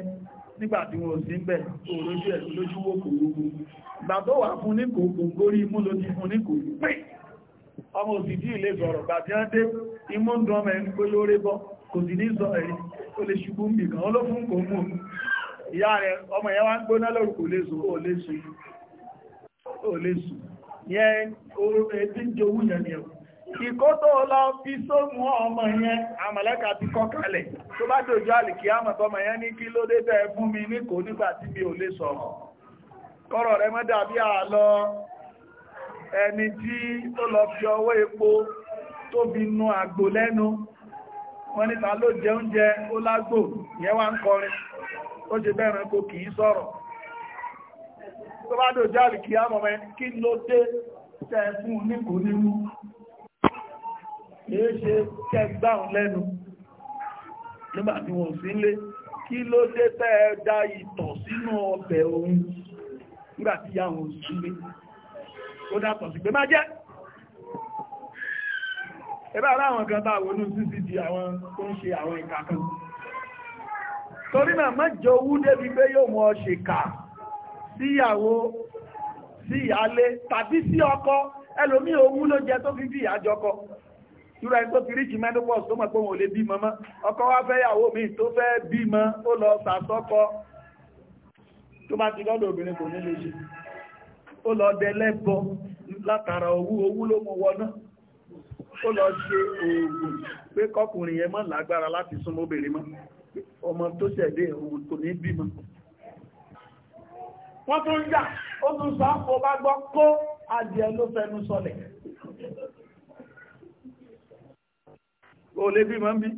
nígbàtí wọn ò sí ń bẹ̀ òrójú ẹ̀ lójú wó kòrógó ìgbà tó wà fún ní ìyá rẹ̀ ọmọ ya wá ń gbóná lórí kò lè sùn ó ń jowú yẹn ni ìkó tó lọ fi ọmọ yẹn àmàlẹ́kà ti kọ́ kalẹ̀ tó bá dòjú àlìkí yẹn ní kí ló dé mi ní kò nígbà tí mi ò lè sọ kọ́rọ̀ rẹ mọ́ dàbí àlọ ẹni tí epo tó àgbò lẹ́nu wọ́n ló jẹ oúnjẹ ó ó ṣe bẹ́ẹ̀rẹ̀ kò kìí sọ̀rọ̀ tó bá dò jáàlì kìí àmọ̀mẹ́ kí ló dé tẹ́ fún níkò nímú èé ṣe tẹ́ gbáhùn lẹ́nu nígbà tí wọ́n sí lé kí ló dé tẹ́ dá ìtọ̀ sínú ọbẹ̀ òun nígbà tí yàwó sí lé ó dátọ̀ sí pé má jẹ́ ẹbá aláwọn kan táwọn onú sí ti di àwọn tó ń ṣe àwọn ìkàkan torí náà má jọ owú débi pé yóò mú ọ ṣèkà síyàwó sí ìyálé tàbí sí ọkọ ẹlòmí owú ló jẹ tó fi bí ìyájọkọ ìrọ ẹni tó fi ríjì menopause tó mọ̀ pé wọn ò lè bímọ mọ́ ọkọ wá fẹ́ yàwó mi tó fẹ́ bímọ ó lọ sàsọ́kọ tó bá ti lọ́dọ̀ obìnrin kò ní lè ṣe ó lọ dẹlẹ́bọ látara owú owú ló mú wọná ó lọ ṣe oògùn pé kọkùnrin yẹn mọ́ lágbára láti súnmọ́ obìnrin mọ́ ọmọ tó ṣẹ̀dé òun kò ní bímọ wọ́n tún yà ó tún sọ àpò bá gbọ́ kó adìẹ ló fẹnu sọlẹ̀ ó lè bímọ bí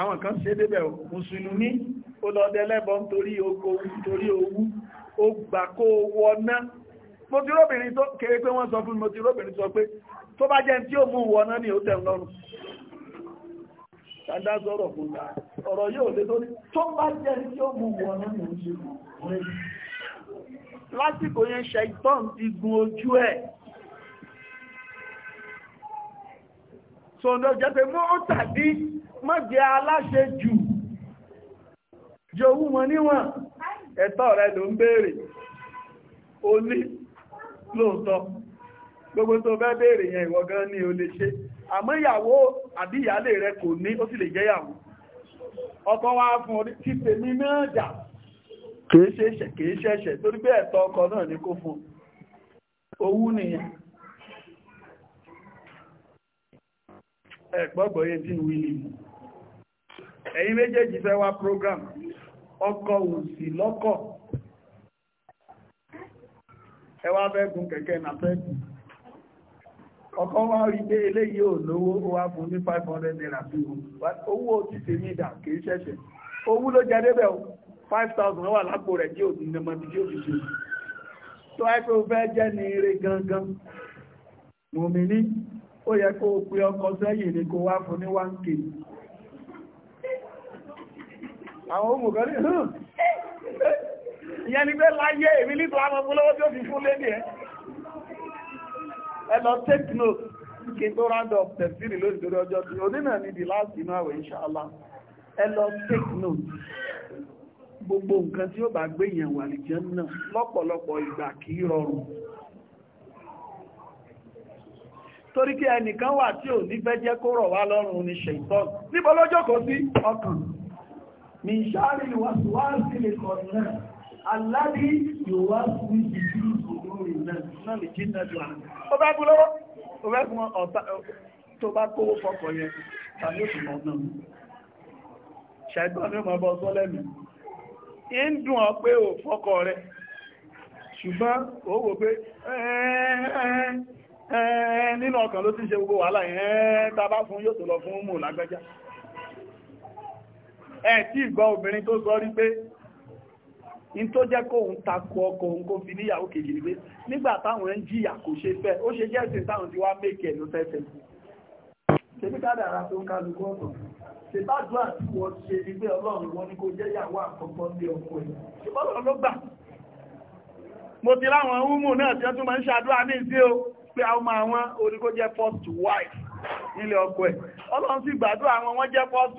àwọn kan ṣe débẹ̀ mùsùlùmí ó lọ dẹlẹ́bọ nítorí oko nítorí owú ó gbà kó wọ náà mo ti róbìnrin tó kéré pé wọ́n sọ fún mi mo ti róbìnrin sọ pé tó bá jẹ́ tí ó mú wọ náà ni ó tẹ̀ lọ́rùn ṣàdá sọ̀rọ̀ kò dá ọ̀rọ̀ yóò lé lórí tó bá jẹ́ tí ó mú wọn nínú ìṣe lásìkò yẹn ṣẹ̀tọ́n ti gun ojú ẹ̀ sọ̀dọ̀ jẹ́pẹ̀ mọ́ ó tàbí mọ́ jẹ́ aláṣẹ jù jowú wọn níwọ̀n ẹ̀tọ́ rẹ̀ ló ń béèrè ó ní lóòótọ́ gbogbo tó bẹ́ béèrè yẹn ìwọ gan ni ṣe àmọ́ ìyàwó àbíyàlé rẹ kò ní ó sì lè jẹ́ jẹ́yàwó ọkọ wá fún orí tí tèmi náà jà kìí ṣẹ̀ṣẹ̀ kìí ṣẹ̀ṣẹ̀ torí pé ẹ̀tọ́ ọkọ náà ní kó fún owú nìyẹn ẹ̀gbọ́gbọ̀ yẹn tí wí ni ẹ̀yin méjèèjì fẹ́ wá program ọkọ òsì lọ́kọ̀ ẹ wá fẹ́ gun kẹ̀kẹ́ nàfẹ́ gùn ọkọ̀ wá rí pé eléyìí ò lówó ó wá fún ní five hundred naira bí o owó ti ṣe mí dà kì í ṣẹ̀ṣẹ̀ owó ló jẹ débẹ̀ o five thousand wà lápò rẹ̀ tí òbí ní ọmọdé tí òbí ṣe tó àìpé o fẹ́ jẹ́ ní eré gangan mòmí ní ó yẹ kó o pe ọkọ sẹ́yìn ni kó wá fún ní one k àwọn ohun kan ní ìyẹn ni pé láyé èmi nítorí àwọn ọmọ olówó tí ó fi fún lédè ẹ́ ẹ take note kí n tó round up tẹ̀sírì lórí torí ọjọ́ tí náà ní di last inú àwẹ̀ inshallah ẹ take note gbogbo nǹkan tí ó bá gbé yẹn wà lè jẹ́ náà lọ́pọ̀lọpọ̀ ìgbà kì rọrùn torí kí ẹnìkan wà tí ò ní jẹ́ kó rọ̀ wá lọ́rùn ní níbo sí ọkàn mi lè aláàbí yòówá fún ìdíjú ìṣòro ìlẹ̀ náà lè jí náà jọ ó bá kú lọ́wọ́ ó bẹ́ fún ọ̀tá tó bá kówó fọ́kọ̀ yẹn tàbí òsùn mọ̀ náà ṣàìtọ́ ní ọmọ ọbọ̀ sọ lẹ́nu ń dùn ọ pé ò fọ́kọ̀ rẹ ṣùgbọ́n ó wò pé nínú ọkàn ló ti ṣe gbogbo wàhálà yẹn tá bá fún yóò tó lọ fún mù lágbájá ẹ̀ tí ìgbọ́ obìnrin tó sọ rí pé in tó jẹ́ kó ń takò ọkọ̀ òun kó fi níyàwó kejì ní pé nígbà táwọn ń jìyà kò ṣe fẹ́ ó ṣe jẹ́ ìsìn táwọn ti wá mẹ́kẹ̀ ló fẹ́fẹ́ ṣebí kádàrá tó ń kálukú ọ̀tọ̀ ṣèbádùá tí wọ́n ṣe ní pé ọlọ́run wọn ni kó jẹ́ ìyàwó àkọ́kọ́ ní ọkọ ẹ̀ ṣùgbọ́n ló gbà mo ti láwọn húmù náà tí wọ́n tún máa ń ṣàdúrà ní ìdí o pé a máa wọn orí kó jẹ́ first wife nílé ọkọ ẹ̀ ọlọ́run sì gbàdúrà wọn wọ́n jẹ́ first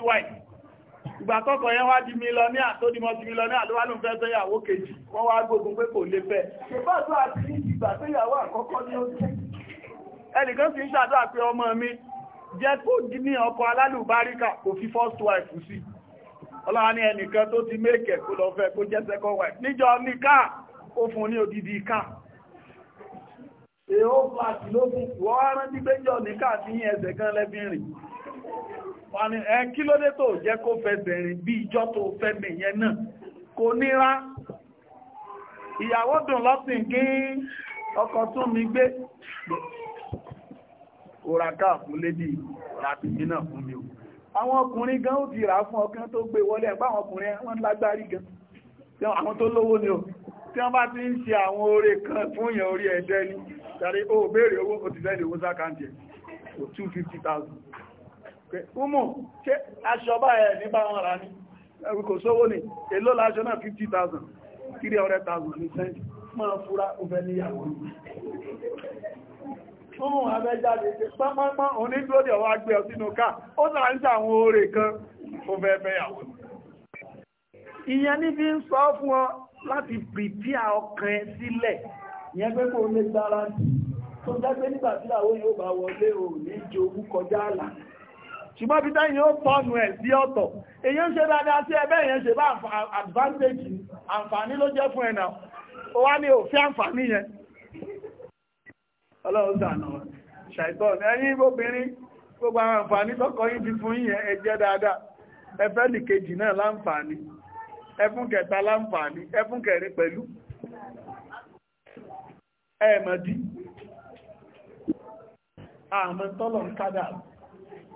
ìgbà tọ́kọ̀ yẹn wá di mílọ́níà tó di mọ́ di mílọ́níà ló wá ló ń fẹ́ sẹ́yàwó kejì wọ́n wá gbógun pé kò lè fẹ́ ṣèbáàdó àti ìgbà sẹ́yàwó àkọ́kọ́ ní oṣù ẹnìkan sì ń ṣàdúrà pé ọmọ mi jẹ́ kó ní ọkọ alálùbáríkà kò fi first wife sí ọlọ́wà ní ẹnìkan tó ti méèkẹ̀ kó lọ fẹ́ kó jẹ́ second wife níjọ ní káà ó fún ní odidi káà wọ́n rántí péjọ ní káà ẹsẹ̀ kan lẹ́bìnrin wọ́n ní ẹ kí ló dé tó jẹ́ kó fẹsẹ̀ rìn bí ìjọ́ tó fẹ́ nìyẹn náà kò nira ìyàwó dùn lọ́sìn kí ọkọ tún mi gbé òràká fún lédì ràbìmí náà fún mi o àwọn ọkùnrin gan ó ti rà fún ọkàn tó gbé wọlé ẹ̀pá àwọn ọkùnrin wọ́n lágbárí gan àwọn tó lówó ni o tí wọ́n bá ti ń ṣe àwọn oore kan fún yẹn orí ẹ̀dẹ́ ní tàbí ó béèrè owó òtìlẹ́lẹ̀ owó sákàntì ẹ̀ 250,000 umu ṣe aṣọ báyẹ̀ ní bá wọn rà ní ẹ̀rù kò sówó ní èló láṣọ náà 50,000 300,000 ní sẹ́ńtì máa fúra ọ̀fẹ́ níyàwó ọmọ abẹ́ jáde ṣe pápápá onídúródì ọwọ́ agbé ọ sínú ká ó náà ń ṣe àwọn oore kan ó fẹ́ fẹ́yàwó ìyẹn ní fi ń sọ fún pé kò lè gbára tó jẹ́ pé nígbà àwọn yóò bá wọlé ò ní jowú kọjá àlà ṣùgbọ́n bí táyìn yóò tọ́nu ẹ̀ sí ọ̀tọ̀ èyí ń ṣe dáadáa sí ẹgbẹ́ yẹn ṣe bá advantage àǹfààní ló jẹ́ fún ẹ̀nà ó wá ní òfin àǹfààní yẹn ọlọ́run sànà ṣàìtọ́ ẹ̀yin obìnrin gbogbo àwọn àǹfààní tọ́kọ yín ti fún yín ẹ jẹ dáadáa ẹ fẹ́ nìkejì náà láǹfààní ẹ fún kẹta láǹfààní ẹ fún kẹrin pẹ̀lú ẹ̀ẹ̀mọ̀dí àmọ́ tọ́lọ̀ ń kádà lọ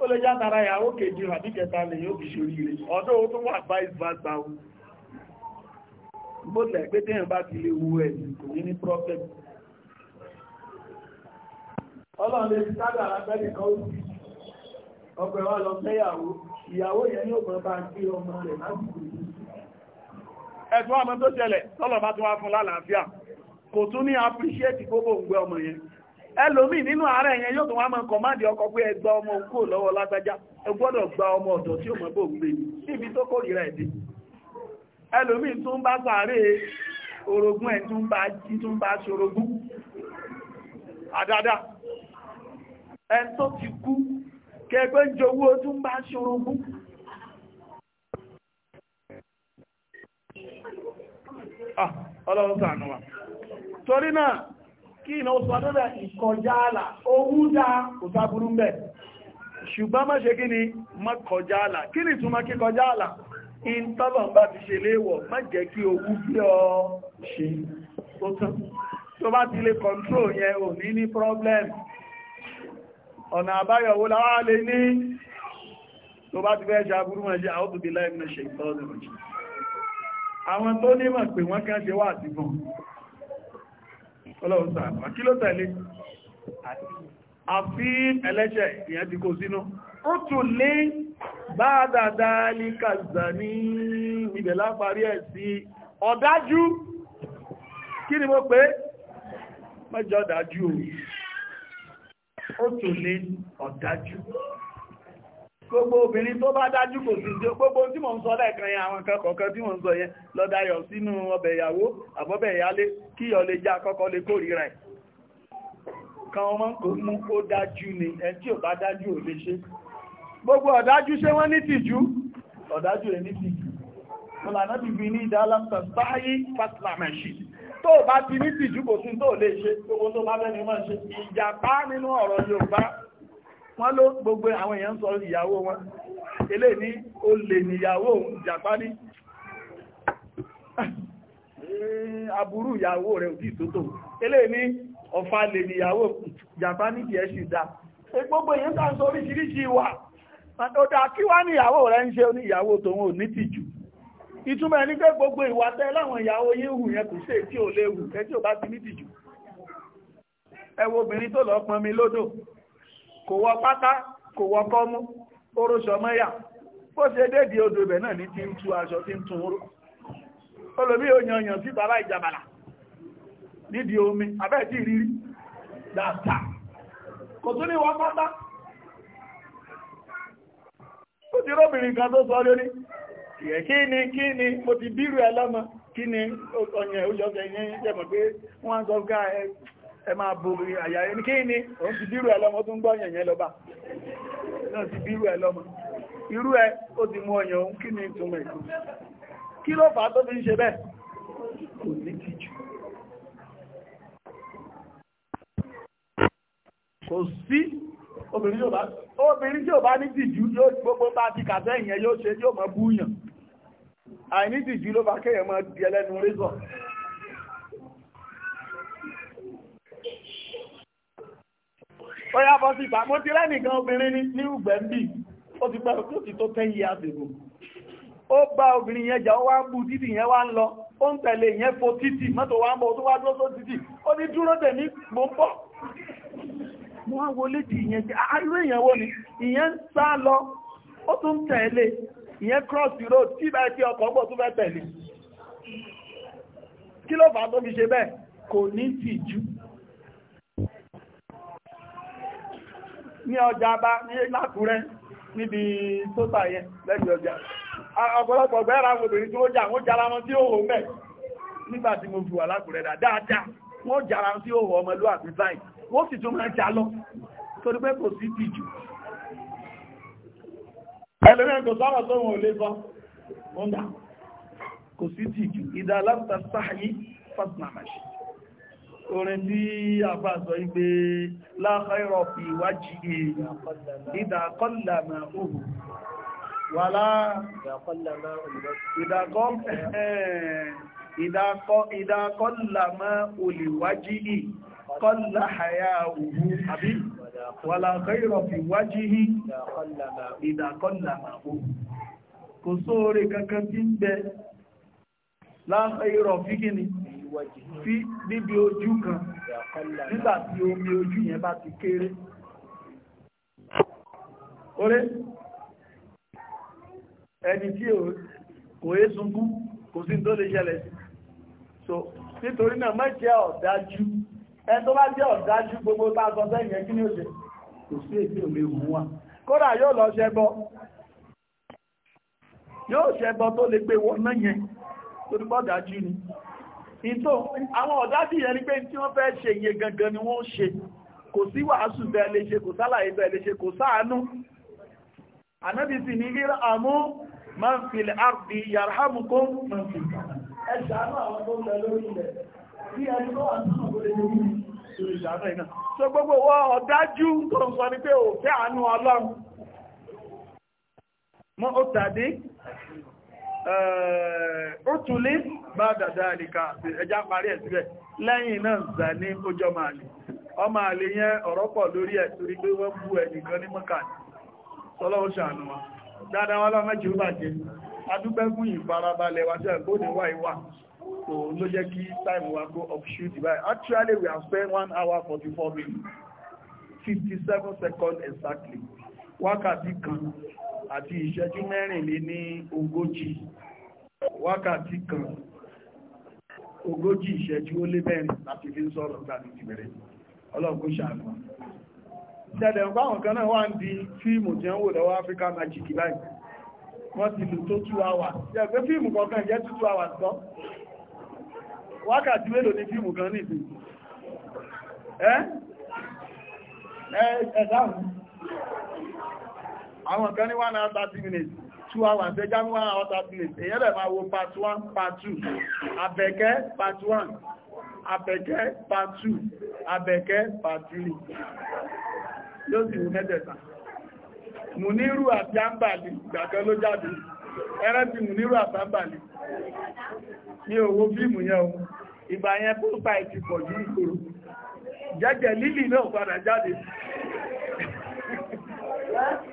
ó lè játara ìyàwó kejì àbí kẹta lè yóò fi ṣorí rẹ̀ ọ̀dọ́ ó tún wà vice versa o bó tẹ̀ pé téèyàn bá ti lè wu ẹ̀ kò ní ní prophet ọlọ́run lè fi sábà kan ó sì ọgbẹ̀ lọ fẹ́yàwó ìyàwó yẹn appreciate ẹlòmíì nínú ààrẹ yẹn yóò tó wá máa ọkọ pé ẹgbà ọmọ kú lọ́wọ́ lágbájá gba ọmọ ọ̀dọ̀ tí ó mọ̀ bò gbé níbi tó kórìíra ẹ̀dẹ́ ẹlòmíì tún bá sàárè orogún ẹ̀ tún bá ṣorogún àdáadáa ẹ tó ti kú kẹgbẹ́ jowó tún bá kí ìnà oṣù adọ́bẹ̀ ìkọjá àlà owú dá kò sáburú mẹ́ ṣùgbọ́n má ṣe kí ni má kọjá àlà kí ni túnmọ́ kí kọjá àlà in tọ́lọ̀ bá ti ṣe léèwọ̀ má jẹ́ kí owú bí ọ ṣe tó tán tó bá ti lè control yẹn ò ní ní problem ọ̀nà àbáyọ̀wó láwá lè ní tó bá ti fẹ́ ṣe aburú wọn ṣe àwọn òbí láìmọ̀ ṣe ìtọ́lọ̀ ọlọ́run sàmà kí ló tẹ̀lé àfi ẹlẹ́ṣẹ̀ ìyẹn ti kó sínú ó tún lé bá dáadáa ní kàzà ní ibẹ̀ láparí ẹ̀ sí ọ̀dájú kí ni mo pé mẹ́jọ ọ̀dájú ó tún lé ọ̀dájú gbogbo obìnrin tó bá dájú kò sí sí gbogbo tí mò ń sọ lẹ́ẹ̀kan yẹn àwọn kan kọ̀ọ̀kan tí mò ń sọ yẹn lọ́dayọ̀ sínú ọbẹ̀ ìyàwó àbọ́bẹ̀ ìyálé kíyọ̀ lè já kọ́kọ́ lè kórìíra ẹ̀ kan ọmọ kò mú kó dájú ni ẹ tí ò bá dájú ò lè ṣe gbogbo ọ̀dájú ṣé wọ́n ní tìjú ọ̀dájú rẹ̀ ní tìjú ọ̀lànà ti fi ní ìdálámsà sáyé fásitàmẹ̀ṣì tó bá ti ní tìjú kò sí tó lè ṣe gbogbo tó bá bẹ́ni mọ́ ṣe ìjàpá nínú ọ̀rọ̀ Yorùbá wọ́n ló gbogbo àwọn èèyàn sọ ìyàwó wọn ilé ní ó lè níyàwó jàpáni eh, aburú ìyàwó rẹ̀ ò tí tótó ilé ní ọ̀fà lè níyàwó jàpáni kìí ẹ̀ṣì dá gbogbo èèyàn tàn sọ oríṣiríṣi wà ọ̀dá kí wá ní ìyàwó rẹ̀ ń ṣe ní ìyàwó tòun ò ní tìjú ìtumọ̀ ẹni pé gbogbo ìwà tẹ́ láwọn ìyàwó yín hù yẹn kò obìnrin tó lọ pọnmi lódò kò wọ pátá kò wọ kọ́mú oróṣọmọ́yà ó ṣe dédìí odò náà ní tí ń aṣọ tí ń tún oró olómi òyànyàn sí bàbá ìjàbàlà nídìí omi abẹ́ẹ̀tì rírí dáadáa kò tún ní wọ pátá ó ti róbìnrin kan tó sọ lórí ìyẹ̀ kí ni kí ni mo ti bírù ẹ lọ́mọ kí ni yẹn jẹ́mọ̀ pé ẹ máa borí àyà ẹni kí ní òun ti bírú ẹ lọ́mọ tó ń gbọ́ yẹ̀yẹ́ lọ́ba náà ti bírú ẹ lọ́mọ irú ẹ ó ti mú ọyàn òun kí ní ìtumọ̀ ìkú kí ló fà á tó fi ń ṣe bẹ́ẹ̀ kò ní tìjú kò sí obìnrin tí ò bá ní tìjú yóò gbogbo bá ti kàtẹ́ ìyẹn yóò ṣe yóò mọ búyàn àìní tìjú ló bá kéèyàn mọ di ẹlẹ́nu rézọ̀ ó yá bọ́ sí ìgbà mo ti rẹ́nìkan obìnrin ní ìgbẹ̀mbì ó ti pẹ́ tó ti tó tẹ́yí àbẹ̀gùn ó bá obìnrin yẹn jà ó wá ń bú títì yẹn wá ń lọ ó ń tẹ̀lé yẹn fo títì mọ́tò wá ń bọ̀ tó wá dúró só títì ó ní dúró tẹ̀ ní mò ń wọlé ti ìyẹn jẹ́ àárú èèyàn wo ni ìyẹn ń sá lọ ó tún tẹ̀lé ìyẹn cross the road tí bá ti ọkọ̀ gbọ́ tó fẹ́ tẹ̀lé kí ló fà á tó fi ṣe bẹ́ẹ̀ kò ní tìjú ní ọjà bá ní lákúrẹ́ níbi sótà yẹn lẹ́gbẹ̀ ọjà ọ̀pọ̀lọpọ̀ gbẹ́ra obìnrin tí wọ́n jà wọ́n jara wọn tí ó hò mẹ́ nígbà tí mo fi wà lákúrẹ́ dáadáa wọ́n jara wọn tí ó hò ọmọlúwàbí báyìí wọ́n sì tún máa jà lọ torí pé kò sí tìjú ẹlẹ́rẹ́ kò sọ́rọ̀ tó wọn ò orin tí àfà sọ ìgbé la khayra fi wajhi idha qalla ma'uhu wala idha qalla ma'u li wajhi qalla haya'uhu àbí wala khayra fi wajhi idha qalla ma'uhu kò sóore kankan tí ń bẹ la khayra fi gini fi níbi ojú kan nígbà tí omi ojú yẹn bá ti kéré orí ẹni tí kò é sunkún kò sí tó lè ṣẹlẹ̀ sí so nítorí náà má jẹ́ ọ̀dájú ẹ tó bá jẹ́ ọ̀dájú gbogbo bá sọ sẹ́yìn kí ni ó ṣe kò sí èsì òmè òun wà kódà yóò lọ ṣẹbọ yóò ṣẹbọ tó lè gbé wọn náà yẹn torí bọ́dájú ni ìtò àwọn ọ̀dádì yẹn ni pé tí wọ́n fẹ́ ṣe iye gangan ni wọ́n ṣe kò sí wàásù bẹ́ẹ̀ lè ṣe kò sálàyé bẹ́ẹ̀ lè ṣe kò sáànú ànábì sì ní rírà àmú máa ń filẹ̀ àrùbí yàrhámù kó mọ́ ọ̀túnlé bá dàdá àlìkà ẹjá parí ẹ̀ síbẹ̀ lẹ́yìn náà zà ní ọjọ́ máa lè ọmọ àlè yẹn ọ̀rọ̀ pọ̀ lórí ẹ̀ pé wọ́n bú ẹnìkan ní mọ́kà sọ́lọ́wọ́ ṣàánú wa dáadáa wọn lọ́mẹ́jì ó bàjẹ́ adúpẹ́ fún ìfarabalẹ̀ wa sí ẹ̀gbọ́n ìwà so ló jẹ́ kí time wa go offshoot by actually we have spent one hour seconds exactly wákàtí kan àti ìṣẹ́jú mẹ́rìnlé ní ogójì wákàtí kan ogójì ìṣẹ́jú ó lé mẹ́rin láti fi ń sọ̀rọ̀ láti ti bẹ̀rẹ̀ ọlọ́gbó ṣàánú ṣẹlẹ̀ ọgbáwọn kan náà wá ń di fíìmù tí wọ́n wò lọ́wọ́ Africa Magic báyìí wọ́n ti lù tó 2 hours jẹ́ pé fíìmù àwọn kan ní 1 hour 30 minutes 2 hours ẹjá ní 1 hour 30 minutes èyẹ́ lẹ̀ máa wo part 1 part 2 àbẹ̀kẹ́ part 1 àbẹ̀kẹ́ part 2 àbẹ̀kẹ́ part 3 yóò sì wù mẹ́tẹ̀ẹ̀ta mùnírù àti àmbàlì ìgbàkan ló jáde ẹran ti mùnírù àti àmbàlì ní owó fíìmù yẹn o ìgbà yẹn pópa ìtì pọ̀ jù ìkòrò jẹ́jẹ̀ lílì náà padà jáde Yes.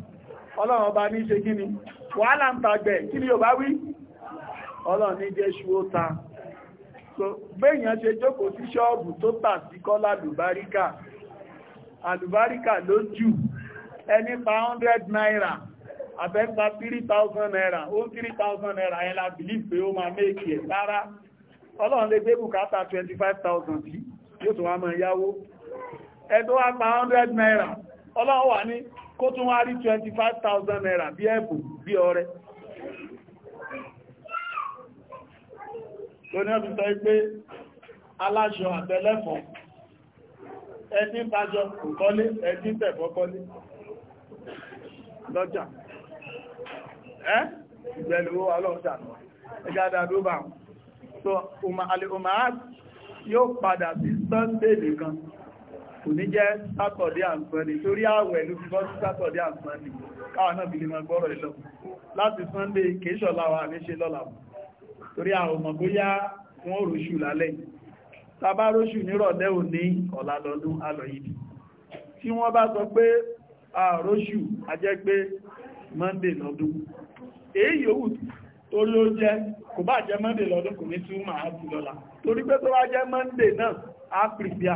ọlọ́run ọba ní ṣe kí ni wàhálà ń tàgbẹ̀ kí ni yóò bá wí ọlọ́run ní jẹ́ ṣu ta so béèyàn ṣe jókòó sí ṣọ́ọ̀bù tó tà sí kọ́lá àlùbáríkà àlùbáríkà ló jù ẹni pa 100 naira àbẹ́gbà 3,000 naira ó 3,000 naira yẹn la believe pé ó máa méèkì ẹ̀ rárá ọlọ́run lè gbé bùkátà 25,000 tí yóò tó wá mọ̀ yáwó ẹ tó wá pa 100 naira ọlọ́run wà ní kó tún wá rí 25,000 naira bí ẹ̀bù bí ọrẹ lóní ọdún tọ́ pé aláṣọ àtẹlẹ́fọ́ ẹni tajọ kọ́lé ẹni tẹ̀fọ́ kọ́lé lọ́jà ẹ́ ìgbẹ̀lúwó alọ́jà ẹgbẹ́ àdàdó bá so alẹ́ òmàá yóò padà sí Sunday nìkan kò ní jẹ́ sátọ̀dé àǹfẹ́ni torí àwẹ̀ ló fi bọ́ sí sátọ̀dé àǹfẹ́ni káwọn náà bìí máa gbọ́rọ̀ ìlọ láti sunday kéṣọ̀lá wa ní ṣe lọ́la torí àwọn ọmọ bóyá wọ́n róṣù lálẹ́ tàbá róṣù nírọ̀lẹ́ òní ọ̀la lọ́dún alọ̀yìdì tí wọ́n bá sọ pé àróṣù a jẹ́ pé monday lọ́dún èyí yòówù torí ó jẹ́ kò bá jẹ́ monday lọ́dún kò ní tún máa ti lọ́la torí pé tó bá jẹ́ monday náà á pìpìà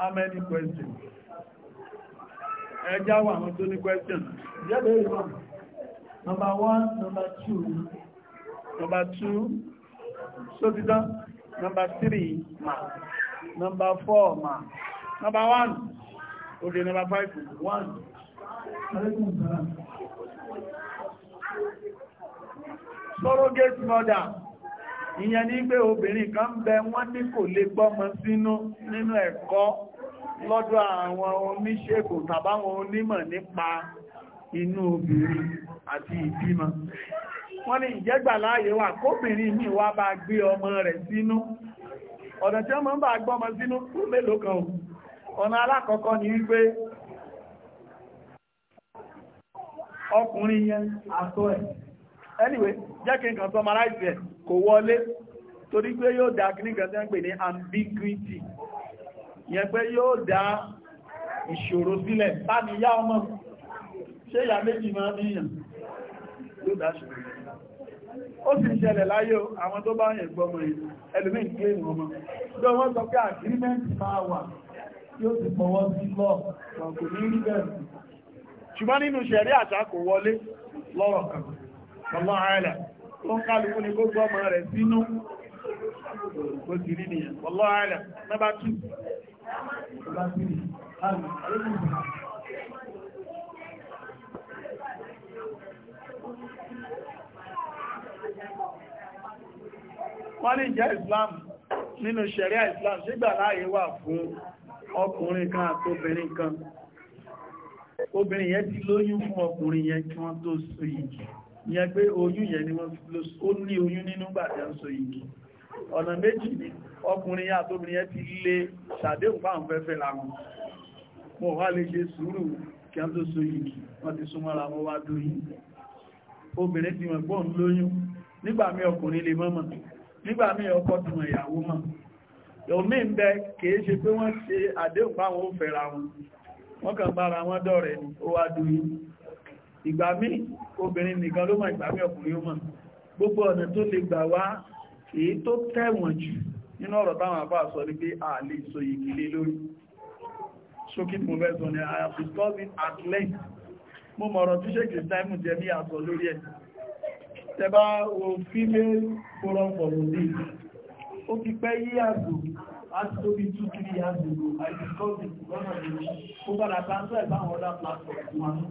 how many questions? Ẹjá wà àwọn tó ní question. Ìjẹ́bẹ̀ èrò wọn. Number one, number two. Number two, So sótítán. Number three, ma. Number four, ma. Number one. Okay, number five. One. Surrogate mother ìyẹn ní pé obìnrin kan bẹ wọ́n ní kò lè gbọ́mọ sínú nínú ẹ̀kọ́ lọ́dọ̀ àwọn oníṣègùn tàbáwọn onímọ̀ nípa inú obìnrin àti ìbímọ wọ́n ní ìjẹ́gbà láàyè wà kóbìnrin mi wá bá gbé ọmọ rẹ̀ sínú ọ̀nà tí ọmọ ń bá gbọ́mọ sínú fún mélòó kan ọ̀nà alákọ̀ọ́kọ́ ni wípé ọkùnrin yẹn àtọ́ ẹ̀ anyway jẹ́ kí n kàn summarize ẹ̀ kò wọlé torí pé yóò dá kí ní kan tí yẹn pé yóò dá ìṣòro sílẹ̀ tàbí yá ọmọ ṣe ìyá méjì máa níyàn yóò dá ṣòro ó sì ṣẹlẹ̀ láyé àwọn tó bá yẹn gbọmọ ẹlùmí ìgbéèrè ọmọ tó wọ́n agreement máa wà yóò ti fọwọ́ sí lọ kò ní rí bẹ́ẹ̀ ṣùgbọ́n nínú ṣẹ̀rí àṣà kò wọlé lọ́rọ̀ kan ọmọ ààrẹ tó ń kálukú ni kó gbọmọ rẹ̀ sínú kò sì rí nìyẹn ọlọ́ ààrẹ number two Wọ́n ní jẹ́ Islam nínú ṣẹ̀ríà Islam ṣígbà láàyè wà fún ọkùnrin kan àtobìnrin kan. Obìnrin yẹn ti lóyún fún ọkùnrin yẹn kí wọ́n tó so yìí. Ìyẹn pé oyún yẹn ni wọ́n ló ní oyún nínú gbàdẹ́ so yìí ọ̀nà méjì ni ọkùnrin àtóbìnrin ẹ ti lé ṣàdéhùn fáwọn fẹ́fẹ́ láwọn wọ́n wá lè ṣe sùúrù kí a tó so yìí wọ́n ti súnmọ́ra wọ́n wá dóyìn obìnrin ti wọ́n gbọ́n lóyún nígbà mí ọkùnrin lè mọ́mọ̀ nígbà mí ọkọ ti wọ́n ìyàwó mọ̀ omi mọ̀ gbogbo ọ̀nà tó lè gbà wá èyí tó tẹ̀wọ̀n jù nínú ọ̀rọ̀ táwọn àbá sọ ní pé a lè so ìgbìlé lórí ṣókí mo fẹ́ sọ ní i have discussed it at length mo mọ̀rọ̀ tí ṣe kìrìsìtàìmù jẹ ní àsọ lórí ẹ̀ tẹba o female forum for relief ó ti pẹ́ yí àgbò láti i discussed it lọ́nà ìlú ó padà transfer báwọn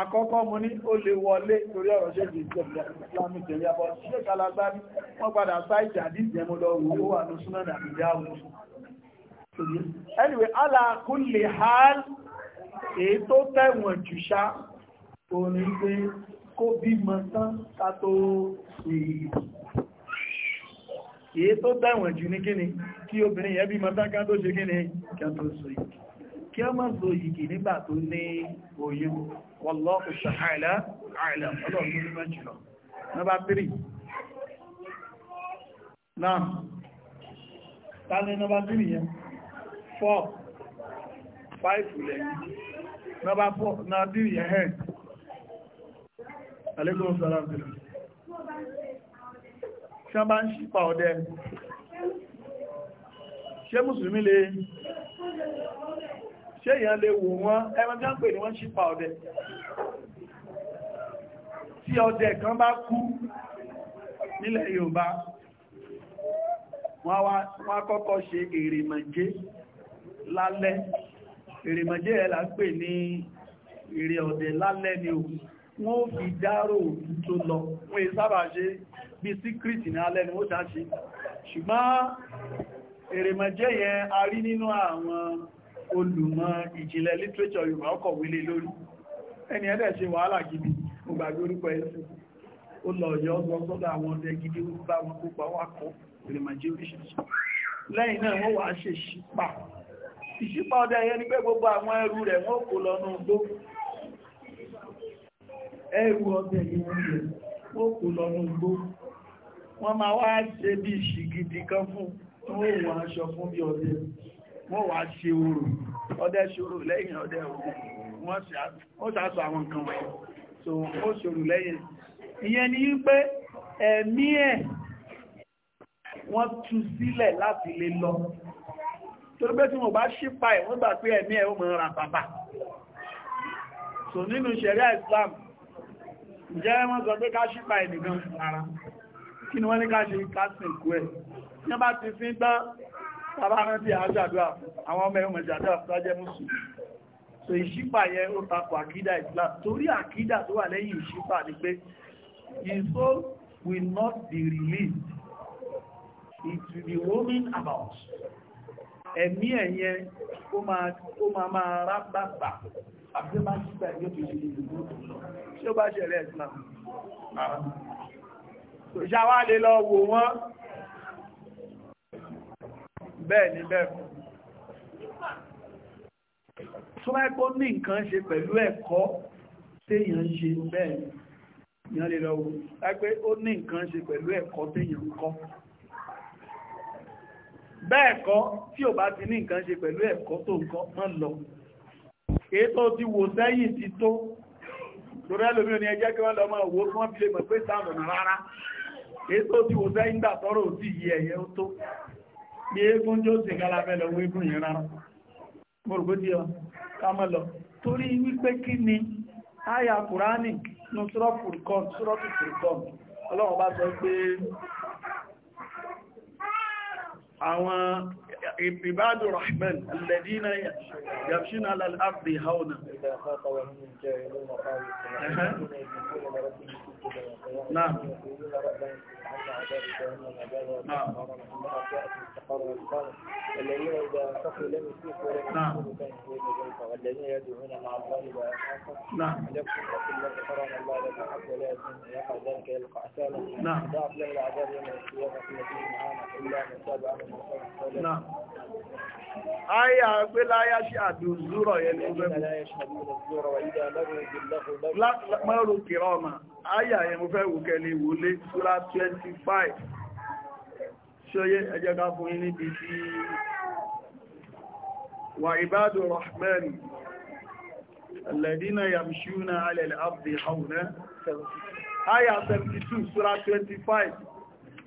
àkọ́kọ́ mú ní ó lè wọlé torí ọ̀rọ̀ ṣe jù ìjọba islamic area but ṣe kalagba ní wọ́n padà bá ìjà díjẹ mú lọ wò hal èyí tó tẹ̀wọ̀n jù ṣá òní pé kó bímọ tán ká tó èyí tó tẹ̀wọ̀n jù ní kíni kí obìnrin yẹn bímọ tán ká tó ṣe kíni kí a tó sọ yìí kí ọmọ so yìí nígbà tó ní oyún wallahu ta'ala a'lam ọlọ́run tó nímọ̀ jùlọ nọ́bà 3 náà tàbí nọ́bà 3 yẹn 4 5 lẹ́yìn nọ́bà 3 yẹn hẹ́ alẹ́kùn sọ́lá bẹ̀rẹ̀ ṣe bá ń ṣípa ọdẹ ṣe mùsùlùmí lè ṣé èèyàn lè wò wọ́n ẹran tí wọ́n pè ní wọ́n ṣípa ọdẹ tí ọdẹ kan bá kú nílẹ̀ Yorùbá wọ́n á kọ́kọ́ ṣe èrèmọ̀jé lálẹ́ èrèmọ̀jé ẹ̀ là ń pè ní èrè ọdẹ lálẹ́ ni o wọ́n fi dárò òkú tó lọ wọ́n è sábà ṣe bí síkírìtì ní alẹ́ ni wọ́n ṣá ṣe ṣùgbọ́n èrèmọ̀jé yẹn a rí nínú àwọn olùmọ̀ ìjìnlẹ̀ lítírẹ́tọ̀ Yorùbá ọkọ̀ wílé lórí ẹni ẹ̀dẹ̀ ṣe wàhálà gidi mo gbàgbé orúkọ ẹ̀sìn ó lọ ọ̀yọ́ lọ sọ́dọ̀ àwọn ọdẹ gidi ó bá wọn kópa wà kọ́ ìrìnmàjẹ́ oríṣiríṣi lẹ́yìn náà wọ́n wà á ṣe ṣípà ìṣípà ọdẹ ẹyẹ ni pé gbogbo àwọn ẹrù rẹ̀ wọ́n kó lọ nù gbó ẹrù ọdẹ yẹn wọ́n kó lọ nù wọ́n wá ṣe orò ọdẹ ṣòro lẹ́yìn ọdẹ wọ́n ṣàṣọ àwọn nǹkan wọ̀nyí so ó ṣòro lẹ́yìn ìyẹn ni wípé ẹ̀mí ẹ̀ wọ́n tú sílẹ̀ láti lè lọ torí pé tí wọ́n bá ṣípa ẹ̀ wọ́n gbà pé ẹ̀mí ẹ̀ ó mọ̀ ra bàbà so nínú ṣẹ̀ríà Islam ǹjẹ́ wọ́n sọ pé ká ṣípa ẹ̀ nìkan ara kí ni wọ́n ní ká ṣe ká sìnkú ẹ̀ tàbá rántí àwọn ọmọ ẹ̀rùn mẹ̀jàdúrà fúrájẹ́ mùsùn so ìṣípà yẹ ó takò àkídà Islam torí àkídà tó wà lẹ́yìn ìṣípà ni pé his will not be released it will be roaming about ẹ̀mí ẹ̀yẹ ó máa máa rábàbà àbí máa ṣípà yóò fi ṣe ìlú tí ó bá ṣẹlẹ̀ Islam ìṣàwálé lọ wò wọ́n bẹ́ẹ̀ ni bẹ́ẹ̀ kọ́ tó bá kó ní nǹkan ṣe pẹ̀lú ẹ̀kọ́ téèyàn ṣe bẹ́ẹ̀ ni lè lọ ó ní nǹkan ṣe pẹ̀lú ẹ̀kọ́ téèyàn kọ́ bẹ́ẹ̀ tí ò bá ti ní nǹkan ṣe pẹ̀lú ẹ̀kọ́ tó nǹkan mọ́ lọ ètò ti wò sẹ́yìn ti tó torí ẹlòmí ò ní ẹjẹ́ kí wọ́n lọ máa wò fún ọ́pìlẹ̀ mọ̀ pé sáàmù rárá ti wò sẹ́yìn gbà tọ́rọ̀ bí eégún jó sì gálafẹ́ lọ wé fún yìí rárá mọ̀rùgbódí ọ kámọ́ lọ torí wípé kí ni àyà kùránì ní sọ́rọ̀fùrùkọ́n sọ́rọ̀fùrùkọ́n ọlọ́run bá sọ pé àwọn عباد الرحمن الذين يمشون على الأرض هونا نعم نعم الذين إذا سقوا لم يسيقوا نعم والذين يدعون مع الله إلى نعم يكفر الله حرم الله لك حق ولا يقع ذلك يلقى عسالا نعم ضعف له العذاب يوم القيامة الذين معانا إلا من تاب عنه نعم Aya pé láyá ṣe àdùn zúrọ̀ yẹn ní ọgbẹ́ mọ́rù kìrọ ọmọ. Aya yẹn mo fẹ́ wù kẹlẹ̀ ìwòlé Súra 25. Ṣóyé ẹjẹ́ ká fún yín níbi tí wà ìbádù Rahman. Alladina yamshuna ala al-ardi hawna. Aya 72 Súra 25.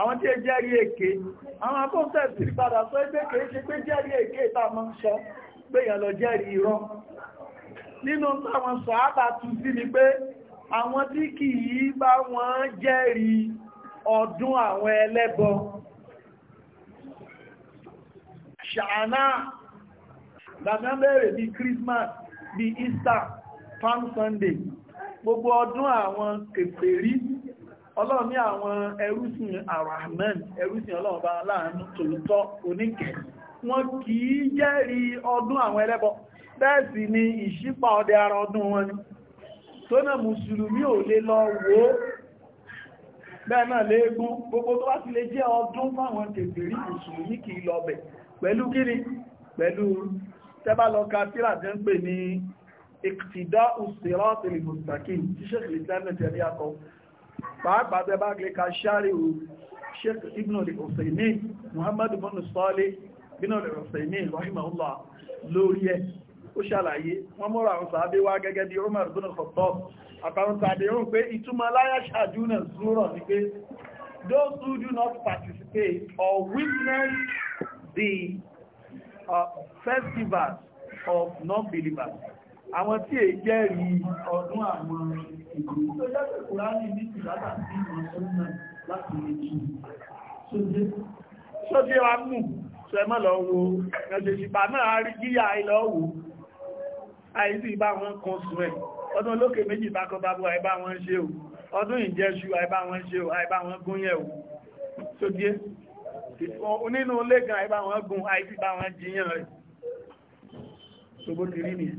àwọn tí ó jẹ́rí èké àwọn akọ́fẹ́ sí padà sọ ẹgbẹ́ kìí ṣe pé jẹ́rí èké tá mọ́ ń sọ pé yàn lọ jẹ́rí irọ́ nínú táwọn sọ ábà tú sí ni pé àwọn tí kìí bá wọn jẹ́rí ọdún àwọn ẹlẹ́bọ ṣàánà bàbá bẹ̀rẹ̀ bí Christmas bí Easter Palm Sunday gbogbo ọdún àwọn kèfèrí ọlọ́run ní àwọn ẹrúsìn arahman ẹrúsìn ọlọ́run bá láàánú tòótọ́ oníkẹ̀ wọn kì í jẹ́rìí ọdún àwọn ẹlẹ́bọ bẹ́ẹ̀ sì ni ìṣípa ọdẹ ara ọdún wọn ni tó náà mùsùlùmí ò lè lọ wò ó bẹ́ẹ̀ náà léegun gbogbo tó bá ti lè jẹ́ ọdún fáwọn tèbèrí mùsùlùmí kì í lọ pẹ̀lú kíni pẹ̀lú tẹ́bá lọ ka ń pè ní iktida usira pàápàá bẹ bá gẹ́ ka ṣáàrí o sheik ibn al-Uthaymeen muhammadu ibn Salih ibn al-Uthaymeen rahimahullah lórí ẹ̀ ó ṣàlàyé wọ́n mọ́ra àwọn sàábé wá gẹ́gẹ́ bí Umar ibn al-Khattab those who do not participate or witness the uh, festivals of non-believers àwọn tí è jẹ́rí ọdún àwọn ìgbò tó jẹ́ kùránì ní ìlàtà sí ìrọ̀sọ́nà láti méjì sódé wa mú sẹ́mọ́ lọ wo ẹ̀ṣẹ̀ ìṣìpá náà rí gíyà ilọ̀ wò àìsí ìbá wọn kan sùn ẹ̀ ọdún olókè méjì bákọ bábú àìbá wọn ṣe o ọdún ìjẹ́ṣu àìbá wọn ṣe o àìbá wọn gúnyẹ̀ o sódé nínú ilé kan àìbá wọn gún àìsí ìbá wọn jiyàn rẹ̀ ṣogbó ti rí nìyẹn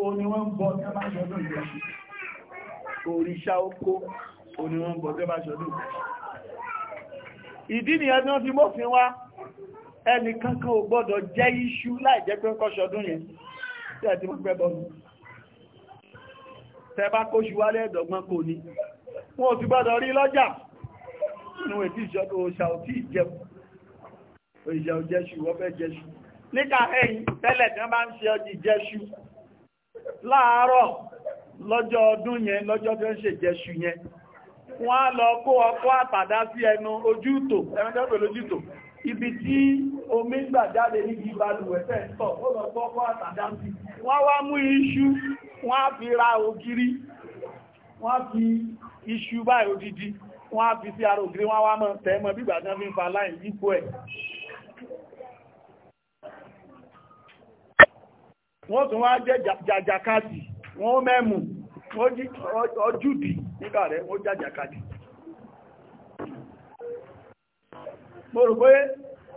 òní wọ́n bọ́ tẹ́ bá ṣọdún ìgbẹ̀ṣù òrìṣà oko òní wọ́n bọ́ tẹ́ bá ṣọdún ìgbẹ̀ṣù ìdí nìyẹn náà fi mọ́fin wá ẹnì kankan ò gbọ́dọ̀ jẹ iṣu láì jẹ́ pé ń kọ́ ṣọdún yẹn tí ẹ̀ tí wọ́n pẹ́ bọ́nu tẹ́ bá kóṣù wálé ẹ̀dọ̀gbọ́n kò ní wọn ò ti gbọ́dọ̀ rí lọ́jà nínú ètí ìṣọdún òṣà ò tí ì jẹun òṣà ò jẹ́ṣu wọ́n fẹ́ jẹ́ṣu níka ẹ̀yìn tẹ́lẹ̀ tí wọ́n bá ń ṣe ọjì jẹ́ṣu láàárọ̀ lọ́jọ́ ọdún yẹn lọ́jọ́ tí ó ń ṣe jẹ́ṣù yẹn wọ́n á lọ kó ọkọ́ àtàdá sí ẹnu ojútò ẹmẹ́jọ́ pẹ̀lú ojútò ibi tí omi ń gbà jáde níbi balùwẹ̀ fẹ́ tọ̀ ó lọ kó ọkọ́ àtàdá sí wọ́n tún wá jẹ́ jàjàkadì wọ́n mẹ́mù ọjúdì nígbà rẹ̀ wọ́n jàjàkadì mo pé